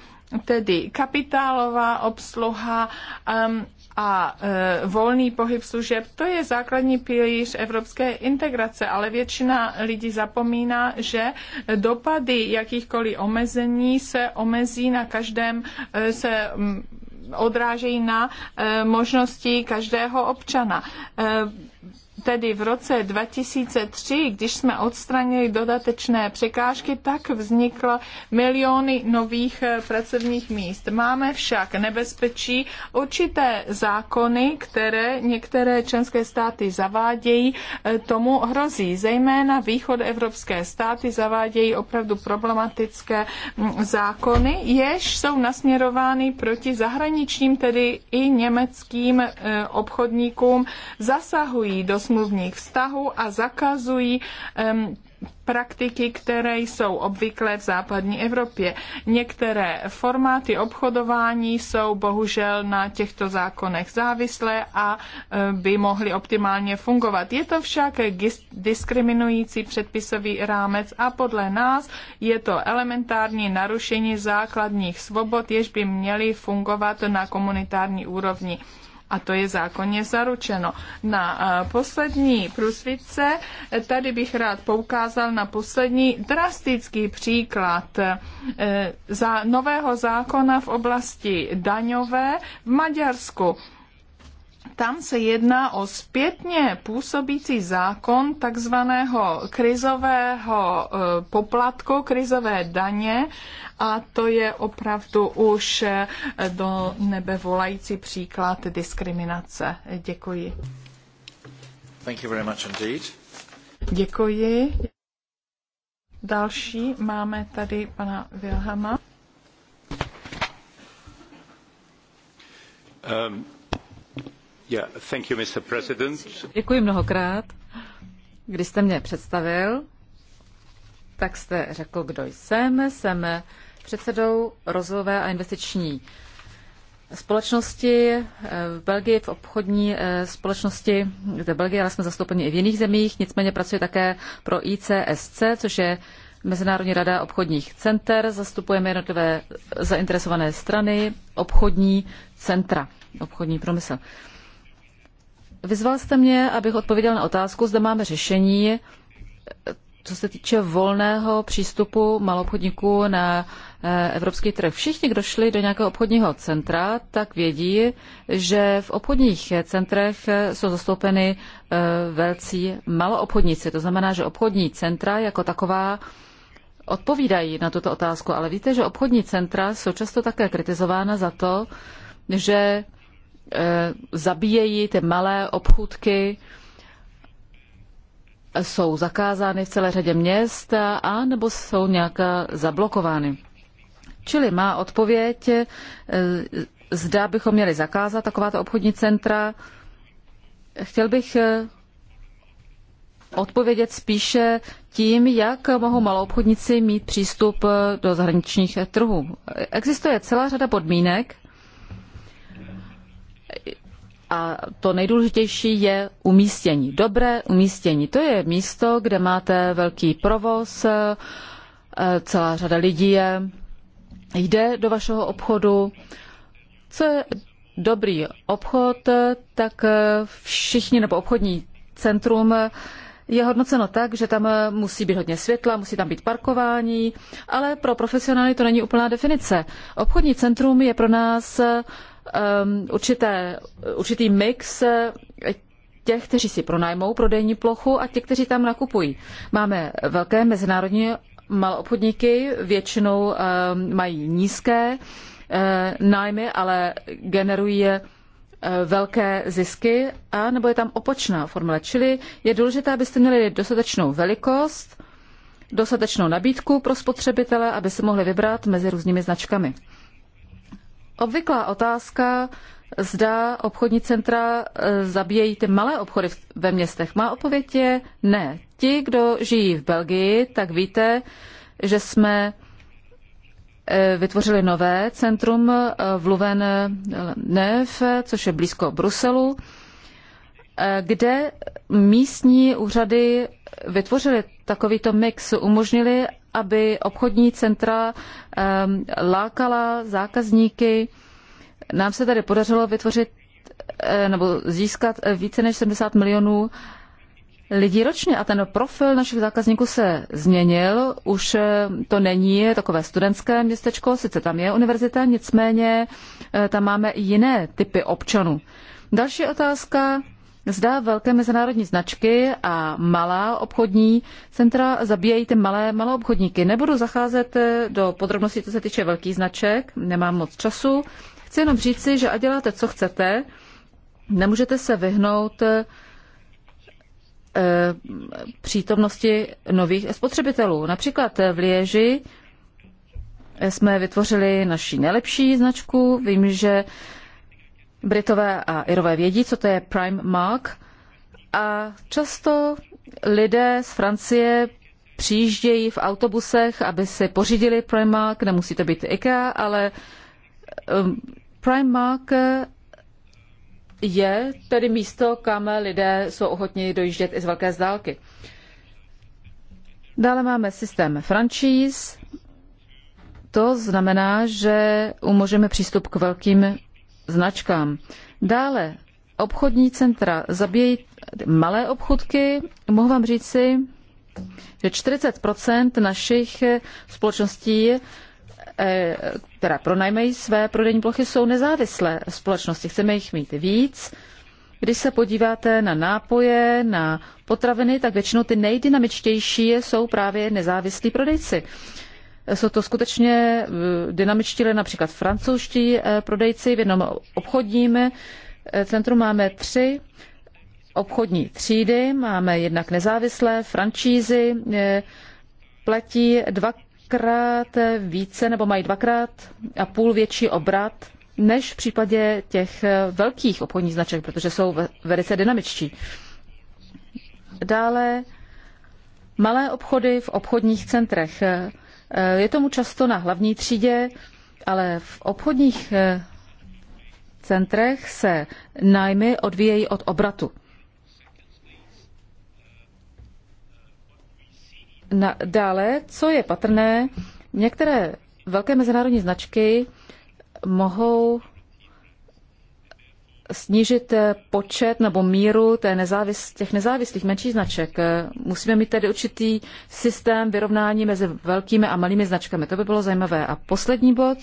Tedy kapitálová obsluha um, a e, volný pohyb služeb, to je základní pilíř evropské integrace, ale většina lidí zapomíná, že dopady jakýchkoliv omezení se omezí na každém, e, se odrážejí na e, možnosti každého občana. E, tedy v roce 2003, když jsme odstranili dodatečné překážky, tak vzniklo miliony nových eh, pracovních míst. Máme však nebezpečí určité zákony, které některé členské státy zavádějí, eh, tomu hrozí. Zejména východ evropské státy zavádějí opravdu problematické mm, zákony, jež jsou nasměrovány proti zahraničním, tedy i německým eh, obchodníkům, zasahují do smluvních vztahů a zakazují um, praktiky, které jsou obvyklé v západní Evropě. Některé formáty obchodování jsou bohužel na těchto zákonech závislé a e, by mohly optimálně fungovat. Je to však diskriminující předpisový rámec a podle nás je to elementární narušení základních svobod, jež by měly fungovat na komunitární úrovni a to je zákonně zaručeno. Na eh, poslední průsvitce eh, tady bych rád poukázal na poslední drastický příklad eh, za nového zákona v oblasti daňové v Maďarsku tam se jedná o zpětně působící zákon takzvaného krizového e, poplatku, krizové daně a to je opravdu už e, do nebe volající příklad diskriminace. Děkuji. Thank you very much indeed. Děkuji. Další máme tady pana Wilhama. Um. Děkuji mnohokrát. Když jste mě představil, tak jste řekl, kdo jsem. Jsem předsedou rozvojové a investiční společnosti eh, v Belgii, v obchodní eh, společnosti v Belgii, ale jsme zastoupeni i v jiných zemích, nicméně pracuji také pro ICSC, což je Mezinárodní rada obchodních center. Zastupujeme jednotlivé zainteresované strany, obchodní centra, obchodní promysl. Vyzval jste mě, abych odpověděl na otázku, zda máme řešení, co se týče volného přístupu malobchodníků na eh, evropský trh. Všichni, kdo šli do nějakého obchodního centra, tak vědí, že v obchodních centrech eh, jsou zastoupeny eh, velcí maloobchodníci. To znamená, že obchodní centra jako taková odpovídají na tuto otázku, ale víte, že obchodní centra jsou často také kritizována za to, že Eh, zabíjejí ty malé obchůdky, jsou zakázány v celé řadě měst a nebo jsou nějak zablokovány. Čili má odpověď, eh, zda bychom měli zakázat takováto obchodní centra. Chtěl bych eh, odpovědět spíše tím, jak mohou maloobchodníci mít přístup do zahraničních trhů. Existuje celá řada podmínek, a to nejdůležitější je umístění. Dobré umístění. To je místo, kde máte velký provoz, eh, celá řada lidí je, jde do vašeho obchodu. Co je dobrý obchod, tak eh, všichni nebo obchodní centrum je hodnoceno tak, že tam eh, musí být hodně světla, musí tam být parkování, ale pro profesionály to není úplná definice. Obchodní centrum je pro nás Um, určité, určitý mix eh, těch, kteří si pronajmou prodejní plochu a těch, kteří tam nakupují. Máme velké mezinárodní maloobchodníky, většinou um, mají nízké eh, nájmy, ale generují eh, velké zisky a nebo je tam opačná formule. Čili je důležité, abyste měli dostatečnou velikost, dostatečnou nabídku pro spotřebitele, aby se mohli vybrat mezi různými značkami obvyklá otázka, zda obchodní centra eh, zabíjejí ty malé obchody ve městech. Má odpověď je ne. Ti, kdo žijí v Belgii, tak víte, že jsme eh, vytvořili nové centrum eh, v Luven Neuf, což je blízko Bruselu, kde místní úřady vytvořili takovýto mix, umožnili, aby obchodní centra ehm, lákala zákazníky. Nám se tady podařilo vytvořit eh, nebo získat eh, více než 70 milionů lidí ročně a ten profil našich zákazníků se změnil. Už eh, to není takové studentské městečko, sice tam je univerzita, nicméně tam máme i jiné typy občanů. Další otázka Zda velké mezinárodní značky a malá obchodní centra zabíjejí ty malé, malé obchodníky. Nebudu zacházet eh, do podrobností, co se týče velkých značek, nemám moc času. Chci jenom říci, že a děláte, co chcete, nemůžete se vyhnout eh, přítomnosti nových spotřebitelů. Například v Lieži jsme vytvořili naši nejlepší značku. Vím, že Britové a Irové vědí, co to je prime mark a často lidé z Francie přijíždějí v autobusech, aby si pořídili Primark, nemusí to být IKEA, ale um, Primark je tedy místo, kam lidé jsou ochotni dojíždět i z velké zdálky. Dále máme systém franchise. To znamená, že umožňujeme přístup k velkým značkám. Dále obchodní centra zabíjejí malé obchodky. Mohu vám říci, že 40 našich eh, společností, která eh, pronajmejí své prodejní plochy, jsou nezávislé společnosti. Chceme jich mít víc. Když se podíváte na nápoje, na potraviny, tak většinou ty nejdynamičtější jsou právě nezávislí prodejci. Jsou to skutečně eh, dynamičtí, například francouzští eh, prodejci. V jednom obchodním eh, centru máme tři obchodní třídy. Máme jednak nezávislé francízy, platí dvakrát více nebo mají dvakrát a půl větší obrat než v případě těch velkých obchodních značek, protože jsou velice dynamičtí. Dále malé obchody v obchodních centrech. Eh, je tomu často na hlavní třídě, ale v obchodních eh, centrech se nájmy odvíjejí od obratu. Na, dále, co je patrné, některé velké mezinárodní značky mohou snížit eh, počet nebo míru té nezávis, těch nezávislých menších značek. Eh, musíme mít tedy určitý systém vyrovnání mezi velkými a malými značkami. To by bylo zajímavé. A poslední bod.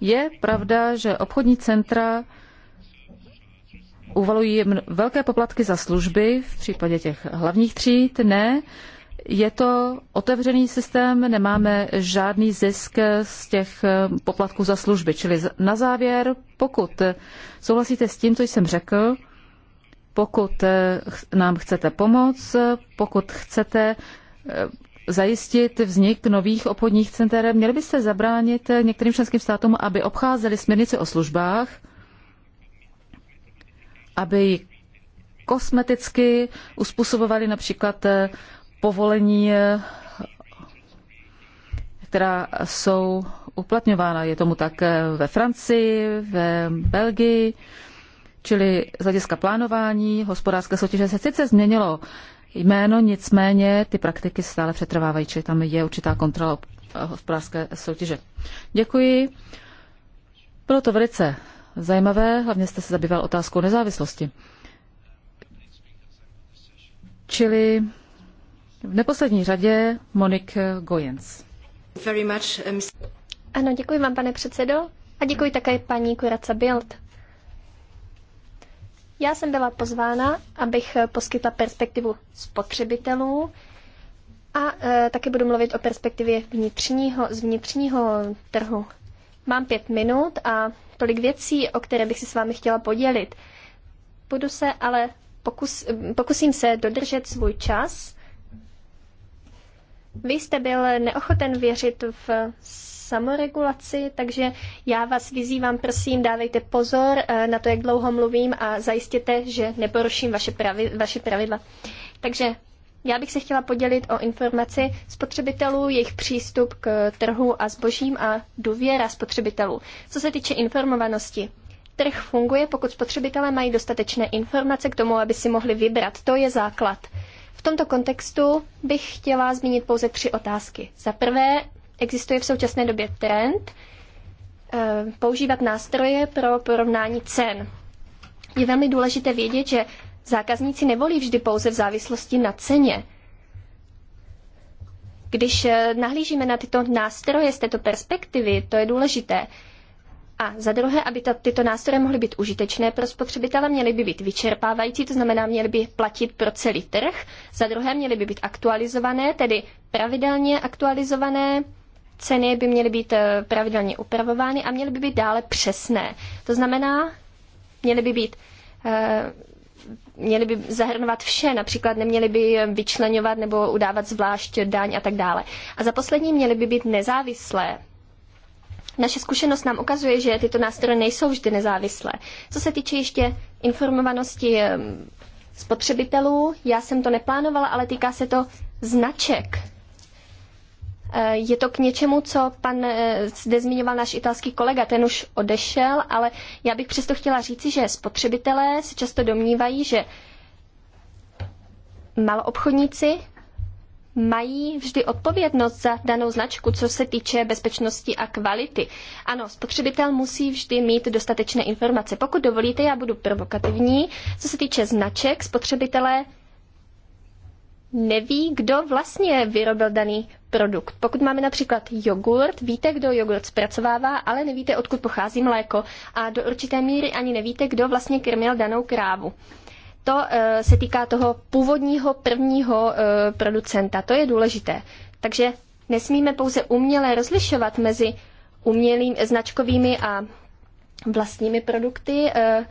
Je pravda, že obchodní centra uvalují velké poplatky za služby v případě těch hlavních tříd? Ne. Je to otevřený systém, nemáme žádný zisk z těch eh, poplatků za služby. Čili na závěr, pokud souhlasíte s tím, co jsem řekl, pokud eh, nám chcete pomoct, pokud chcete eh, zajistit vznik nových obchodních center, měli byste zabránit některým členským státům, aby obcházeli směrnici o službách, aby kosmeticky uspůsobovali například povolení, eh, která jsou uplatňována. Je tomu tak eh, ve Francii, ve Belgii, čili z hlediska plánování hospodářské soutěže se sice změnilo jméno, nicméně ty praktiky stále přetrvávají, čili tam je určitá kontrola hospodářské soutěže. Děkuji. Bylo to velice zajímavé, hlavně jste se zabýval otázkou nezávislosti. Čili v neposlední řadě Monik Goyens. Eh, ano, děkuji vám, pane předsedo, a děkuji také paní Kuraca Bild. Já jsem byla pozvána, abych poskytla perspektivu spotřebitelů a e, taky budu mluvit o perspektivě vnitřního, z vnitřního trhu. Mám pět minut a tolik věcí, o které bych si s vámi chtěla podělit. Budu se ale pokus, eh, pokusím se dodržet svůj čas vy jste byl neochoten věřit v samoregulaci, takže já vás vyzývám, prosím, dávejte pozor eh, na to, jak dlouho mluvím a zajistěte, že neporuším vaše, pravi, vaše pravidla. Takže já bych se chtěla podělit o informaci spotřebitelů, jejich přístup k trhu a zbožím a důvěra spotřebitelů. Co se týče informovanosti, trh funguje, pokud spotřebitelé mají dostatečné informace k tomu, aby si mohli vybrat. To je základ tomto kontextu bych chtěla zmínit pouze tři otázky. Za prvé, existuje v současné době trend eh, používat nástroje pro porovnání cen. Je velmi důležité vědět, že zákazníci nevolí vždy pouze v závislosti na ceně. Když eh, nahlížíme na tyto nástroje z této perspektivy, to je důležité. A za druhé, aby ta, tyto nástroje mohly být užitečné pro spotřebitele, měly by být vyčerpávající, to znamená, měly by platit pro celý trh. Za druhé, měly by být aktualizované, tedy pravidelně aktualizované. Ceny by měly být eh, pravidelně upravovány a měly by být dále přesné. To znamená, měly by být eh, měly by zahrnovat vše, například neměly by vyčlenovat nebo udávat zvlášť daň a tak dále. A za poslední měly by být nezávislé, naše zkušenost nám ukazuje, že tyto nástroje nejsou vždy nezávislé. Co se týče ještě informovanosti spotřebitelů, já jsem to neplánovala, ale týká se to značek. E, je to k něčemu, co pan e, zde zmiňoval náš italský kolega, ten už odešel, ale já bych přesto chtěla říci, že spotřebitelé se často domnívají, že maloobchodníci mají vždy odpovědnost za danou značku, co se týče bezpečnosti a kvality. Ano, spotřebitel musí vždy mít dostatečné informace. Pokud dovolíte, já budu provokativní. Co se týče značek, spotřebitelé neví, kdo vlastně vyrobil daný produkt. Pokud máme například jogurt, víte, kdo jogurt zpracovává, ale nevíte, odkud pochází mléko a do určité míry ani nevíte, kdo vlastně krmil danou krávu to eh, se týká toho původního prvního eh, producenta. To je důležité. Takže nesmíme pouze uměle rozlišovat mezi umělými značkovými a vlastními produkty eh,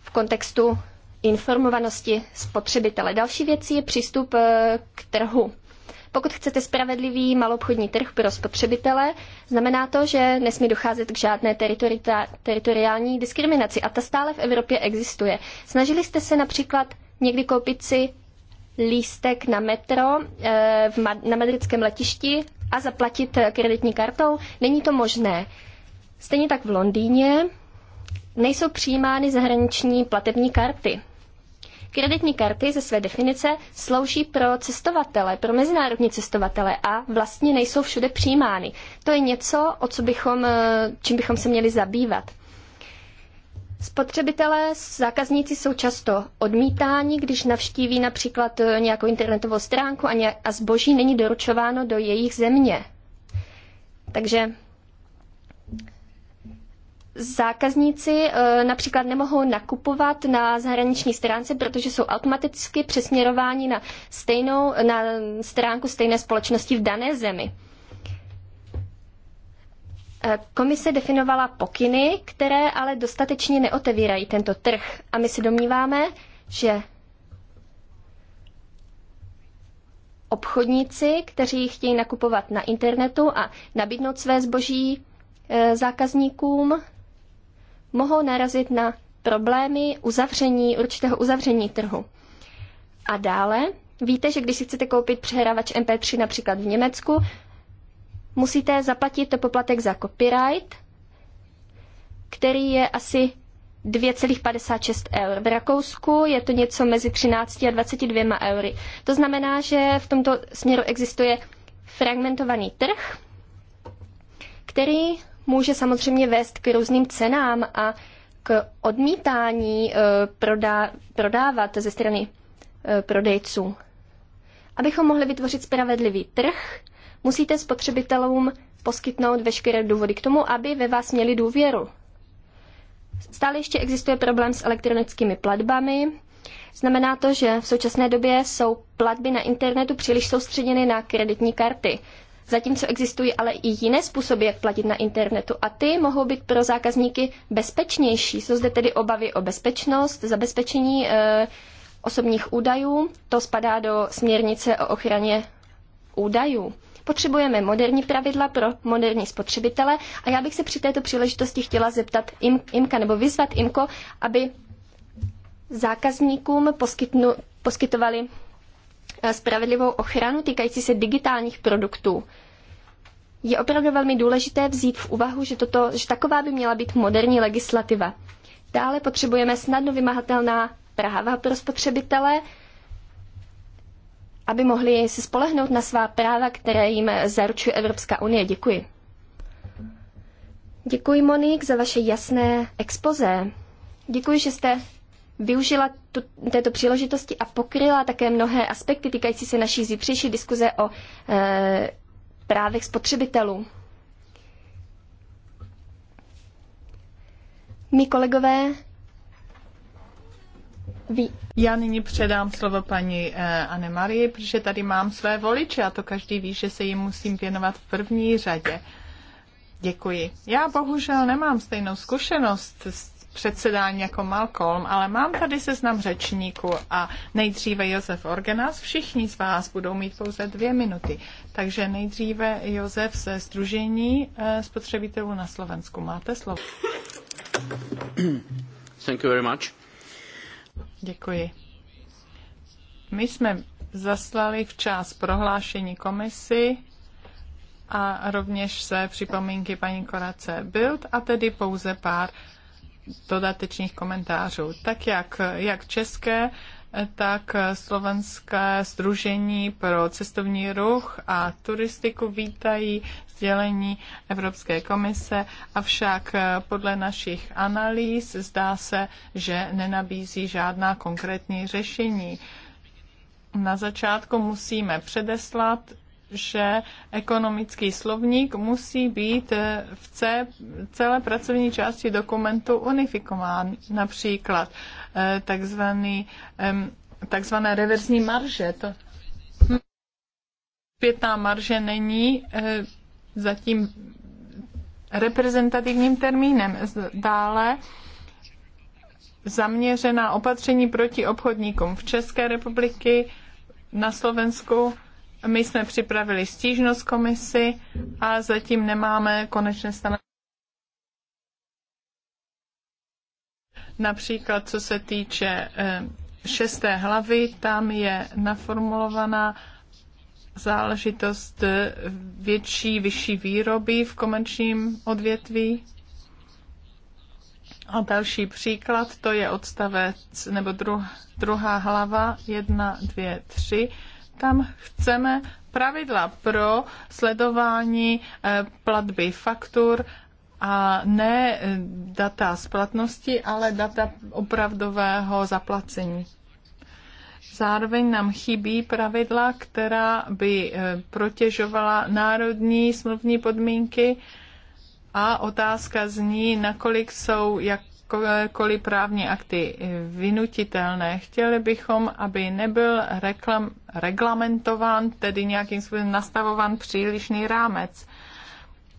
v kontextu informovanosti spotřebitele. Další věcí je přístup k trhu. Pokud chcete spravedlivý malobchodní trh pro spotřebitele, znamená to, že nesmí docházet k žádné teritoriální diskriminaci a ta stále v Evropě existuje. Snažili jste se například někdy koupit si lístek na metro eh, na madridském letišti a zaplatit eh, kreditní kartou? Není to možné. Stejně tak v Londýně nejsou přijímány zahraniční platební karty. Kreditní karty ze své definice slouží pro cestovatele, pro mezinárodní cestovatele a vlastně nejsou všude přijímány. To je něco, o co bychom, eh, čím bychom se měli zabývat. Spotřebitelé, zákazníci jsou často odmítáni, když navštíví například eh, nějakou internetovou stránku a, a zboží není doručováno do jejich země. Takže zákazníci eh, například nemohou nakupovat na zahraniční stránce, protože jsou automaticky přesměrováni na, stejnou, na stránku stejné společnosti v dané zemi. Eh, komise definovala pokyny, které ale dostatečně neotevírají tento trh. A my si domníváme, že obchodníci, kteří chtějí nakupovat na internetu a nabídnout své zboží eh, zákazníkům, mohou narazit na problémy uzavření, určitého uzavření trhu. A dále, víte, že když si chcete koupit přehrávač MP3 například v Německu, musíte zaplatit to poplatek za copyright, který je asi 2,56 eur. V Rakousku je to něco mezi 13 a 22 eury. To znamená, že v tomto směru existuje fragmentovaný trh, který může samozřejmě vést k různým cenám a k odmítání eh, prodávat ze strany eh, prodejců. Abychom mohli vytvořit spravedlivý trh, musíte spotřebitelům poskytnout veškeré důvody k tomu, aby ve vás měli důvěru. Stále ještě existuje problém s elektronickými platbami. Znamená to, že v současné době jsou platby na internetu příliš soustředěny na kreditní karty. Zatímco existují ale i jiné způsoby, jak platit na internetu a ty mohou být pro zákazníky bezpečnější. Jsou zde tedy obavy o bezpečnost, zabezpečení e, osobních údajů. To spadá do směrnice o ochraně údajů. Potřebujeme moderní pravidla pro moderní spotřebitele a já bych se při této příležitosti chtěla zeptat im, IMKA nebo vyzvat IMKO, aby zákazníkům poskytnu, poskytovali Eh, spravedlivou ochranu týkající se digitálních produktů. Je opravdu velmi důležité vzít v úvahu, že, toto, že taková by měla být moderní legislativa. Dále potřebujeme snadno vymahatelná práva pro spotřebitele, aby mohli se spolehnout na svá práva, které jim zaručuje Evropská unie. Děkuji. Děkuji, Monik, za vaše jasné expoze. Děkuji, že jste využila tu, této příležitosti a pokryla také mnohé aspekty týkající se naší zítřejší diskuze o e, právech spotřebitelů. Mí kolegové Ví. Já nyní předám slovo paní uh, Anne Marie, protože tady mám své voliče a to každý ví, že se jim musím věnovat v první řadě. Děkuji. Já bohužel nemám stejnou zkušenost s předsedání jako Malcolm, ale mám tady seznam řečníků a nejdříve Josef Organas. Všichni z vás budou mít pouze dvě minuty. Takže nejdříve Josef ze Združení eh, spotřebitelů na Slovensku. Máte slovo. Thank you very much. Děkuji. My jsme zaslali včas prohlášení komisi a rovněž se připomínky paní Korace Bild a tedy pouze pár dodatečných komentářů. Tak jak, jak české, tak slovenské Združení pro cestovní ruch a turistiku vítají sdělení Evropské komise, avšak podle našich analýz zdá se, že nenabízí žádná konkrétní řešení. Na začátku musíme předeslat, že ekonomický slovník musí být v celé pracovní části dokumentu unifikován. Například eh, takzvaný, takzvané reverzní marže. To pětná marže není eh, zatím reprezentativním termínem. Dále zaměřená opatření proti obchodníkům v České republiky, na Slovensku my jsme připravili stížnost komisi a zatím nemáme konečné stanovisko. Například co se týče eh, šesté hlavy, tam je naformulovaná záležitost eh, větší, vyšší výroby v komerčním odvětví. A další příklad, to je odstavec, nebo druh, druhá hlava, jedna, dvě, tři. Tam chceme pravidla pro sledování eh, platby faktur a ne eh, data splatnosti, ale data opravdového zaplacení. Zároveň nám chybí pravidla, která by eh, protěžovala národní smluvní podmínky a otázka zní, nakolik jsou jak jakékoliv právní akty vynutitelné. Chtěli bychom, aby nebyl reklam, reglamentován, tedy nějakým způsobem nastavován přílišný rámec.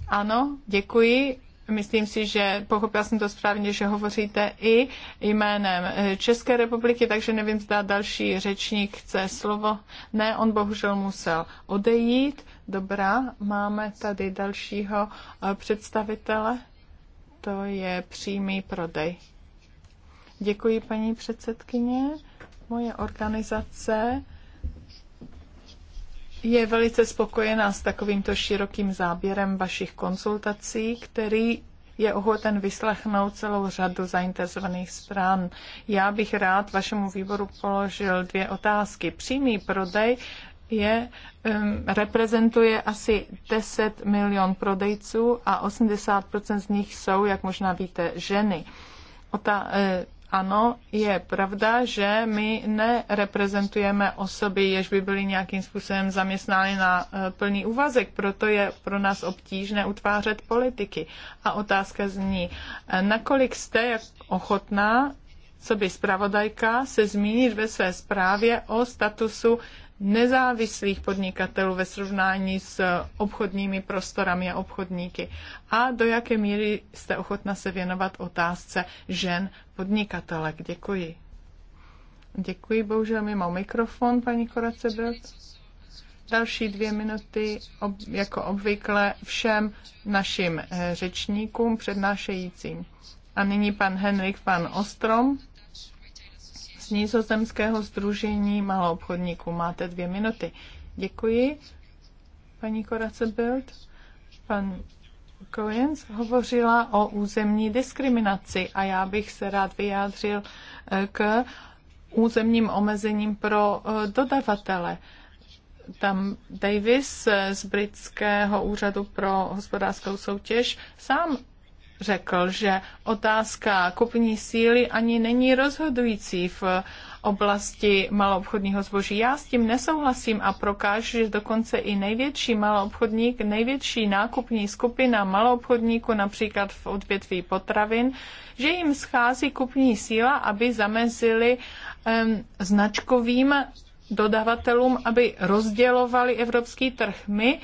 Ano, děkuji. Myslím si, že pochopila jsem to správně, že hovoříte i jménem České republiky, takže nevím, zda další řečník chce slovo. Ne, on bohužel musel odejít. Dobrá, máme tady dalšího eh, představitele to je přímý prodej. Děkuji, paní předsedkyně. Moje organizace je velice spokojená s takovýmto širokým záběrem vašich konzultací, který je ochoten vyslechnout celou řadu zainteresovaných stran. Já bych rád vašemu výboru položil dvě otázky. Přímý prodej je, reprezentuje asi 10 milion prodejců a 80% z nich jsou, jak možná víte, ženy. O ta, e, ano, je pravda, že my nereprezentujeme osoby, jež by byly nějakým způsobem zaměstnány na e, plný úvazek, proto je pro nás obtížné utvářet politiky. A otázka zní, e, nakolik jste ochotná, co by zpravodajka, se zmínit ve své zprávě o statusu nezávislých podnikatelů ve srovnání s obchodními prostorami a obchodníky a do jaké míry jste ochotna se věnovat otázce žen podnikatelek. Děkuji. Děkuji, bohužel mi má mikrofon, paní Korace Další dvě minuty, ob, jako obvykle, všem našim eh, řečníkům přednášejícím. A nyní pan Henrik, pan Ostrom z nízozemského združení malou obchodníků. Máte dvě minuty. Děkuji, paní Korace Bild. Pan Coens hovořila o územní diskriminaci a já bych se rád vyjádřil eh, k územním omezením pro eh, dodavatele. Tam Davis eh, z britského úřadu pro hospodářskou soutěž sám řekl, že otázka kupní síly ani není rozhodující v oblasti maloobchodního zboží. Já s tím nesouhlasím a prokážu, že dokonce i největší maloobchodník, největší nákupní skupina maloobchodníků, například v odvětví potravin, že jim schází kupní síla, aby zamezili um, značkovým dodavatelům, aby rozdělovali evropský trh. My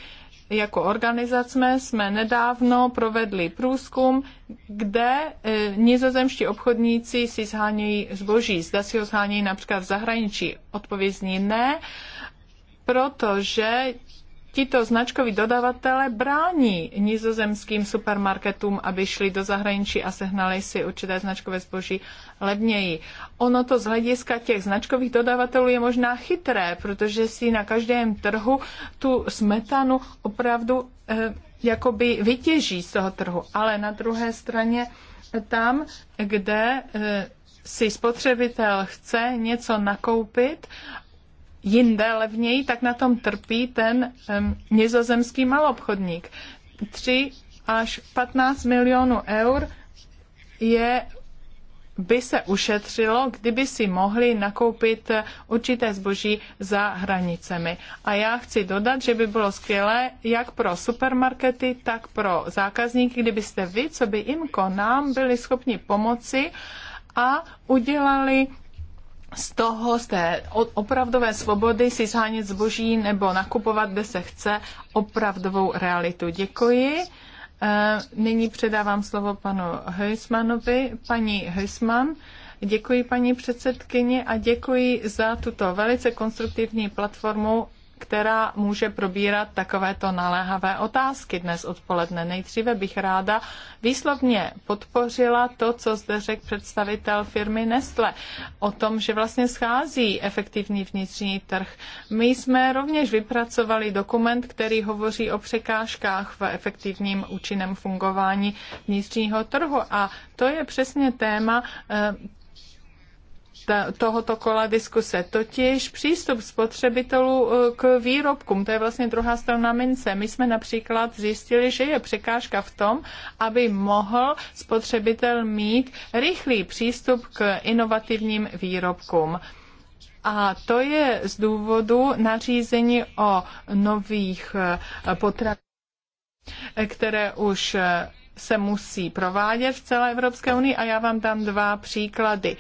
jako organizace jsme nedávno provedli průzkum, kde e, nizozemští obchodníci si zhánějí zboží. Zda si ho zhánějí například v zahraničí. Odpovězní ne, protože tito značkoví dodavatele brání nizozemským supermarketům, aby šli do zahraničí a sehnali si určité značkové zboží levněji. Ono to z hlediska těch značkových dodavatelů je možná chytré, protože si na každém trhu tu smetanu opravdu eh, jakoby vytěží z toho trhu. Ale na druhé straně tam, kde eh, si spotřebitel chce něco nakoupit jinde levněji, tak na tom trpí ten um, nizozemský malobchodník. 3 až 15 milionů eur je by se ušetřilo, kdyby si mohli nakoupit určité zboží za hranicemi. A já chci dodat, že by bylo skvělé jak pro supermarkety, tak pro zákazníky, kdybyste vy, co by IMKO nám byli schopni pomoci a udělali z toho, z té opravdové svobody si zhánět zboží nebo nakupovat, kde se chce, opravdovou realitu. Děkuji. E, nyní předávám slovo panu Heusmanovi. Paní Heusman, děkuji paní předsedkyni a děkuji za tuto velice konstruktivní platformu která může probírat takovéto naléhavé otázky dnes odpoledne. Nejdříve bych ráda výslovně podpořila to, co zde řekl představitel firmy Nestle o tom, že vlastně schází efektivní vnitřní trh. My jsme rovněž vypracovali dokument, který hovoří o překážkách v efektivním účinném fungování vnitřního trhu a to je přesně téma eh, tohoto kola diskuse, totiž přístup spotřebitelů eh, k výrobkům. To je vlastně druhá strana mince. My jsme například zjistili, že je překážka v tom, aby mohl spotřebitel mít rychlý přístup k inovativním výrobkům. A to je z důvodu nařízení o nových eh, potravinách, které už eh, se musí provádět v celé Evropské unii a já vám dám dva příklady.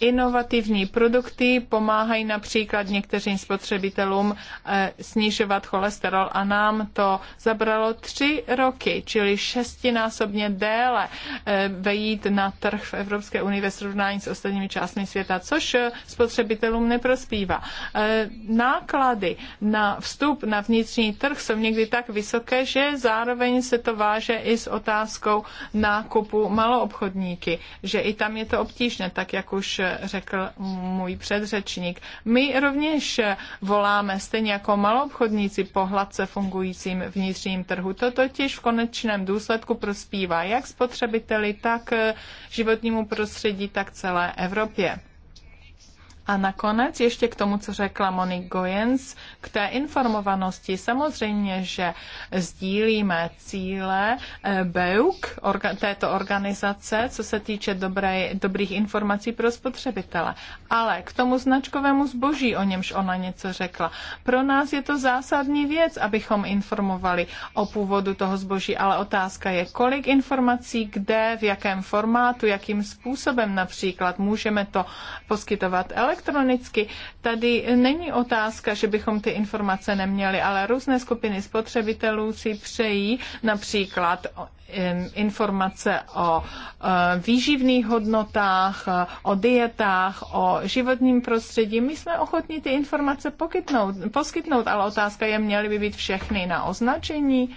Inovativní produkty pomáhají například některým spotřebitelům eh, snižovat cholesterol a nám to zabralo tři roky, čili šestinásobně déle eh, vejít na trh v Evropské unii ve srovnání s ostatními částmi světa, což eh, spotřebitelům neprospívá. Náklady na vstup na vnitřní trh jsou někdy tak vysoké, že zároveň se to váže i s otázkou nákupu maloobchodníky, že i tam je to obtížné, tak jak už řekl můj předřečník. My rovněž voláme, stejně jako maloobchodníci, po hladce fungujícím vnitřním trhu. To totiž v konečném důsledku prospívá jak spotřebiteli, tak životnímu prostředí, tak celé Evropě. A nakonec ještě k tomu, co řekla Monique Goyens, k té informovanosti. Samozřejmě, že sdílíme cíle eh, BEUK, orga, této organizace, co se týče dobré, dobrých informací pro spotřebitele. Ale k tomu značkovému zboží, o němž ona něco řekla. Pro nás je to zásadní věc, abychom informovali o původu toho zboží, ale otázka je, kolik informací, kde, v jakém formátu, jakým způsobem například můžeme to poskytovat elektronicky elektronicky. Tady není otázka, že bychom ty informace neměli, ale různé skupiny spotřebitelů si přejí například informace o e, výživných hodnotách, e, o dietách, o životním prostředí. My jsme ochotní ty informace poskytnout, ale otázka je, měly by být všechny na označení.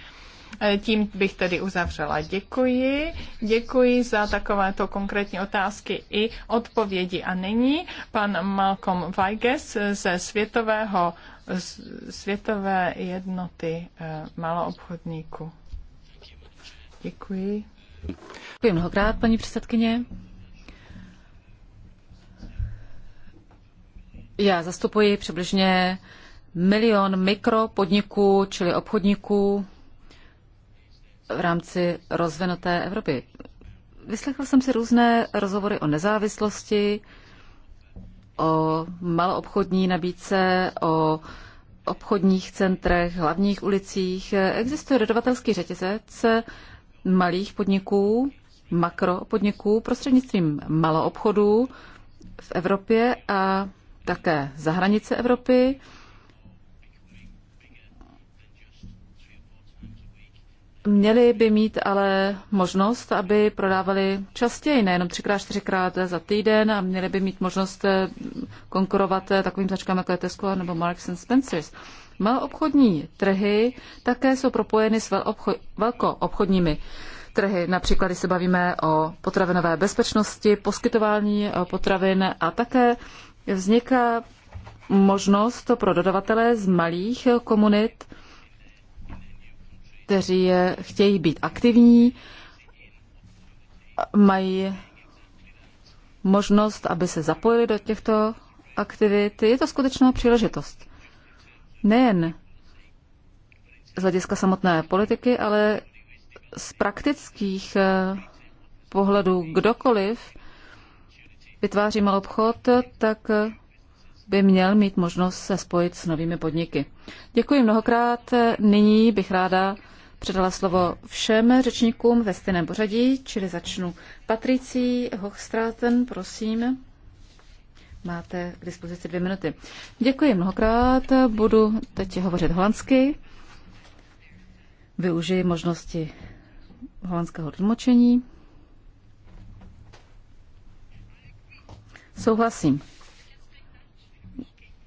E, tím bych tedy uzavřela. Děkuji. Děkuji za takovéto konkrétní otázky i odpovědi. A nyní pan Malcolm Weiges ze Světového, Světové jednoty e, maloobchodníků. Děkuji. Děkuji mnohokrát, paní předsedkyně. Já zastupuji přibližně milion mikropodniků, čili obchodníků v rámci rozvinuté Evropy. Vyslechl jsem si různé rozhovory o nezávislosti, o maloobchodní nabídce, o obchodních centrech, hlavních ulicích. Existuje dodavatelský řetězec malých podniků, makropodniků prostřednictvím maloobchodů v Evropě a také za hranice Evropy. Měli by mít ale možnost, aby prodávali častěji, nejenom třikrát, čtyřikrát za týden a měli by mít možnost eh, konkurovat eh, takovým značkám jako je Tesco nebo Marks and Spencers. obchodní trhy také jsou propojeny s velkoobchodními trhy. Například, když se bavíme o potravinové bezpečnosti, poskytování eh, potravin a také vzniká možnost pro dodavatele z malých komunit kteří chtějí být aktivní, mají možnost, aby se zapojili do těchto aktivit. Je to skutečná příležitost. Nejen z hlediska samotné politiky, ale z praktických eh, pohledů kdokoliv vytváří malý obchod, tak eh, by měl mít možnost se spojit s novými podniky. Děkuji mnohokrát. Nyní bych ráda předala slovo všem řečníkům ve stejném pořadí, čili začnu Patricí Hochstraten, prosím. Máte k dispozici dvě minuty. Děkuji mnohokrát, budu teď hovořit holandsky. Využiji možnosti holandského tlumočení. Souhlasím.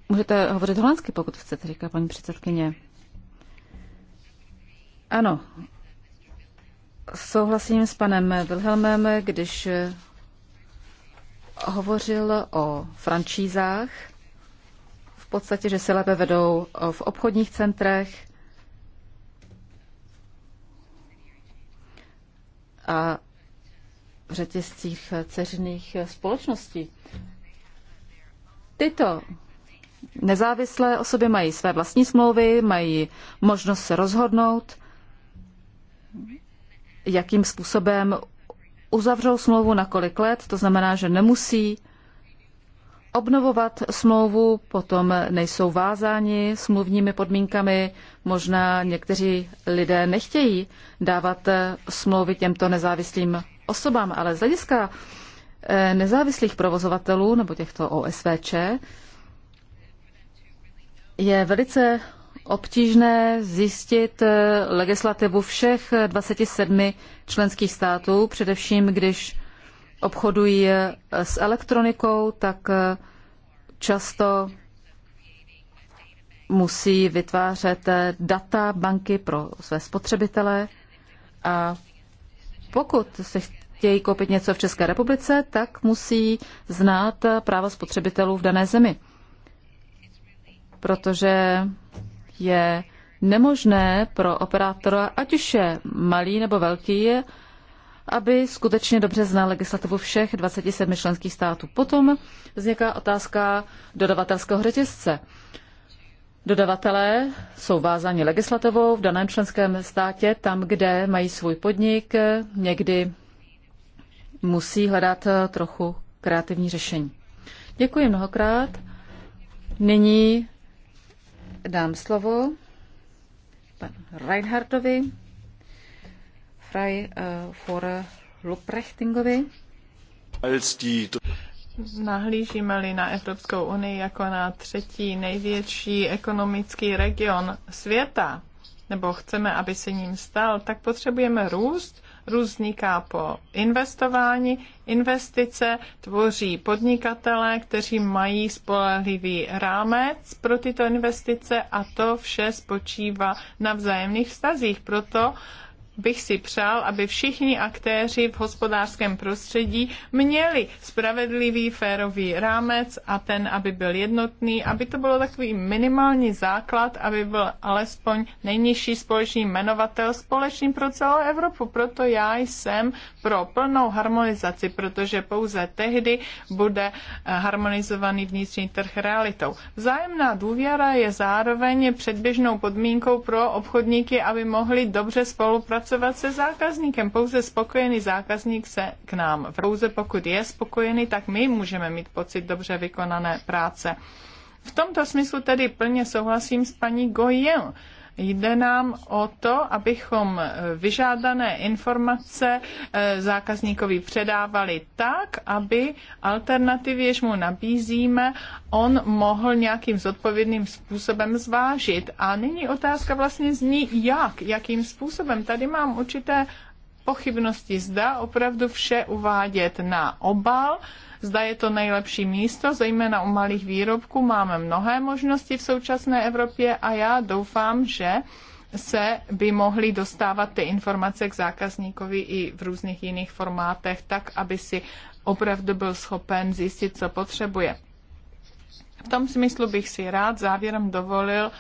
Můžete hovořit holandsky, pokud chcete, říká paní předsedkyně. Ano, souhlasím s panem Wilhelmem, když eh, hovořil o francízách. v podstatě, že se lépe vedou eh, v obchodních centrech a v řetězcích eh, ceřných společností. Tyto nezávislé osoby mají své vlastní smlouvy, mají možnost se rozhodnout, jakým způsobem uzavřou smlouvu na kolik let, to znamená, že nemusí obnovovat smlouvu, potom nejsou vázáni smluvními podmínkami, možná někteří lidé nechtějí dávat smlouvy těmto nezávislým osobám, ale z hlediska eh, nezávislých provozovatelů nebo těchto OSVČ je velice obtížné zjistit eh, legislativu všech 27 eh, členských států, především když obchodují eh, s elektronikou, tak často musí vytvářet data banky pro své spotřebitele a pokud se chtějí koupit něco v České republice, tak musí znát práva spotřebitelů v dané zemi. Protože je nemožné pro operátora, ať už je malý nebo velký, aby skutečně dobře znal legislativu všech 27 členských států. Potom vzniká otázka dodavatelského řetězce. Dodavatelé jsou vázáni legislativou v daném členském státě, tam, kde mají svůj podnik, někdy musí hledat trochu kreativní řešení. Děkuji mnohokrát. Nyní dám slovo panu Reinhardovi, Frei uh, eh, for Luprechtingovi. Nahlížíme-li na Evropskou unii jako na třetí největší ekonomický region světa, nebo chceme, aby se ním stal, tak potřebujeme růst, různíká po investování. Investice tvoří podnikatele, kteří mají spolehlivý rámec pro tyto investice a to vše spočívá na vzájemných vztazích. Proto uh, bych si přál, aby všichni aktéři v hospodářském prostředí měli spravedlivý, férový rámec a ten, aby byl jednotný, aby to bylo takový minimální základ, aby byl alespoň nejnižší společný jmenovatel společný pro celou Evropu. Proto já jsem pro plnou harmonizaci, protože pouze tehdy bude eh, harmonizovaný vnitřní trh realitou. Vzájemná důvěra je zároveň předběžnou podmínkou pro obchodníky, aby mohli dobře spolupracovat pracovat se zákazníkem. Pouze spokojený zákazník se k nám. Pouze pokud je spokojený, tak my můžeme mít pocit dobře vykonané práce. V tomto smyslu tedy plně souhlasím s paní Goyen. Jde nám o to, abychom vyžádané informace eh, zákazníkovi předávali tak, aby alternativy, jež mu nabízíme, on mohl nějakým zodpovědným způsobem zvážit. A nyní otázka vlastně zní, jak, jakým způsobem. Tady mám určité pochybnosti, zda opravdu vše uvádět na obal, zda je to nejlepší místo, zejména u malých výrobků máme mnohé možnosti v současné Evropě a já doufám, že se by mohly dostávat ty informace k zákazníkovi i v různých jiných formátech, tak, aby si opravdu byl schopen zjistit, co potřebuje. V tom smyslu bych si rád závěrem dovolil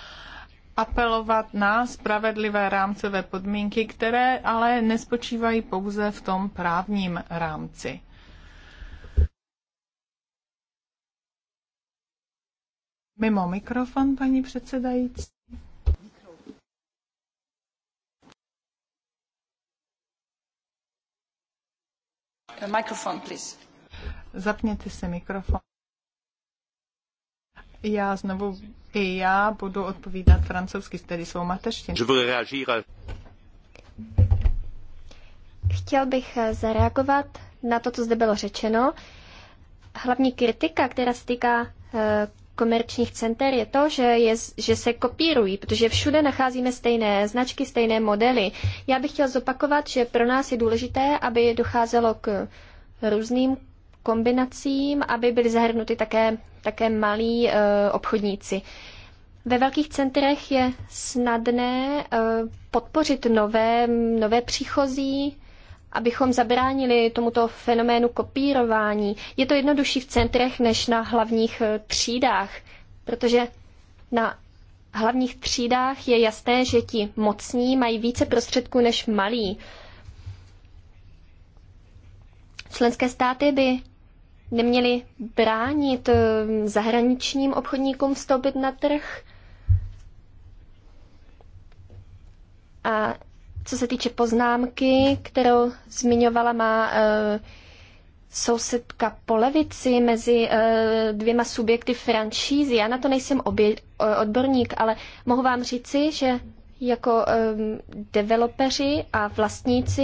apelovat na spravedlivé rámcové podmínky, které ale nespočívají pouze v tom právním rámci. Mimo mikrofon, paní předsedající. Mikrofon, please. Zapněte si mikrofon. Já znovu i já budu odpovídat francouzsky, tedy svou mateřštinu. Chtěl bych eh, zareagovat na to, co zde bylo řečeno. Hlavní kritika, která se týká eh, komerčních center je to, že, je, že se kopírují, protože všude nacházíme stejné značky, stejné modely. Já bych chtěl zopakovat, že pro nás je důležité, aby docházelo k různým kombinacím, aby byly zahrnuty také, také malí e, obchodníci. Ve velkých centrech je snadné e, podpořit nové, nové příchozí abychom zabránili tomuto fenoménu kopírování. Je to jednodušší v centrech než na hlavních eh, třídách, protože na hlavních třídách je jasné, že ti mocní mají více prostředků než malí. Členské státy by neměly bránit eh, zahraničním obchodníkům vstoupit na trh a co se týče poznámky, kterou zmiňovala má e, sousedka po levici mezi e, dvěma subjekty franšízy, já na to nejsem obě, e, odborník, ale mohu vám říci, že jako e, developeři a vlastníci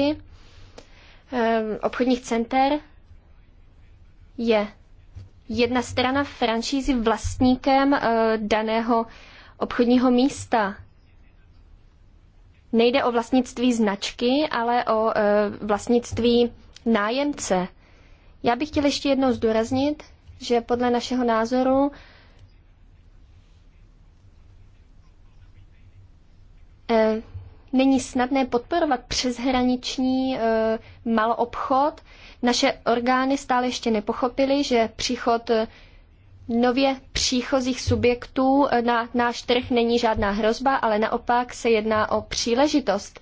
e, obchodních center je jedna strana franšízy vlastníkem e, daného obchodního místa nejde o vlastnictví značky, ale o e, vlastnictví nájemce. Já bych chtěl ještě jednou zdůraznit, že podle našeho názoru e, není snadné podporovat přeshraniční e, maloobchod. Naše orgány stále ještě nepochopily, že příchod nově příchozích subjektů na náš trh není žádná hrozba, ale naopak se jedná o příležitost.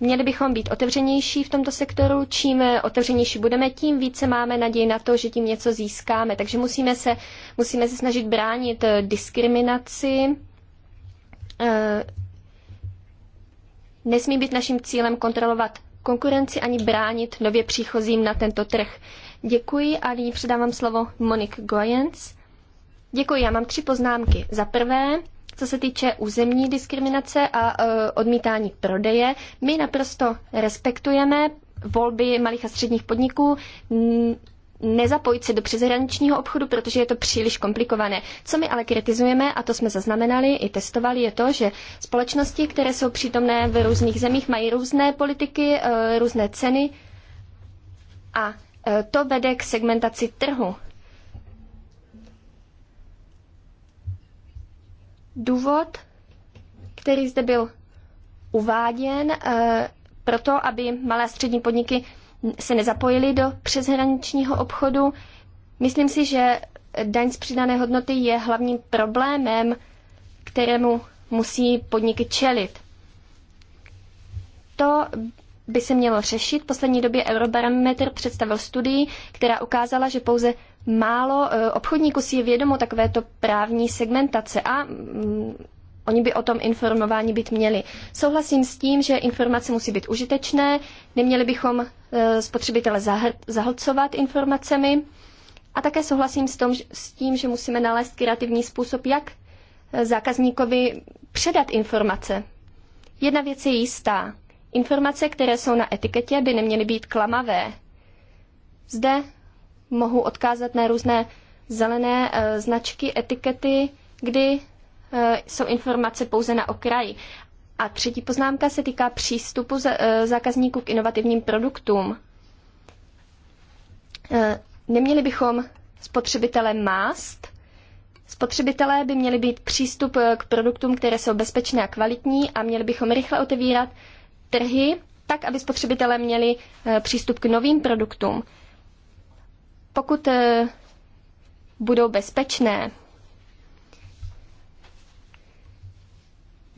Měli bychom být otevřenější v tomto sektoru. Čím otevřenější budeme, tím více máme naději na to, že tím něco získáme. Takže musíme se, musíme se snažit bránit diskriminaci. Eh, nesmí být naším cílem kontrolovat konkurenci ani bránit nově příchozím na tento trh. Děkuji a nyní předávám slovo Monik Goyens. Děkuji, já mám tři poznámky. Za prvé, co se týče územní diskriminace a uh, odmítání prodeje, my naprosto respektujeme volby malých a středních podniků nezapojit se do přeshraničního obchodu, protože je to příliš komplikované. Co my ale kritizujeme, a to jsme zaznamenali i testovali, je to, že společnosti, které jsou přítomné v různých zemích, mají různé politiky, e, různé ceny a Eh, to vede k segmentaci trhu. Důvod, který zde byl uváděn, eh, proto, aby malé a střední podniky se nezapojily do přeshraničního obchodu. Myslím si, že daň z přidané hodnoty je hlavním problémem, kterému musí podniky čelit. To by se mělo řešit. V poslední době Eurobarometer představil studii, která ukázala, že pouze málo e, obchodníků si je vědomo takovéto právní segmentace a mm, oni by o tom informování být měli. Souhlasím s tím, že informace musí být užitečné, neměli bychom e, spotřebitele zahlcovat informacemi a také souhlasím s, tom, s tím, že musíme nalézt kreativní způsob, jak e, zákazníkovi předat informace. Jedna věc je jistá. Informace, které jsou na etiketě, by neměly být klamavé. Zde mohu odkázat na různé zelené e, značky, etikety, kdy e, jsou informace pouze na okraji. A třetí poznámka se týká přístupu za, e, zákazníků k inovativním produktům. E, neměli bychom spotřebitele mást. Spotřebitelé by měli být přístup k produktům, které jsou bezpečné a kvalitní a měli bychom rychle otevírat trhy, tak aby spotřebitelé měli e, přístup k novým produktům. Pokud e, budou bezpečné,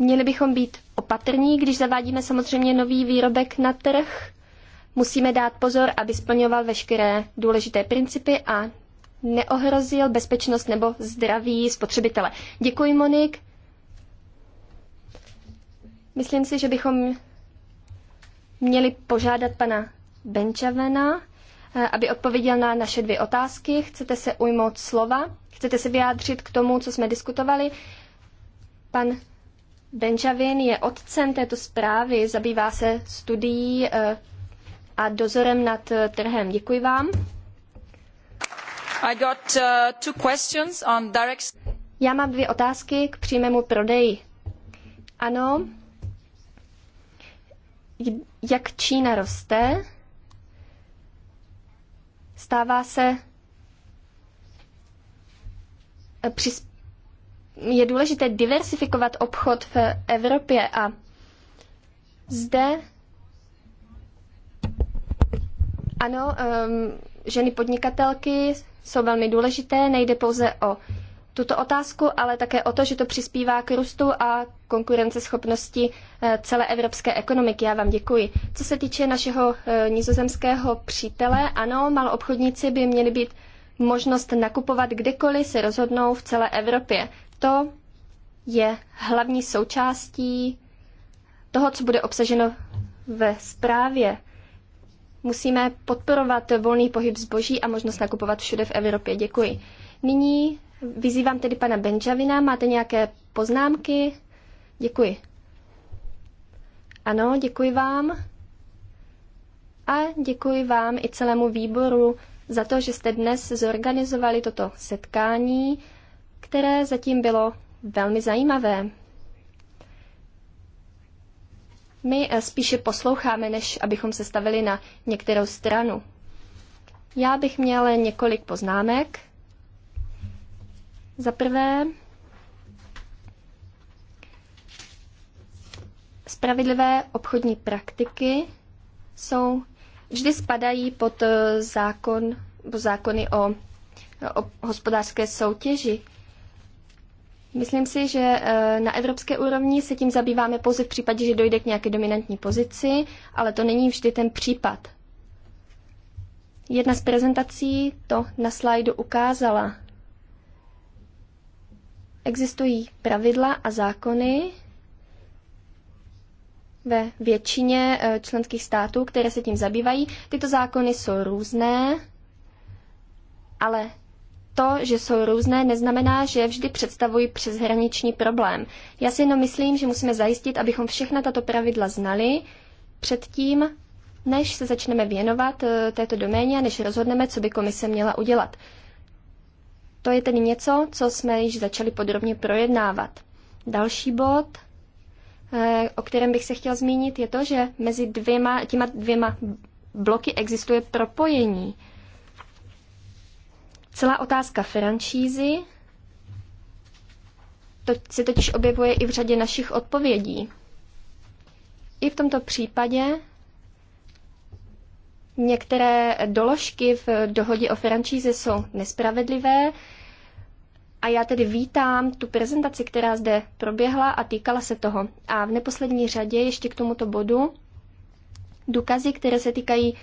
Měli bychom být opatrní, když zavádíme samozřejmě nový výrobek na trh. Musíme dát pozor, aby splňoval veškeré důležité principy a neohrozil bezpečnost nebo zdraví spotřebitele. Děkuji, Monik. Myslím si, že bychom měli požádat pana Benčavena, eh, aby odpověděl na naše dvě otázky. Chcete se ujmout slova? Chcete se vyjádřit k tomu, co jsme diskutovali? Pan Benčavin je otcem této zprávy, zabývá se studií eh, a dozorem nad eh, trhem. Děkuji vám. I got, uh, two questions on direct... Já mám dvě otázky k přímému prodeji. Ano, jak Čína roste, stává se eh, je důležité diversifikovat obchod v Evropě a zde ano, ehm, ženy podnikatelky jsou velmi důležité, nejde pouze o tuto otázku, ale také o to, že to přispívá k růstu a konkurenceschopnosti eh, celé evropské ekonomiky. Já vám děkuji. Co se týče našeho eh, nizozemského přítele, ano, maloobchodníci by měli být možnost nakupovat kdekoliv se rozhodnou v celé Evropě. To je hlavní součástí toho, co bude obsaženo ve zprávě. Musíme podporovat volný pohyb zboží a možnost nakupovat všude v Evropě. Děkuji. Nyní Vyzývám tedy pana Benjavina. Máte nějaké poznámky? Děkuji. Ano, děkuji vám. A děkuji vám i celému výboru za to, že jste dnes zorganizovali toto setkání, které zatím bylo velmi zajímavé. My eh, spíše posloucháme, než abychom se stavili na některou stranu. Já bych měl několik poznámek. Za prvé, spravedlivé obchodní praktiky jsou, vždy spadají pod eh, zákon, zákony o, o hospodářské soutěži. Myslím si, že eh, na evropské úrovni se tím zabýváme pouze v případě, že dojde k nějaké dominantní pozici, ale to není vždy ten případ. Jedna z prezentací to na slajdu ukázala. Existují pravidla a zákony ve většině e, členských států, které se tím zabývají. Tyto zákony jsou různé, ale to, že jsou různé, neznamená, že vždy představují přeshraniční problém. Já si jenom myslím, že musíme zajistit, abychom všechna tato pravidla znali předtím, než se začneme věnovat e, této doméně a než rozhodneme, co by komise měla udělat. To je tedy něco, co jsme již začali podrobně projednávat. Další bod, eh, o kterém bych se chtěl zmínit, je to, že mezi dvěma, těma dvěma bloky existuje propojení. Celá otázka franšízy to se totiž objevuje i v řadě našich odpovědí. I v tomto případě Některé doložky v dohodě o franšíze jsou nespravedlivé a já tedy vítám tu prezentaci, která zde proběhla a týkala se toho. A v neposlední řadě ještě k tomuto bodu důkazy, které se týkají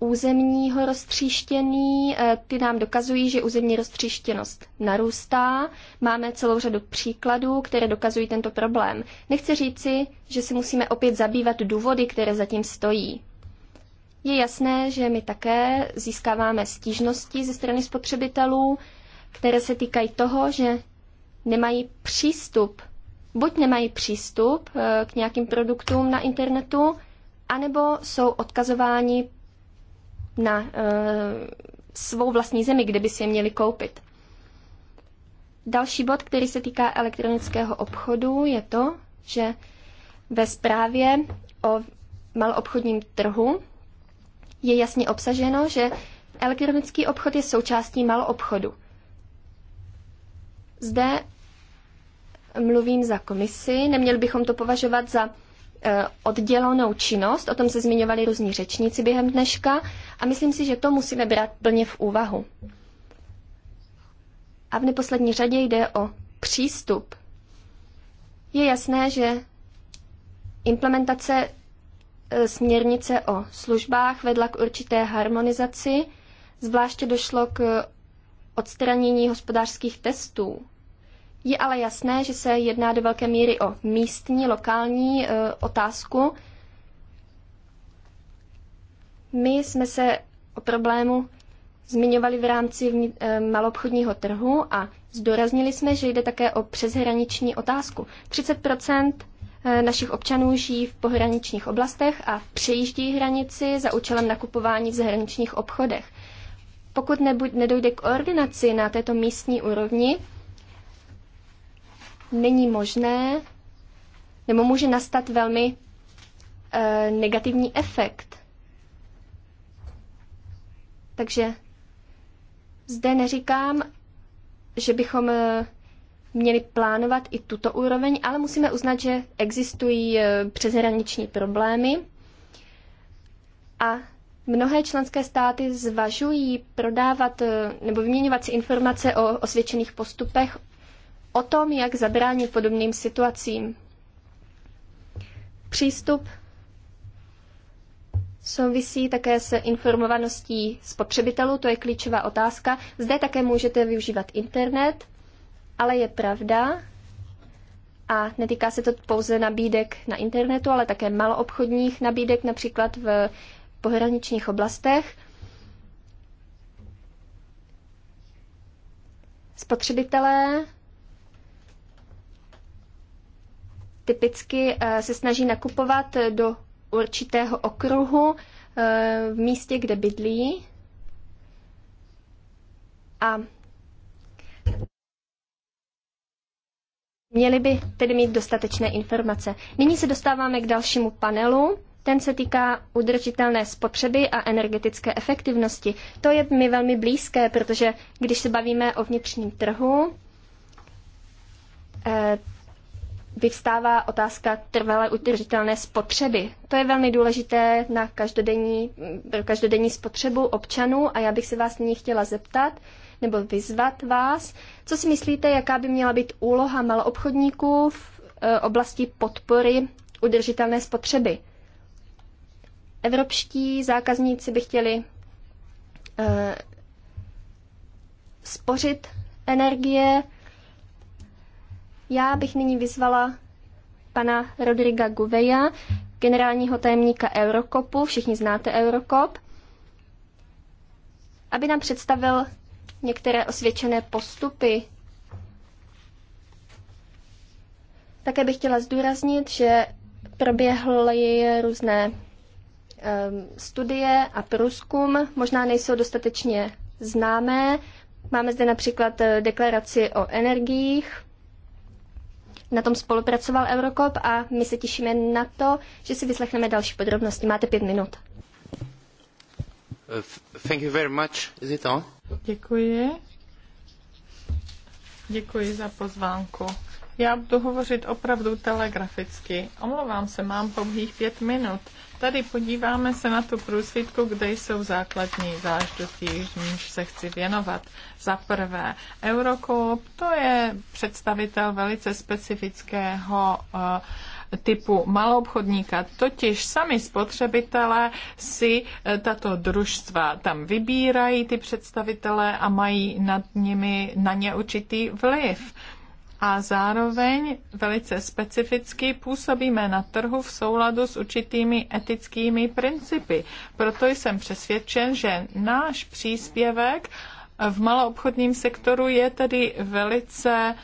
územního roztříštění, eh, ty nám dokazují, že územní roztříštěnost narůstá. Máme celou řadu příkladů, které dokazují tento problém. Nechci říci, že se musíme opět zabývat důvody, které zatím stojí. Je jasné, že my také získáváme stížnosti ze strany spotřebitelů, které se týkají toho, že nemají přístup, buď nemají přístup eh, k nějakým produktům na internetu, anebo jsou odkazováni na e, svou vlastní zemi, kde by si je měli koupit. Další bod, který se týká elektronického obchodu, je to, že ve zprávě o maloobchodním trhu je jasně obsaženo, že elektronický obchod je součástí maloobchodu. Zde mluvím za komisi, neměli bychom to považovat za eh, oddělenou činnost, o tom se zmiňovali různí řečníci během dneška a myslím si, že to musíme brát plně v úvahu. A v neposlední řadě jde o přístup. Je jasné, že implementace E, směrnice o službách vedla k určité harmonizaci, zvláště došlo k odstranění hospodářských testů. Je ale jasné, že se jedná do velké míry o místní, lokální e, otázku. My jsme se o problému zmiňovali v rámci vnit, e, malobchodního trhu a zdůraznili jsme, že jde také o přeshraniční otázku. 30 Eh, našich občanů žijí v pohraničních oblastech a přejíždí hranici za účelem nakupování v zahraničních obchodech. Pokud nebuď, nedojde k ordinaci na této místní úrovni, není možné, nebo může nastat velmi e, negativní efekt. Takže zde neříkám, že bychom e, měli plánovat i tuto úroveň, ale musíme uznat, že existují e, přeshraniční problémy a mnohé členské státy zvažují prodávat e, nebo vyměňovat si informace o osvědčených postupech o tom, jak zabránit podobným situacím. Přístup souvisí také s informovaností spotřebitelů, to je klíčová otázka. Zde také můžete využívat internet ale je pravda, a netýká se to pouze nabídek na internetu, ale také maloobchodních nabídek, například v pohraničních oblastech. Spotřebitelé typicky eh, se snaží nakupovat do určitého okruhu eh, v místě, kde bydlí. A Měli by tedy mít dostatečné informace. Nyní se dostáváme k dalšímu panelu. Ten se týká udržitelné spotřeby a energetické efektivnosti. To je mi velmi blízké, protože když se bavíme o vnitřním trhu, eh, vyvstává otázka trvalé udržitelné spotřeby. To je velmi důležité na každodenní, pro každodenní spotřebu občanů a já bych se vás nyní chtěla zeptat, nebo vyzvat vás. Co si myslíte, jaká by měla být úloha maloobchodníků v e, oblasti podpory udržitelné spotřeby? Evropští zákazníci by chtěli eh, spořit energie. Já bych nyní vyzvala pana Rodriga Guveja, generálního tajemníka Eurokopu, všichni znáte Eurokop, aby nám představil některé osvědčené postupy. Také bych chtěla zdůraznit, že proběhly různé um, studie a průzkum, možná nejsou dostatečně známé. Máme zde například eh, deklaraci o energiích, na tom spolupracoval Eurokop a my se těšíme na to, že si vyslechneme další podrobnosti. Máte pět minut. Uh, thank you very much. Is it on? Děkuji. Děkuji za pozvánku. Já budu hovořit opravdu telegraficky. Omlouvám se, mám pouhých pět minut. Tady podíváme se na tu průsvitku, kde jsou základní záležitosti, níž se chci věnovat. Za prvé, Eurocoop to je představitel velice specifického uh, typu maloobchodníka, totiž sami spotřebitelé si eh, tato družstva tam vybírají, ty představitelé a mají nad nimi na ně určitý vliv a zároveň velice specificky působíme na trhu v souladu s určitými etickými principy. Proto jsem přesvědčen, že náš příspěvek v maloobchodním sektoru je tedy velice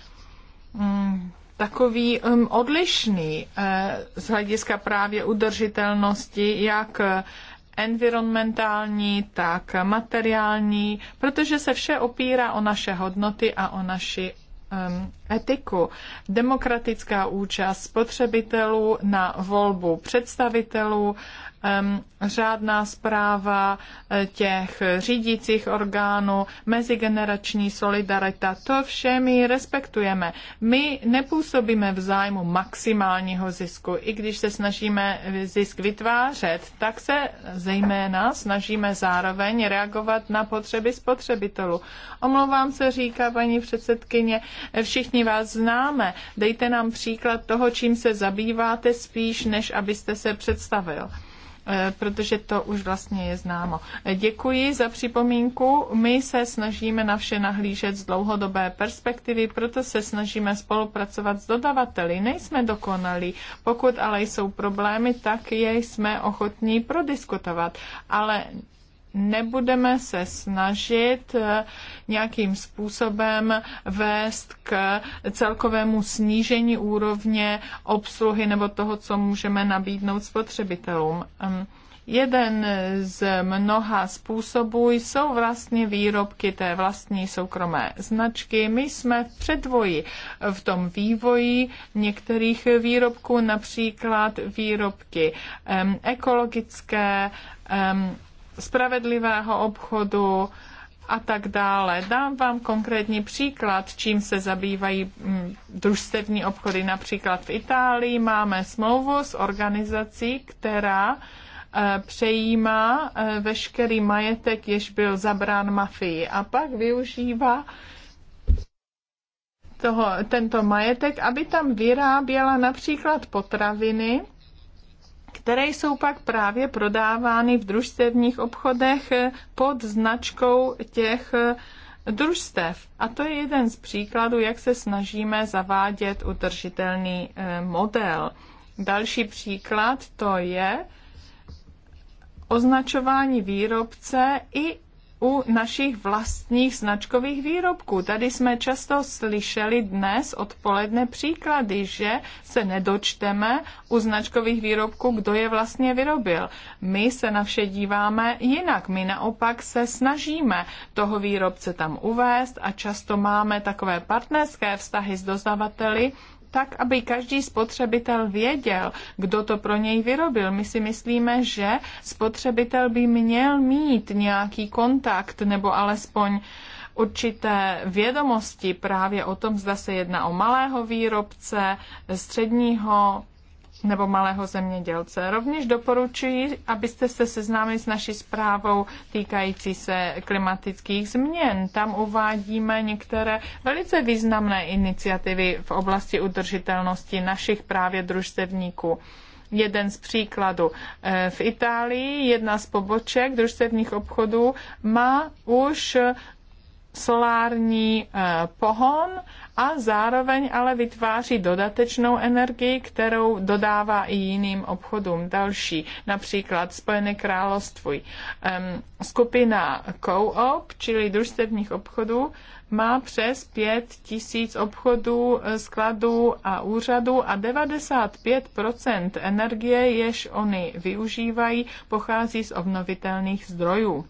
mm, takový um, odlišný uh, z hlediska právě udržitelnosti, jak eh, environmentální, tak materiální, protože se vše opírá o naše hodnoty a o naši um, etiku. Demokratická účast spotřebitelů na volbu představitelů, um, řádná zpráva eh, těch řídících orgánů, mezigenerační solidarita, to vše my respektujeme. My nepůsobíme v zájmu maximálního zisku. I když se snažíme zisk vytvářet, tak se zejména snažíme zároveň reagovat na potřeby spotřebitelů. Omlouvám se, říká paní předsedkyně, všichni vás známe. Dejte nám příklad toho, čím se zabýváte spíš, než abyste se představil. Eh, protože to už vlastně je známo. Eh, děkuji za připomínku. My se snažíme na vše nahlížet z dlouhodobé perspektivy, proto se snažíme spolupracovat s dodavateli. Nejsme dokonalí. Pokud ale jsou problémy, tak je jsme ochotní prodiskutovat. Ale nebudeme se snažit eh, nějakým způsobem vést k celkovému snížení úrovně obsluhy nebo toho, co můžeme nabídnout spotřebitelům. Jeden z mnoha způsobů jsou vlastně výrobky té vlastní soukromé značky. My jsme v předvoji v tom vývoji některých výrobků, například výrobky um, ekologické, um, spravedlivého obchodu a tak dále. Dám vám konkrétní příklad, čím se zabývají mm, družstevní obchody. Například v Itálii máme smlouvu s organizací, která e, přejímá e, veškerý majetek, jež byl zabrán mafii a pak využívá toho, tento majetek, aby tam vyráběla například potraviny, které jsou pak právě prodávány v družstevních obchodech pod značkou těch eh, družstev. A to je jeden z příkladů, jak se snažíme zavádět udržitelný eh, model. Další příklad to je označování výrobce i u našich vlastních značkových výrobků. Tady jsme často slyšeli dnes odpoledne příklady, že se nedočteme u značkových výrobků, kdo je vlastně vyrobil. My se na vše díváme jinak. My naopak se snažíme toho výrobce tam uvést a často máme takové partnerské vztahy s dozavateli, tak, aby každý spotřebitel věděl, kdo to pro něj vyrobil. My si myslíme, že spotřebitel by měl mít nějaký kontakt nebo alespoň určité vědomosti právě o tom, zda se jedná o malého výrobce, středního nebo malého zemědělce. Rovněž doporučuji, abyste se seznámili s naší zprávou týkající se klimatických změn. Tam uvádíme některé velice významné iniciativy v oblasti udržitelnosti našich právě družstevníků. Jeden z příkladů. E, v Itálii jedna z poboček družstevních obchodů má už solární e, pohon a zároveň ale vytváří dodatečnou energii, kterou dodává i jiným obchodům. Další, například Spojené království. skupina Co-op, čili družstevních obchodů, má přes 5 tisíc obchodů, eh, skladů a úřadů a 95 energie, jež oni využívají, pochází z obnovitelných zdrojů.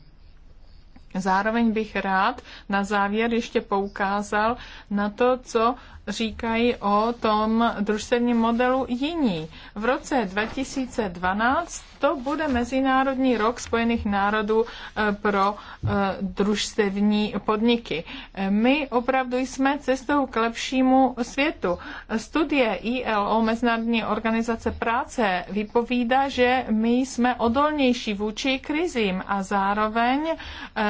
Zároveň bych rád na závěr ještě poukázal na to, co říkají o tom družstevním modelu jiní. V roce 2012 to bude Mezinárodní rok Spojených národů e, pro e, družstevní podniky. E, my opravdu jsme cestou k lepšímu světu. Studie ILO, Mezinárodní organizace práce, vypovídá, že my jsme odolnější vůči krizím a zároveň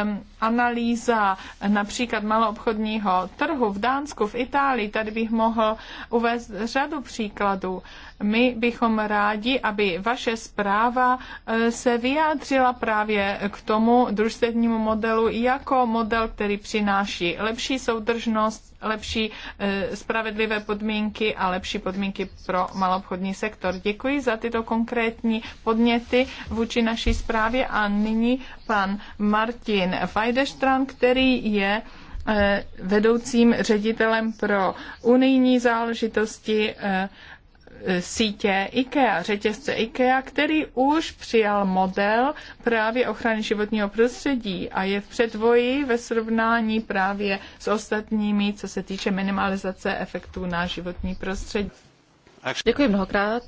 Um, analýza například maloobchodního trhu v Dánsku, v Itálii, tady bych mohl uvést řadu příkladů. My bychom rádi, aby vaše zpráva eh, se vyjádřila právě k tomu družstevnímu modelu jako model, který přináší lepší soudržnost, lepší eh, spravedlivé podmínky a lepší podmínky pro malobchodní sektor. Děkuji za tyto konkrétní podněty vůči naší zprávě a nyní pan Martin Feidestran, který je eh, vedoucím ředitelem pro unijní záležitosti sítě IKEA, řetězce IKEA, který už přijal model právě ochrany životního prostředí a je v předvoji ve srovnání právě s ostatními, co se týče minimalizace efektů na životní prostředí. Děkuji mnohokrát.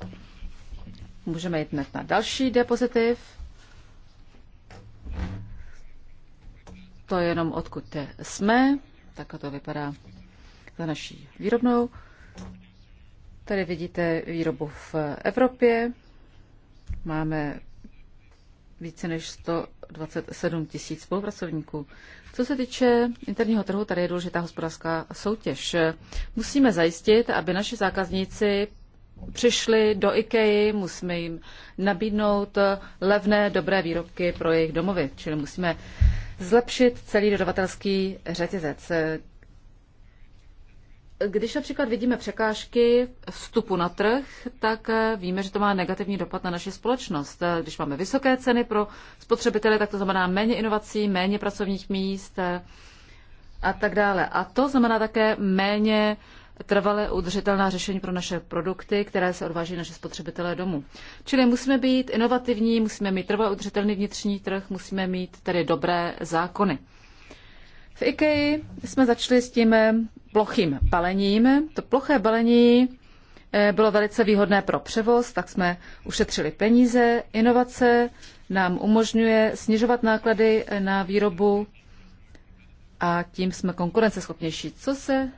Můžeme jít hned na další depozitiv. To je jenom odkud jsme, tak to vypadá za naší výrobnou. Tady vidíte výrobu v Evropě. Máme více než 127 tisíc spolupracovníků. Co se týče interního trhu, tady je důležitá hospodářská soutěž. Musíme zajistit, aby naši zákazníci přišli do IKEA, musíme jim nabídnout levné, dobré výrobky pro jejich domovy. Čili musíme zlepšit celý dodavatelský řetězec. Když například vidíme překážky vstupu na trh, tak eh, víme, že to má negativní dopad na naši společnost. Eh, když máme vysoké ceny pro spotřebitele, tak to znamená méně inovací, méně pracovních míst eh, a tak dále. A to znamená také méně trvalé udržitelná řešení pro naše produkty, které se odváží naše spotřebitelé domů. Čili musíme být inovativní, musíme mít trvalé udržitelný vnitřní trh, musíme mít tedy dobré zákony. V IKEA jsme začali s tím eh, plochým balením. To ploché balení eh, bylo velice výhodné pro převoz, tak jsme ušetřili peníze. Inovace nám umožňuje snižovat náklady eh, na výrobu a tím jsme konkurenceschopnější. Co se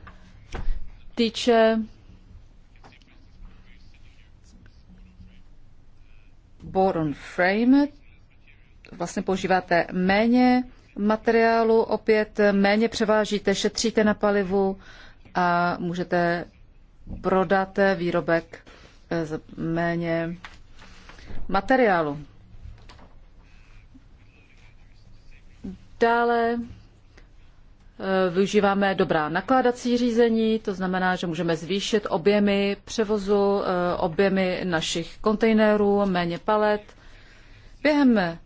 týče boron frame, vlastně používáte méně materiálu opět méně převážíte, šetříte na palivu a můžete prodat výrobek eh, z méně materiálu. Dále eh, využíváme dobrá nakládací řízení, to znamená, že můžeme zvýšit objemy převozu, eh, objemy našich kontejnerů, méně palet. Během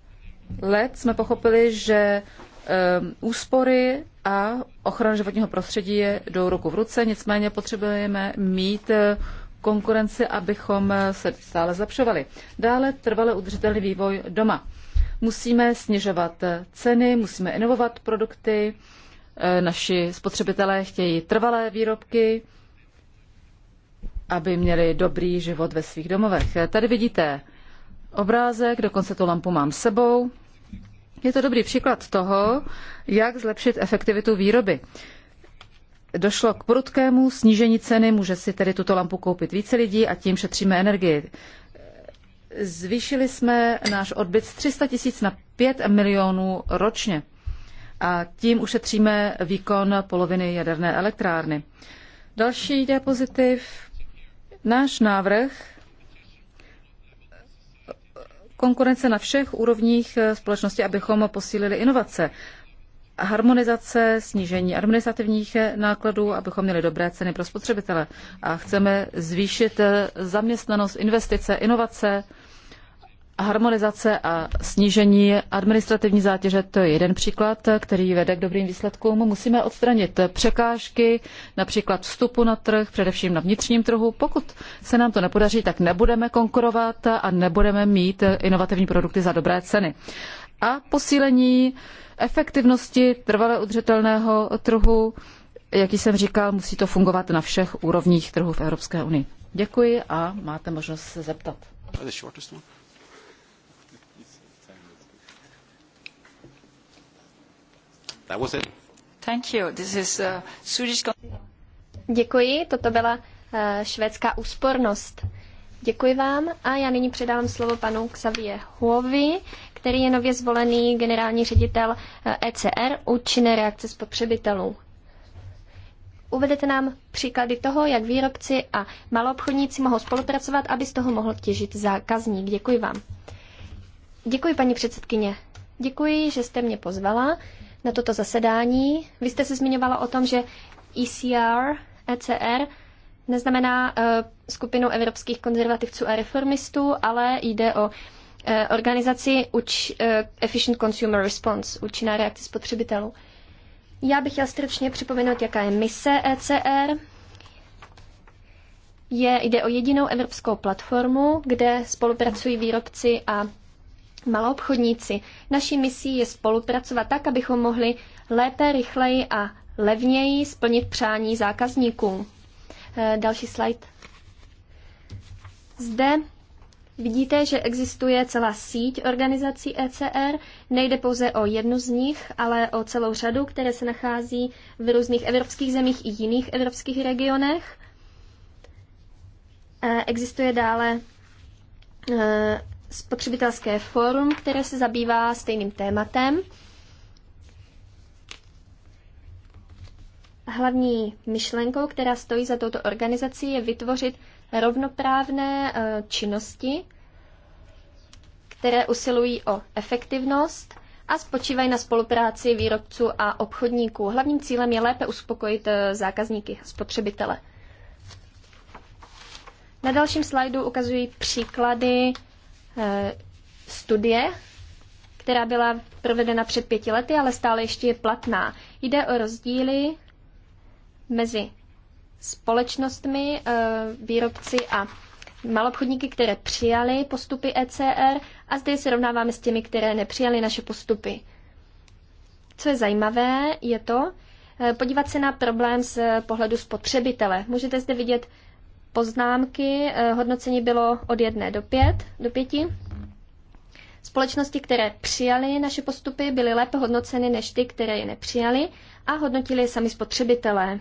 let jsme pochopili, že ehm, úspory a ochrana životního prostředí je do ruku v ruce, nicméně potřebujeme mít eh, konkurenci, abychom eh, se stále zlepšovali. Dále trvale udržitelný vývoj doma. Musíme snižovat eh, ceny, musíme inovovat produkty, naši spotřebitelé chtějí trvalé výrobky, aby měli dobrý život ve svých domovech. Tady vidíte obrázek, dokonce tu lampu mám sebou. Je to dobrý příklad toho, jak zlepšit efektivitu výroby. Došlo k prudkému snížení ceny, může si tedy tuto lampu koupit více lidí a tím šetříme energii. Zvýšili jsme náš odbyt z 300 tisíc na 5 milionů ročně a tím ušetříme výkon poloviny jaderné elektrárny. Další diapozitiv. Náš návrh konkurence na všech úrovních eh, společnosti, abychom posílili inovace. Harmonizace, snížení administrativních eh, nákladů, abychom měli dobré ceny pro spotřebitele. A chceme zvýšit eh, zaměstnanost, investice, inovace, Harmonizace a snížení administrativní zátěže, to je jeden příklad, který vede k dobrým výsledkům. Musíme odstranit překážky, například vstupu na trh, především na vnitřním trhu. Pokud se nám to nepodaří, tak nebudeme konkurovat a nebudeme mít inovativní produkty za dobré ceny. A posílení efektivnosti trvale udržitelného trhu, jak jsem říkal, musí to fungovat na všech úrovních trhu v Evropské unii. Děkuji a máte možnost se zeptat. Děkuji, toto byla uh, švédská úspornost. Děkuji vám a já nyní předávám slovo panu Xavier Huovi, který je nově zvolený generální ředitel uh, ECR účinné reakce spotřebitelů. Uvedete nám příklady toho, jak výrobci a maloobchodníci mohou spolupracovat, aby z toho mohl těžit zákazník. Děkuji vám. Děkuji, paní předsedkyně. Děkuji, že jste mě pozvala na toto zasedání. Vy jste se zmiňovala o tom, že ECR, ECR neznamená uh, skupinu evropských konzervativců a reformistů, ale jde o uh, organizaci uč, uh, Efficient Consumer Response, účinná reakce spotřebitelů. Já bych chtěla stručně připomenout, jaká je mise ECR. Je, jde o jedinou evropskou platformu, kde spolupracují výrobci a maloobchodníci. Naší misí je spolupracovat tak, abychom mohli lépe, rychleji a levněji splnit přání zákazníků. Eh, další slide. Zde vidíte, že existuje celá síť organizací ECR. Nejde pouze o jednu z nich, ale o celou řadu, které se nachází v různých evropských zemích i jiných evropských regionech. Eh, existuje dále eh, spotřebitelské fórum, které se zabývá stejným tématem. Hlavní myšlenkou, která stojí za touto organizací, je vytvořit rovnoprávné eh, činnosti, které usilují o efektivnost a spočívají na spolupráci výrobců a obchodníků. Hlavním cílem je lépe uspokojit eh, zákazníky, spotřebitele. Na dalším slajdu ukazují příklady Eh, studie, která byla provedena před pěti lety, ale stále ještě je platná. Jde o rozdíly mezi společnostmi, eh, výrobci a malobchodníky, které přijali postupy ECR a zde se rovnáváme s těmi, které nepřijali naše postupy. Co je zajímavé, je to eh, podívat se na problém z pohledu spotřebitele. Můžete zde vidět poznámky. Eh, hodnocení bylo od 1 do 5, do 5. Společnosti, které přijaly naše postupy, byly lépe hodnoceny než ty, které je nepřijaly a hodnotili je sami spotřebitelé.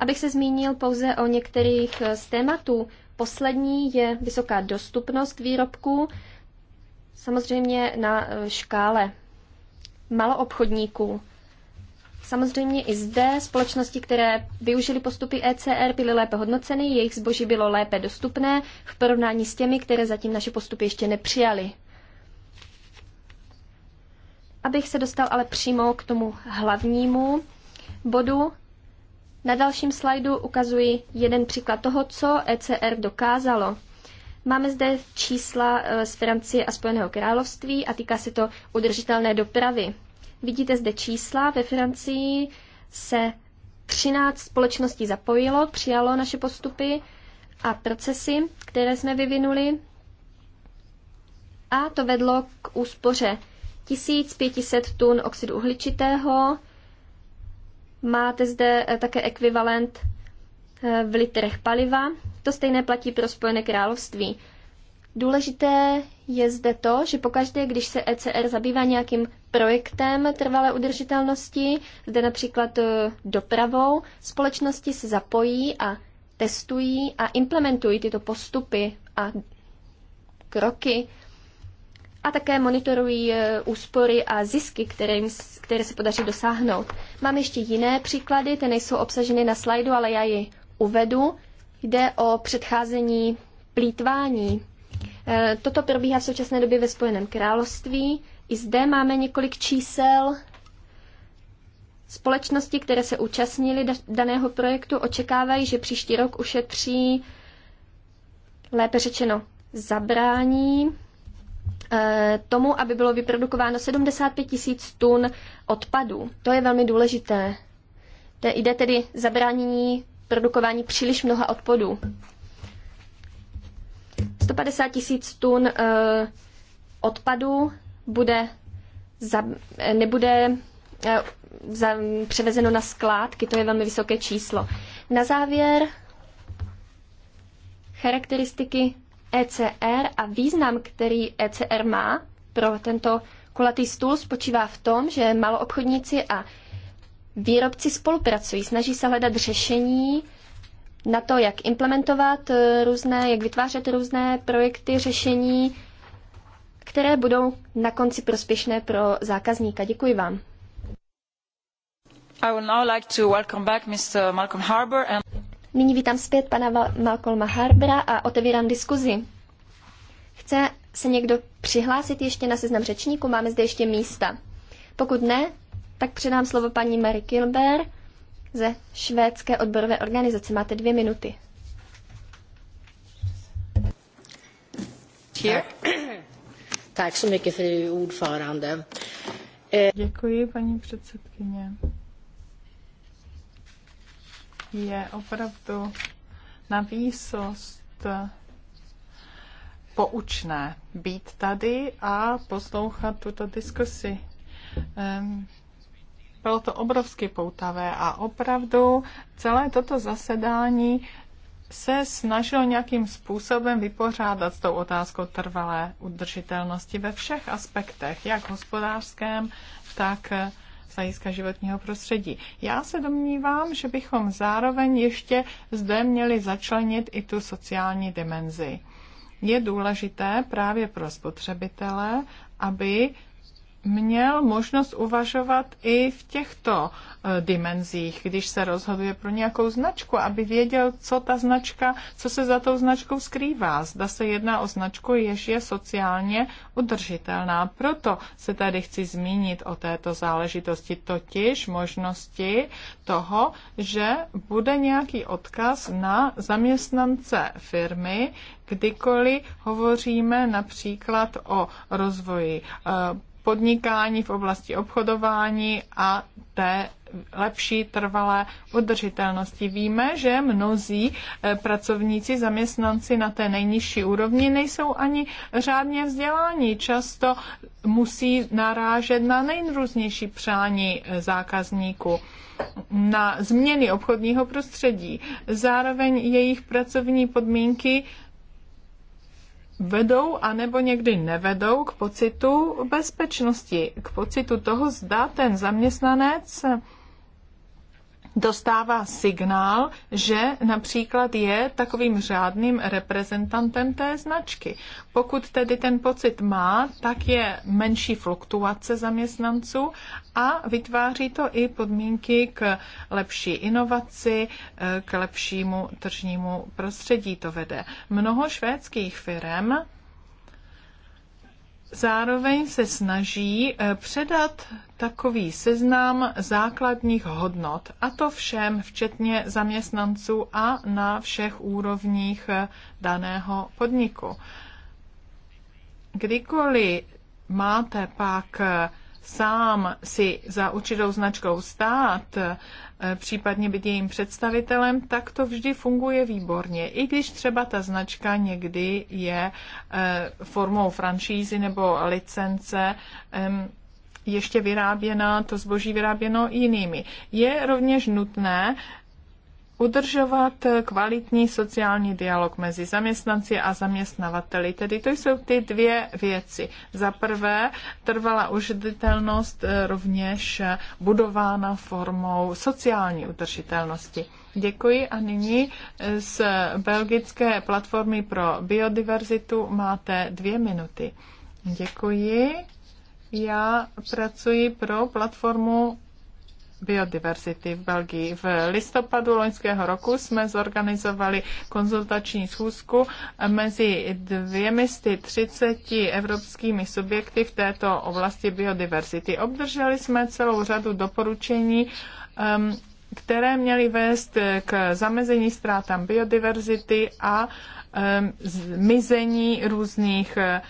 Abych se zmínil pouze o některých eh, z tématů, poslední je vysoká dostupnost výrobků, samozřejmě na eh, škále maloobchodníků. Samozřejmě i zde společnosti, které využily postupy ECR, byly lépe hodnoceny, jejich zboží bylo lépe dostupné v porovnání s těmi, které zatím naše postupy ještě nepřijaly. Abych se dostal ale přímo k tomu hlavnímu bodu, na dalším slajdu ukazuji jeden příklad toho, co ECR dokázalo. Máme zde čísla eh, z Francie a Spojeného království a týká se to udržitelné dopravy. Vidíte zde čísla. Ve Francii se 13 společností zapojilo, přijalo naše postupy a procesy, které jsme vyvinuli. A to vedlo k úspoře 1500 tun oxidu uhličitého. Máte zde eh, také ekvivalent eh, v literech paliva. To stejné platí pro Spojené království. Důležité je zde to, že pokaždé, když se ECR zabývá nějakým projektem trvalé udržitelnosti, zde například eh, dopravou, společnosti se zapojí a testují a implementují tyto postupy a kroky a také monitorují eh, úspory a zisky, které, jim, které se podaří dosáhnout. Mám ještě jiné příklady, ty nejsou obsaženy na slajdu, ale já ji uvedu. Jde o předcházení plítvání. Eh, toto probíhá v současné době ve Spojeném království. I zde máme několik čísel. Společnosti, které se účastnily daného projektu, očekávají, že příští rok ušetří, lépe řečeno, zabrání eh, tomu, aby bylo vyprodukováno 75 tisíc tun odpadů. To je velmi důležité. To jde tedy zabránění produkování příliš mnoha odpadů. 150 tisíc tun eh, odpadů bude za, nebude eh, za, převezeno na skládky, to je velmi vysoké číslo. Na závěr charakteristiky ECR a význam, který ECR má pro tento kulatý stůl, spočívá v tom, že maloobchodníci a výrobci spolupracují, snaží se hledat řešení na to, jak implementovat eh, různé, jak vytvářet různé projekty, řešení které budou na konci prospěšné pro zákazníka. Děkuji vám. I would now like to welcome back Mr. Malcolm Harbour and... Nyní vítám zpět pana Malcolma Harbera a otevírám diskuzi. Chce se někdo přihlásit ještě na seznam řečníku? Máme zde ještě místa. Pokud ne, tak předám slovo paní Mary Kilber ze švédské odborové organizace. Máte dvě minuty. Here. Tack så mycket, fru ordförande. Eh, Děkuji, paní předsedkyně. Je opravdu na výsost eh, poučné být tady a poslouchat tuto diskusi. Bylo to obrovsky poutavé a opravdu celé toto zasedání se snažilo nějakým způsobem vypořádat s tou otázkou trvalé udržitelnosti ve všech aspektech, jak hospodářském, tak eh, z hlediska životního prostředí. Já se domnívám, že bychom zároveň ještě zde měli začlenit i tu sociální dimenzi. Je důležité právě pro spotřebitele, aby měl možnost uvažovat i v těchto eh, dimenzích, když se rozhoduje pro nějakou značku, aby věděl, co ta značka, co se za tou značkou skrývá. Zda se jedná o značku, jež je sociálně udržitelná. Proto se tady chci zmínit o této záležitosti, totiž možnosti toho, že bude nějaký odkaz na zaměstnance firmy, kdykoliv hovoříme například o rozvoji eh, podnikání v oblasti obchodování a té lepší trvalé udržitelnosti. Víme, že mnozí eh, pracovníci, zaměstnanci na té nejnižší úrovni nejsou ani řádně vzdělání. Často musí narážet na nejrůznější přání eh, zákazníků na změny obchodního prostředí. Zároveň jejich pracovní podmínky vedou a nebo někdy nevedou k pocitu bezpečnosti, k pocitu toho, zda ten zaměstnanec dostává signál, že například je takovým řádným reprezentantem té značky. Pokud tedy ten pocit má, tak je menší fluktuace zaměstnanců a vytváří to i podmínky k lepší inovaci, eh, k lepšímu tržnímu prostředí to vede. Mnoho švédských firm Zároveň se snaží eh, předat takový seznam základních hodnot, a to všem, včetně zaměstnanců a na všech úrovních eh, daného podniku. Kdykoliv máte pak eh, sám si za určitou značkou stát Eh, případně být jejím představitelem, tak to vždy funguje výborně. I když třeba ta značka někdy je eh, formou franšízy nebo licence ještě vyráběna, to zboží vyráběno jinými. Je rovněž nutné udržovat kvalitní sociální dialog mezi zaměstnanci a zaměstnavateli. Tedy to jsou ty dvě věci. Za prvé, trvalá užitelnost eh, rovněž budována formou sociální udržitelnosti. Děkuji a nyní eh, z Belgické platformy pro biodiverzitu máte dvě minuty. Děkuji. Já pracuji pro platformu biodiverzity v Belgii. V listopadu loňského roku jsme zorganizovali konzultační schůzku mezi 230 evropskými subjekty v této oblasti biodiverzity. Obdrželi jsme celou řadu doporučení um, které měly vést k zamezení ztrátám biodiverzity a zmizení různých eh,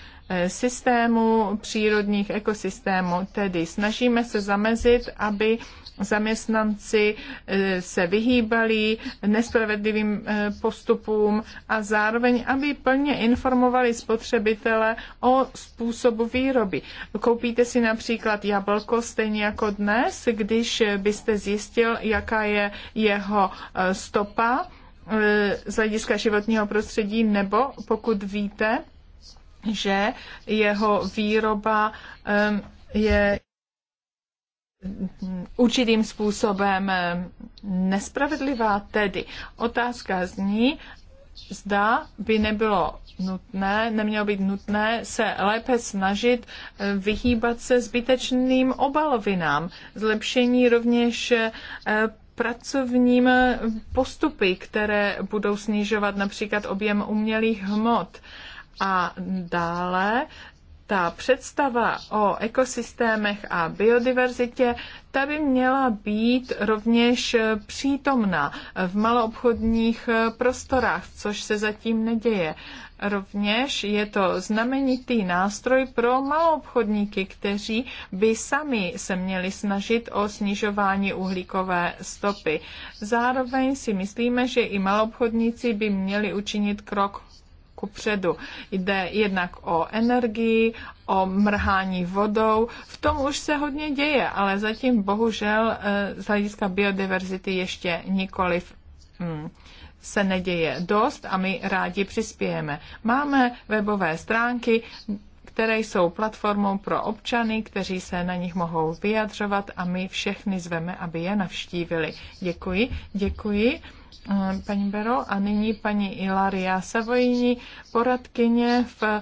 systémů, přírodních ekosystémů. Tedy snažíme se zamezit, aby zaměstnanci eh, se vyhýbali nespravedlivým eh, postupům a zároveň, aby plně informovali spotřebitele o způsobu výroby. Koupíte si například jablko stejně jako dnes, když byste zjistil, jaká je jeho eh, stopa z hlediska životního prostředí, nebo pokud víte, že jeho výroba je určitým způsobem nespravedlivá. Tedy otázka zní, zda by nebylo nutné, nemělo být nutné se lépe snažit vyhýbat se zbytečným obalovinám. Zlepšení rovněž eh, pracovním postupy, které budou snižovat například objem umělých hmot. A dále ta představa o ekosystémech a biodiverzitě, ta by měla být rovněž přítomna v maloobchodních prostorách, což se zatím neděje. Rovněž je to znamenitý nástroj pro maloobchodníky, kteří by sami se měli snažit o snižování uhlíkové stopy. Zároveň si myslíme, že i maloobchodníci by měli učinit krok kupředu. Jde jednak o energii, o mrhání vodou. V tom už se hodně děje, ale zatím bohužel eh, z hlediska biodiverzity ještě nikoliv hmm, se neděje dost a my rádi přispějeme. Máme webové stránky, které jsou platformou pro občany, kteří se na nich mohou vyjadřovat a my všechny zveme, aby je navštívili. Děkuji, děkuji. Eh, paní Bero a nyní paní Ilaria Savojní, poradkyně v,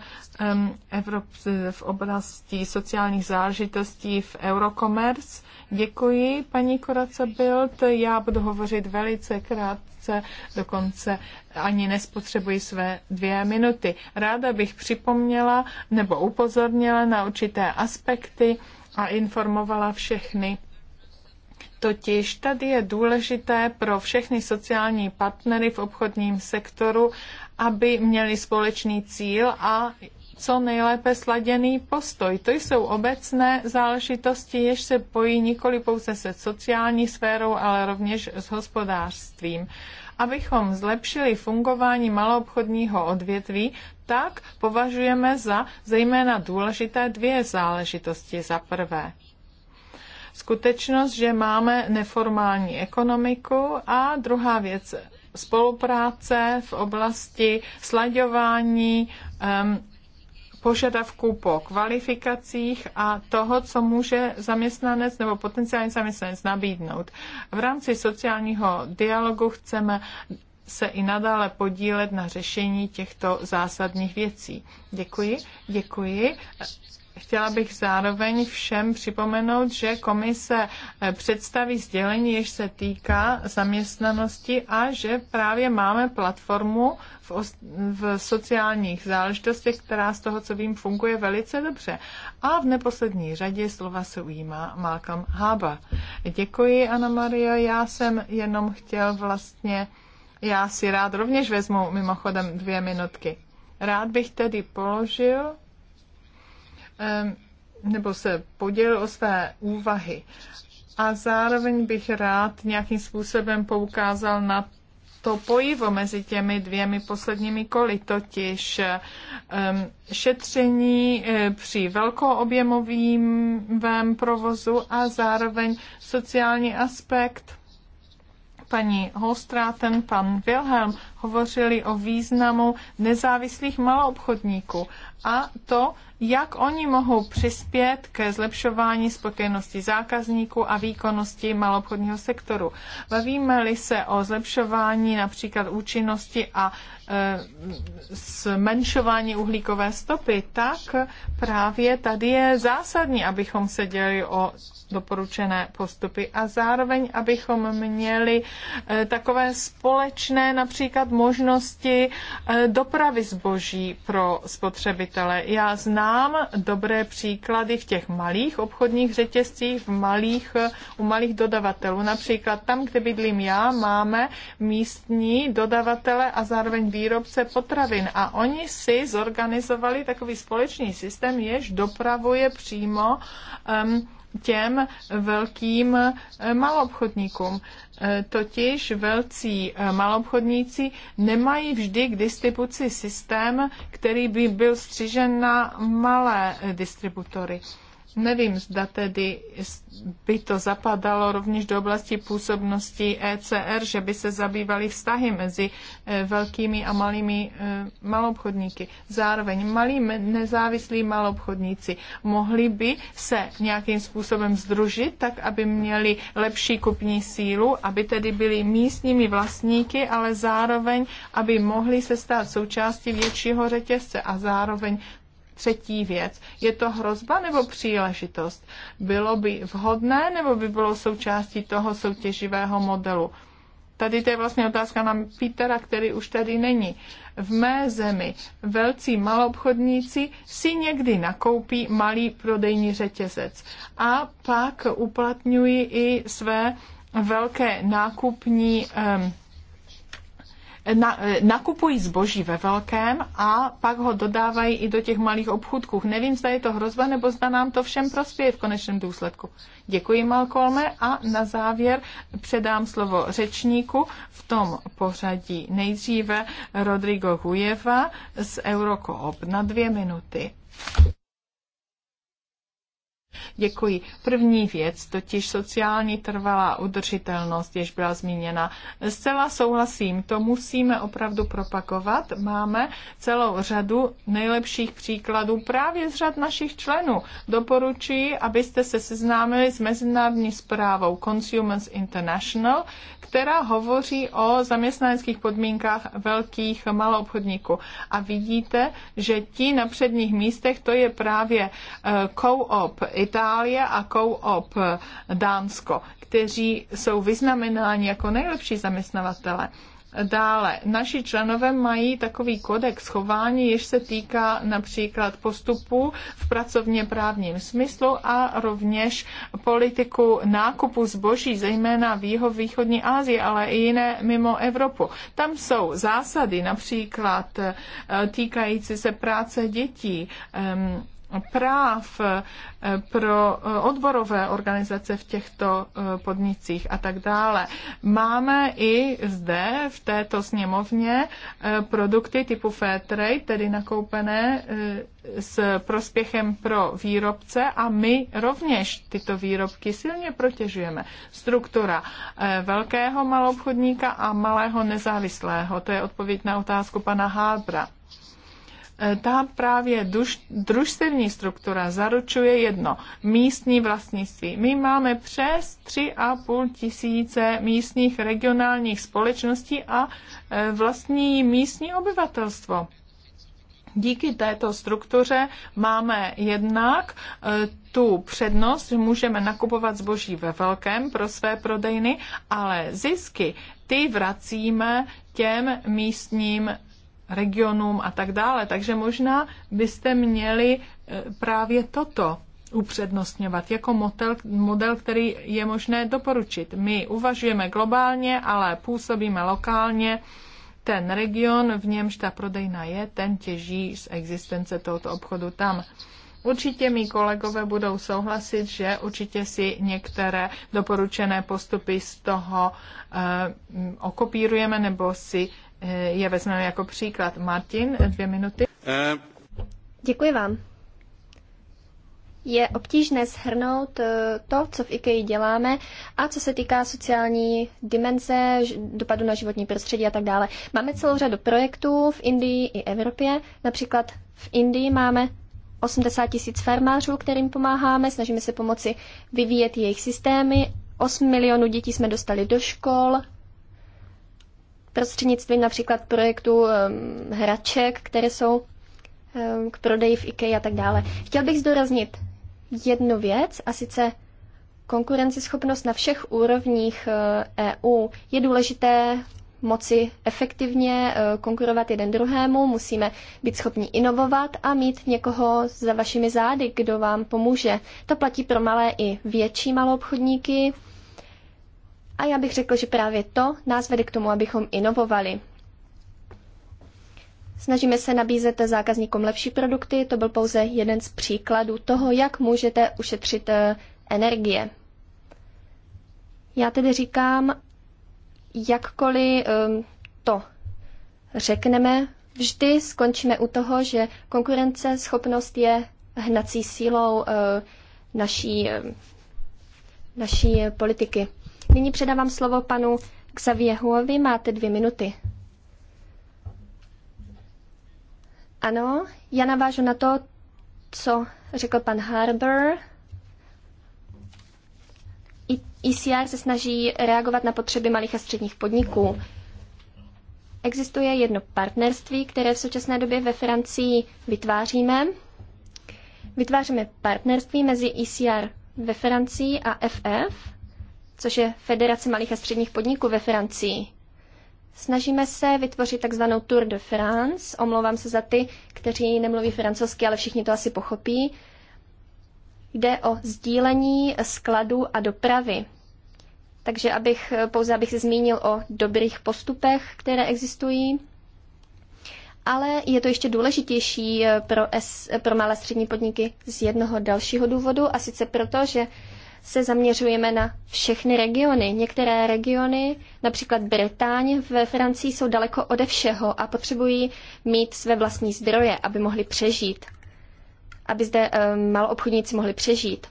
Evropě, v oblasti sociálních záležitostí v Eurocommerce. Děkuji, paní Koraca Bild. Já budu hovořit velice krátce, dokonce ani nespotřebuji své dvě minuty. Ráda bych připomněla nebo upozornila na určité aspekty a informovala všechny Totiž tady je důležité pro všechny sociální partnery v obchodním sektoru, aby měli společný cíl a co nejlépe sladěný postoj. To jsou obecné záležitosti, jež se pojí nikoli pouze se sociální sférou, ale rovněž s hospodářstvím. Abychom zlepšili fungování maloobchodního odvětví, tak považujeme za zejména důležité dvě záležitosti. Za prvé, skutečnost, že máme neformální ekonomiku a druhá věc, spolupráce v oblasti slaďování um, požadavků po kvalifikacích a toho, co může zaměstnanec nebo potenciální zaměstnanec nabídnout. V rámci sociálního dialogu chceme se i nadále podílet na řešení těchto zásadních věcí. Děkuji, děkuji. Chtěla bych zároveň všem připomenout, že komise eh, představí sdělení, jež se týká zaměstnanosti a že právě máme platformu v, v sociálních záležitostech, která z toho, co vím, funguje velice dobře. A v neposlední řadě slova se ujímá Malcolm Hába. Děkuji, Ana Maria. Já jsem jenom chtěl vlastně, já si rád rovněž vezmu mimochodem dvě minutky. Rád bych tedy položil nebo se podělil o své úvahy. A zároveň bych rád nějakým způsobem poukázal na to pojivo mezi těmi dvěmi posledními koly, totiž šetření eh, při velkoobjemovém provozu a zároveň sociální aspekt. Paní Holstraten, pan Wilhelm hovořili o významu nezávislých maloobchodníků a to, jak oni mohou přispět ke zlepšování spokojenosti zákazníků a výkonnosti maloobchodního sektoru. Bavíme-li se o zlepšování například účinnosti a e, zmenšování uhlíkové stopy, tak právě tady je zásadní, abychom se dělili o doporučené postupy a zároveň, abychom měli e, takové společné například možnosti eh, dopravy zboží pro spotřebitele. Já znám dobré příklady v těch malých obchodních řetězcích, v malých, eh, u malých dodavatelů. Například tam, kde bydlím já, máme místní dodavatele a zároveň výrobce potravin. A oni si zorganizovali takový společný systém, jež dopravuje přímo um, těm velkým eh, malobchodníkům. E, totiž velcí e, malobchodníci nemají vždy k distribuci systém, který by byl střižen na malé distributory. Nevím, zda tedy by to zapadalo rovněž do oblasti působnosti ECR, že by se zabývaly vztahy mezi eh, velkými a malými eh, malobchodníky. Zároveň malí nezávislí malobchodníci mohli by se nějakým způsobem združit, tak aby měli lepší kupní sílu, aby tedy byli místními vlastníky, ale zároveň, aby mohli se stát součástí většího řetězce a zároveň Třetí věc, je to hrozba nebo příležitost? Bylo by vhodné nebo by bylo součástí toho soutěživého modelu? Tady to je vlastně otázka na Petera, který už tady není. V mé zemi velcí malobchodníci si někdy nakoupí malý prodejní řetězec a pak uplatňují i své velké nákupní um, na, e, nakupují zboží ve velkém a pak ho dodávají i do těch malých obchůdků. Nevím, zda je to hrozba, nebo zda nám to všem prospěje v konečném důsledku. Děkuji, malkolme a na závěr předám slovo řečníku v tom pořadí. Nejdříve Rodrigo Hujeva z Eurocoop na dvě minuty. Děkuji. První věc, totiž sociální trvalá udržitelnost, jež byla zmíněna. Zcela souhlasím, to musíme opravdu propagovat. Máme celou řadu nejlepších příkladů právě z řad našich členů. Doporučuji, abyste se seznámili s mezinárodní zprávou Consumers International, která hovoří o zaměstnaneckých podmínkách velkých maloobchodníků. A vidíte, že ti na předních místech, to je právě eh, co-op, Itálie a Co-op Dánsko, kteří jsou vyznamenáni jako nejlepší zaměstnavatele. Dále, naši členové mají takový kodex chování, jež se týká například postupu v pracovně právním smyslu a rovněž politiku nákupu zboží, zejména v jeho východní Asii, ale i jiné mimo Evropu. Tam jsou zásady například eh, týkající se práce dětí, ehm, práv eh, pro eh, odborové organizace v těchto eh, podnicích a tak dále. Máme i zde v této sněmovně produkty typu Fairtrade, tedy nakoupené s prospěchem pro výrobce a my rovněž tyto výrobky silně protěžujeme. Struktura velkého malobchodníka a malého nezávislého, to je odpověď na otázku pana Hábra ta právě duž, družstevní struktura zaručuje jedno, místní vlastnictví. My máme přes 3,5 tisíce místních regionálních společností a e, vlastní místní obyvatelstvo. Díky této struktuře máme jednak e, tu přednost, že můžeme nakupovat zboží ve velkém pro své prodejny, ale zisky ty vracíme těm místním regionům a tak dále. Takže možná byste měli e, právě toto upřednostňovat jako model, model, který je možné doporučit. My uvažujeme globálně, ale působíme lokálně. Ten region, v němž ta prodejna je, ten těží z existence tohoto obchodu tam. Určitě mi kolegové budou souhlasit, že určitě si některé doporučené postupy z toho eh, okopírujeme nebo si Eh, je vezmeme jako příklad. Martin, dvě minuty. Eh. Děkuji vám. Je obtížné shrnout eh, to, co v IKEA děláme a co se týká sociální dimenze, dopadu na životní prostředí a tak dále. Máme celou řadu projektů v Indii i Evropě. Například v Indii máme 80 tisíc farmářů, kterým pomáháme, snažíme se pomoci vyvíjet jejich systémy. 8 milionů dětí jsme dostali do škol, prostřednictvím například projektu hraček, které jsou k prodeji v IKEA a tak dále. Chtěl bych zdůraznit jednu věc, a sice konkurenceschopnost na všech úrovních EU. Eh, e Je důležité moci efektivně eh, konkurovat jeden druhému, musíme být schopni inovovat a mít někoho za vašimi zády, kdo vám pomůže. To platí pro malé i větší malou obchodníky a já bych řekl, že právě to nás vede k tomu, abychom inovovali. Snažíme se nabízet zákazníkům lepší produkty, to byl pouze jeden z příkladů toho, jak můžete ušetřit eh, energie. Já tedy říkám, jakkoliv ehm, to řekneme, vždy skončíme u toho, že konkurence schopnost je hnací sílou eh, naší, eh, naší politiky. Nyní předávám slovo panu Xaviehuovi. Máte dvě minuty. Ano, já navážu na to, co řekl pan Harber. ECR se snaží reagovat na potřeby malých a středních podniků. Existuje jedno partnerství, které v současné době ve Francii vytváříme. Vytváříme partnerství mezi ECR ve Francii a FF což je Federace malých a středních podniků ve Francii. Snažíme se vytvořit takzvanou Tour de France. Omlouvám se za ty, kteří nemluví francouzsky, ale všichni to asi pochopí. Jde o sdílení skladu a dopravy. Takže abych, pouze abych se zmínil o dobrých postupech, které existují. Ale je to ještě důležitější eh, pro, S, eh, pro malé střední podniky z jednoho dalšího důvodu, a sice proto, že se zaměřujeme na všechny regiony. Některé regiony, například Británie ve Francii, jsou daleko ode všeho a potřebují mít své vlastní zdroje, aby mohli přežít. Aby zde um, maloobchodníci mohli přežít.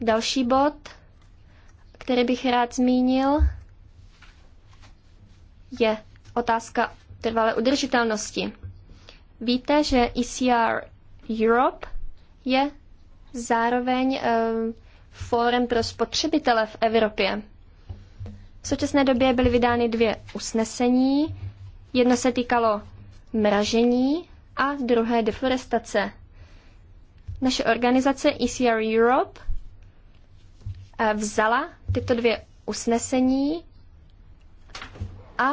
Další bod, který bych rád zmínil, je otázka trvalé udržitelnosti. Víte, že ECR Europe je zároveň um, fórem pro spotřebitele v Evropě. V současné době byly vydány dvě usnesení. Jedno se týkalo mražení a druhé deforestace. Naše organizace ECR Europe eh, vzala tyto dvě usnesení a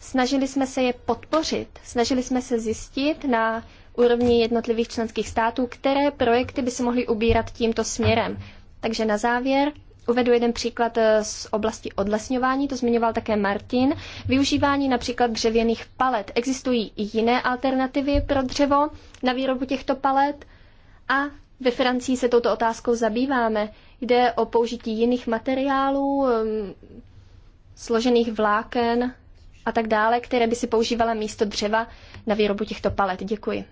snažili jsme se je podpořit. Snažili jsme se zjistit na úrovni jednotlivých členských států, které projekty by se mohly ubírat tímto směrem. Takže na závěr Uvedu jeden příklad eh, z oblasti odlesňování, to zmiňoval také Martin. Využívání například dřevěných palet. Existují i jiné alternativy pro dřevo na výrobu těchto palet a ve Francii se touto otázkou zabýváme. Jde o použití jiných materiálů, ehm, složených vláken a tak dále, které by si používala místo dřeva na výrobu těchto palet. Děkuji.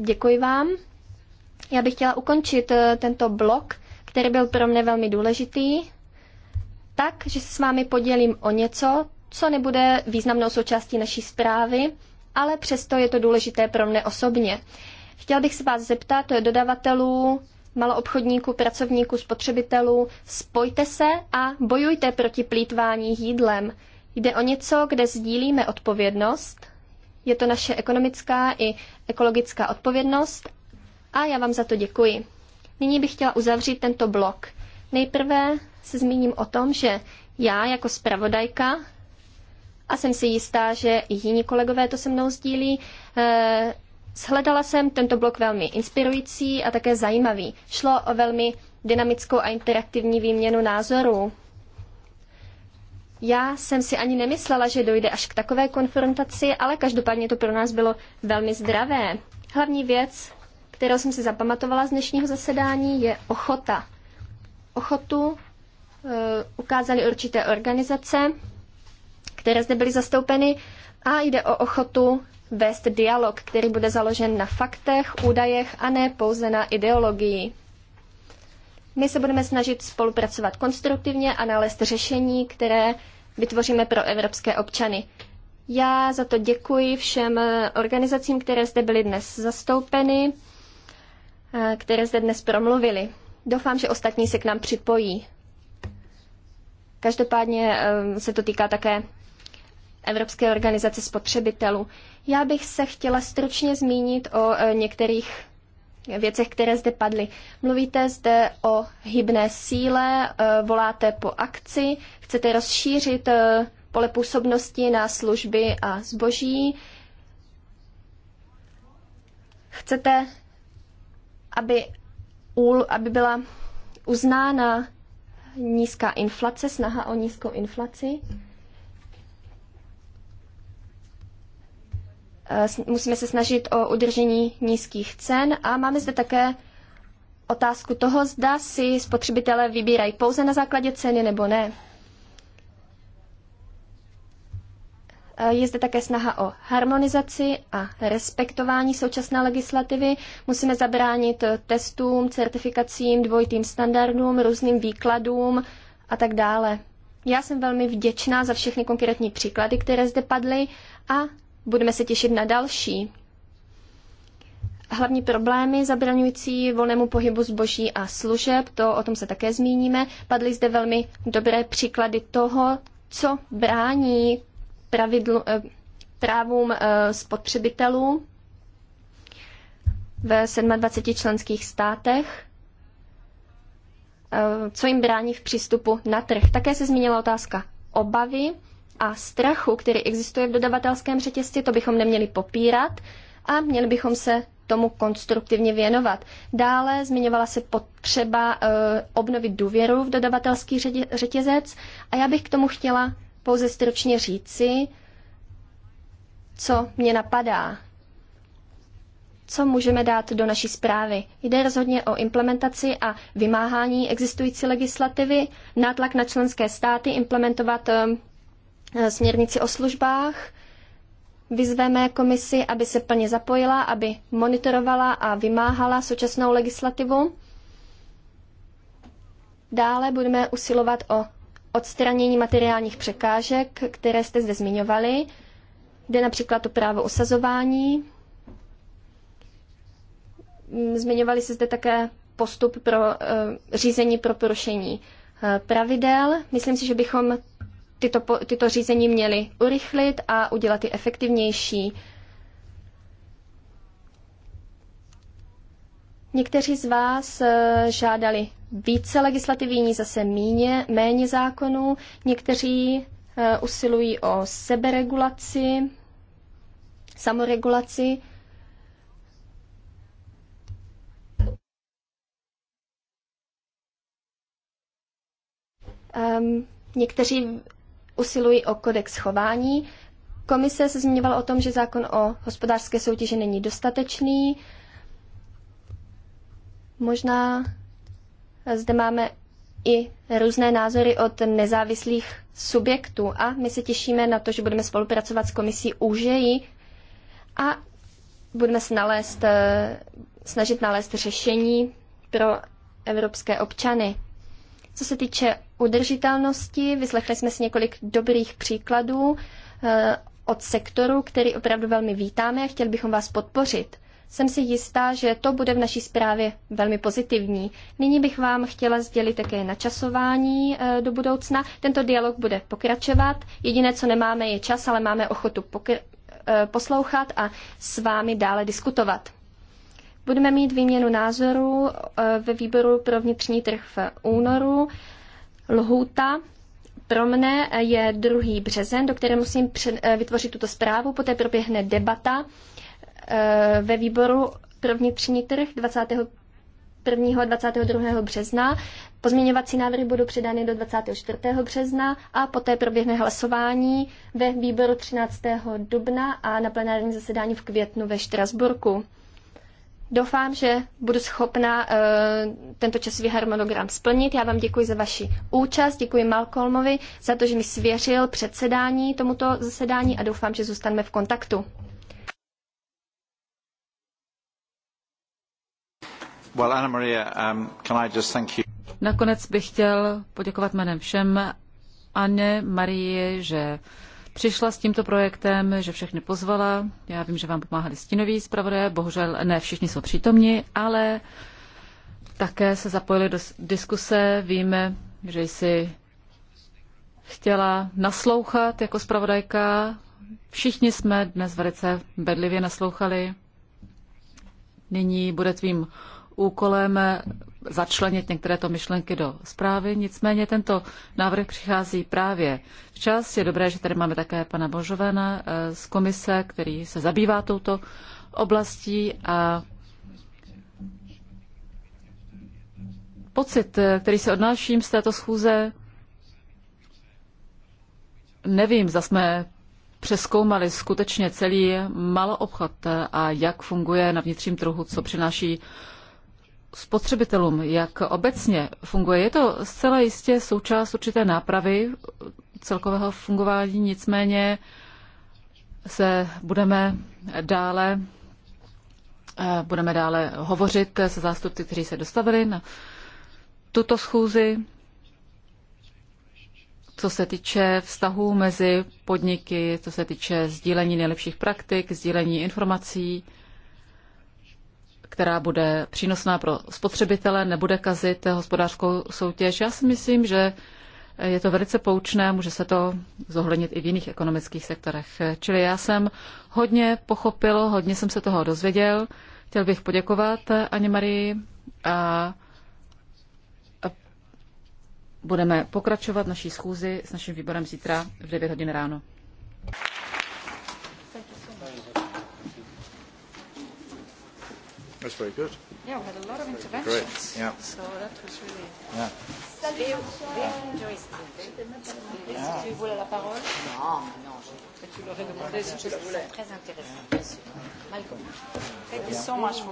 Děkuji vám. Já bych chtěla ukončit eh, tento blok, který byl pro mě velmi důležitý, tak, že se s vámi podělím o něco, co nebude významnou součástí naší zprávy, ale přesto je to důležité pro mne osobně. Chtěla bych se vás zeptat dodavatelů, maloobchodníků, pracovníků, spotřebitelů, spojte se a bojujte proti plítvání jídlem. Jde o něco, kde sdílíme odpovědnost – je to naše ekonomická i ekologická odpovědnost a já vám za to děkuji. Nyní bych chtěla uzavřít tento blok. Nejprve se zmíním o tom, že já jako zpravodajka a jsem si jistá, že i jiní kolegové to se mnou sdílí. Eh, shledala jsem tento blok velmi inspirující a také zajímavý. Šlo o velmi dynamickou a interaktivní výměnu názorů. Já jsem si ani nemyslela, že dojde až k takové konfrontaci, ale každopádně to pro nás bylo velmi zdravé. Hlavní věc, kterou jsem si zapamatovala z dnešního zasedání, je ochota. Ochotu e, ukázaly určité organizace, které zde byly zastoupeny, a jde o ochotu vést dialog, který bude založen na faktech, údajech a ne pouze na ideologii. My se budeme snažit spolupracovat konstruktivně a nalézt řešení, které vytvoříme pro evropské občany. Já za to děkuji všem organizacím, které zde byly dnes zastoupeny, eh, které zde dnes promluvili. Doufám, že ostatní se k nám připojí. Každopádně eh, se to týká také Evropské organizace spotřebitelů. Já bych se chtěla stručně zmínit o eh, některých věcech, které zde padly. Mluvíte zde o hybné síle, e, voláte po akci, chcete rozšířit e, pole působnosti na služby a zboží. Chcete, aby, úl, aby byla uznána nízká inflace, snaha o nízkou inflaci. Eh, musíme se snažit o udržení nízkých cen a máme zde také otázku toho, zda si spotřebitelé vybírají pouze na základě ceny nebo ne. Eh, je zde také snaha o harmonizaci a respektování současné legislativy. Musíme zabránit testům, certifikacím, dvojitým standardům, různým výkladům a tak dále. Já jsem velmi vděčná za všechny konkrétní příklady, které zde padly a Budeme se těšit na další. Hlavní problémy zabraňující volnému pohybu zboží a služeb, to o tom se také zmíníme. Padly zde velmi dobré příklady toho, co brání pravidlu, eh, právům eh, spotřebitelů ve 27 členských státech, eh, co jim brání v přístupu na trh. Také se zmínila otázka obavy a strachu, který existuje v dodavatelském řetězci, to bychom neměli popírat a měli bychom se tomu konstruktivně věnovat. Dále zmiňovala se potřeba e, obnovit důvěru v dodavatelský řetězec a já bych k tomu chtěla pouze stručně říci, co mě napadá, co můžeme dát do naší zprávy. Jde rozhodně o implementaci a vymáhání existující legislativy, nátlak na členské státy implementovat eh, Eh, směrnici o službách. Vyzveme komisi, aby se plně zapojila, aby monitorovala a vymáhala současnou legislativu. Dále budeme usilovat o odstranění materiálních překážek, které jste zde zmiňovali. Jde například o právo usazování. Mm, zmiňovali se zde také postup pro eh, řízení pro porušení eh, pravidel. Myslím si, že bychom tyto, tyto řízení měli urychlit a udělat je efektivnější. Někteří z vás eh, žádali více legislativní, zase míně, méně zákonů, někteří eh, usilují o seberegulaci, samoregulaci. Um, někteří usilují o kodex chování. Komise se zmiňovala o tom, že zákon o hospodářské soutěži není dostatečný. Možná zde máme i různé názory od nezávislých subjektů a my se těšíme na to, že budeme spolupracovat s komisí úžeji a budeme se nalézt, eh, snažit nalézt řešení pro evropské občany. Co se týče udržitelnosti, vyslechli jsme si několik dobrých příkladů eh, od sektoru, který opravdu velmi vítáme a chtěli bychom vás podpořit. Jsem si jistá, že to bude v naší zprávě velmi pozitivní. Nyní bych vám chtěla sdělit také načasování eh, do budoucna. Tento dialog bude pokračovat. Jediné, co nemáme, je čas, ale máme ochotu eh, poslouchat a s vámi dále diskutovat. Budeme mít výměnu názorů eh, ve výboru pro vnitřní trh v únoru. Lhůta pro mne eh, je 2. březen, do které musím eh, vytvořit tuto zprávu. Poté proběhne debata ve výboru pro vnitřní trh 21. a 22. března. Pozměňovací návrhy budou předány do 24. března a poté proběhne hlasování ve výboru 13. dubna a na plenárním zasedání v květnu ve Štrasburku. Doufám, že budu schopna uh, tento časový harmonogram splnit. Já vám děkuji za vaši účast, děkuji Malcolmovi za to, že mi svěřil předsedání tomuto zasedání a doufám, že zůstaneme v kontaktu. Well, Anna Maria, um, can I just thank you? Nakonec bych chtěl poděkovat jménem všem Anne Marie, že přišla s tímto projektem, že všechny pozvala. Já vím, že vám pomáhali stínoví zpravodaje, bohužel ne všichni jsou přítomni, ale také se zapojili do diskuse. Víme, že jsi chtěla naslouchat jako zpravodajka. Všichni jsme dnes velice bedlivě naslouchali. Nyní bude tvým úkolem začlenit některé to myšlenky do zprávy, nicméně tento návrh přichází právě včas. Je dobré, že tady máme také pana Božovena eh, z komise, který se zabývá touto oblastí a pocit, eh, který se odnáším z této schůze, nevím, zase jsme přeskoumali skutečně celý maloobchod a jak funguje na vnitřním trhu, co přináší spotřebitelům, jak obecně funguje. Je to zcela jistě součást určité nápravy celkového fungování, nicméně se budeme dále eh, budeme dále hovořit se zástupci, kteří se dostavili na tuto schůzi, co se týče vztahů mezi podniky, co se týče sdílení nejlepších praktik, sdílení informací, která bude přínosná pro spotřebitele, nebude kazit hospodářskou soutěž. Já si myslím, že je to velice poučné, může se to zohlednit i v jiných ekonomických sektorech. Čili já jsem hodně pochopil, hodně jsem se toho dozvěděl. Chtěl bych poděkovat Ani Marii a budeme pokračovat naší schůzi s naším výborem zítra v 9 hodin ráno. That's very good. Yeah, we had a lot of interventions. Great. Yeah. So that was really. Yeah. Léo, Léo enjoys it. tu voulais la parole Non, non. Je... Tu l'aurais demandé si tu le voulais. Très intéressant. Malcolm. Thank you so much.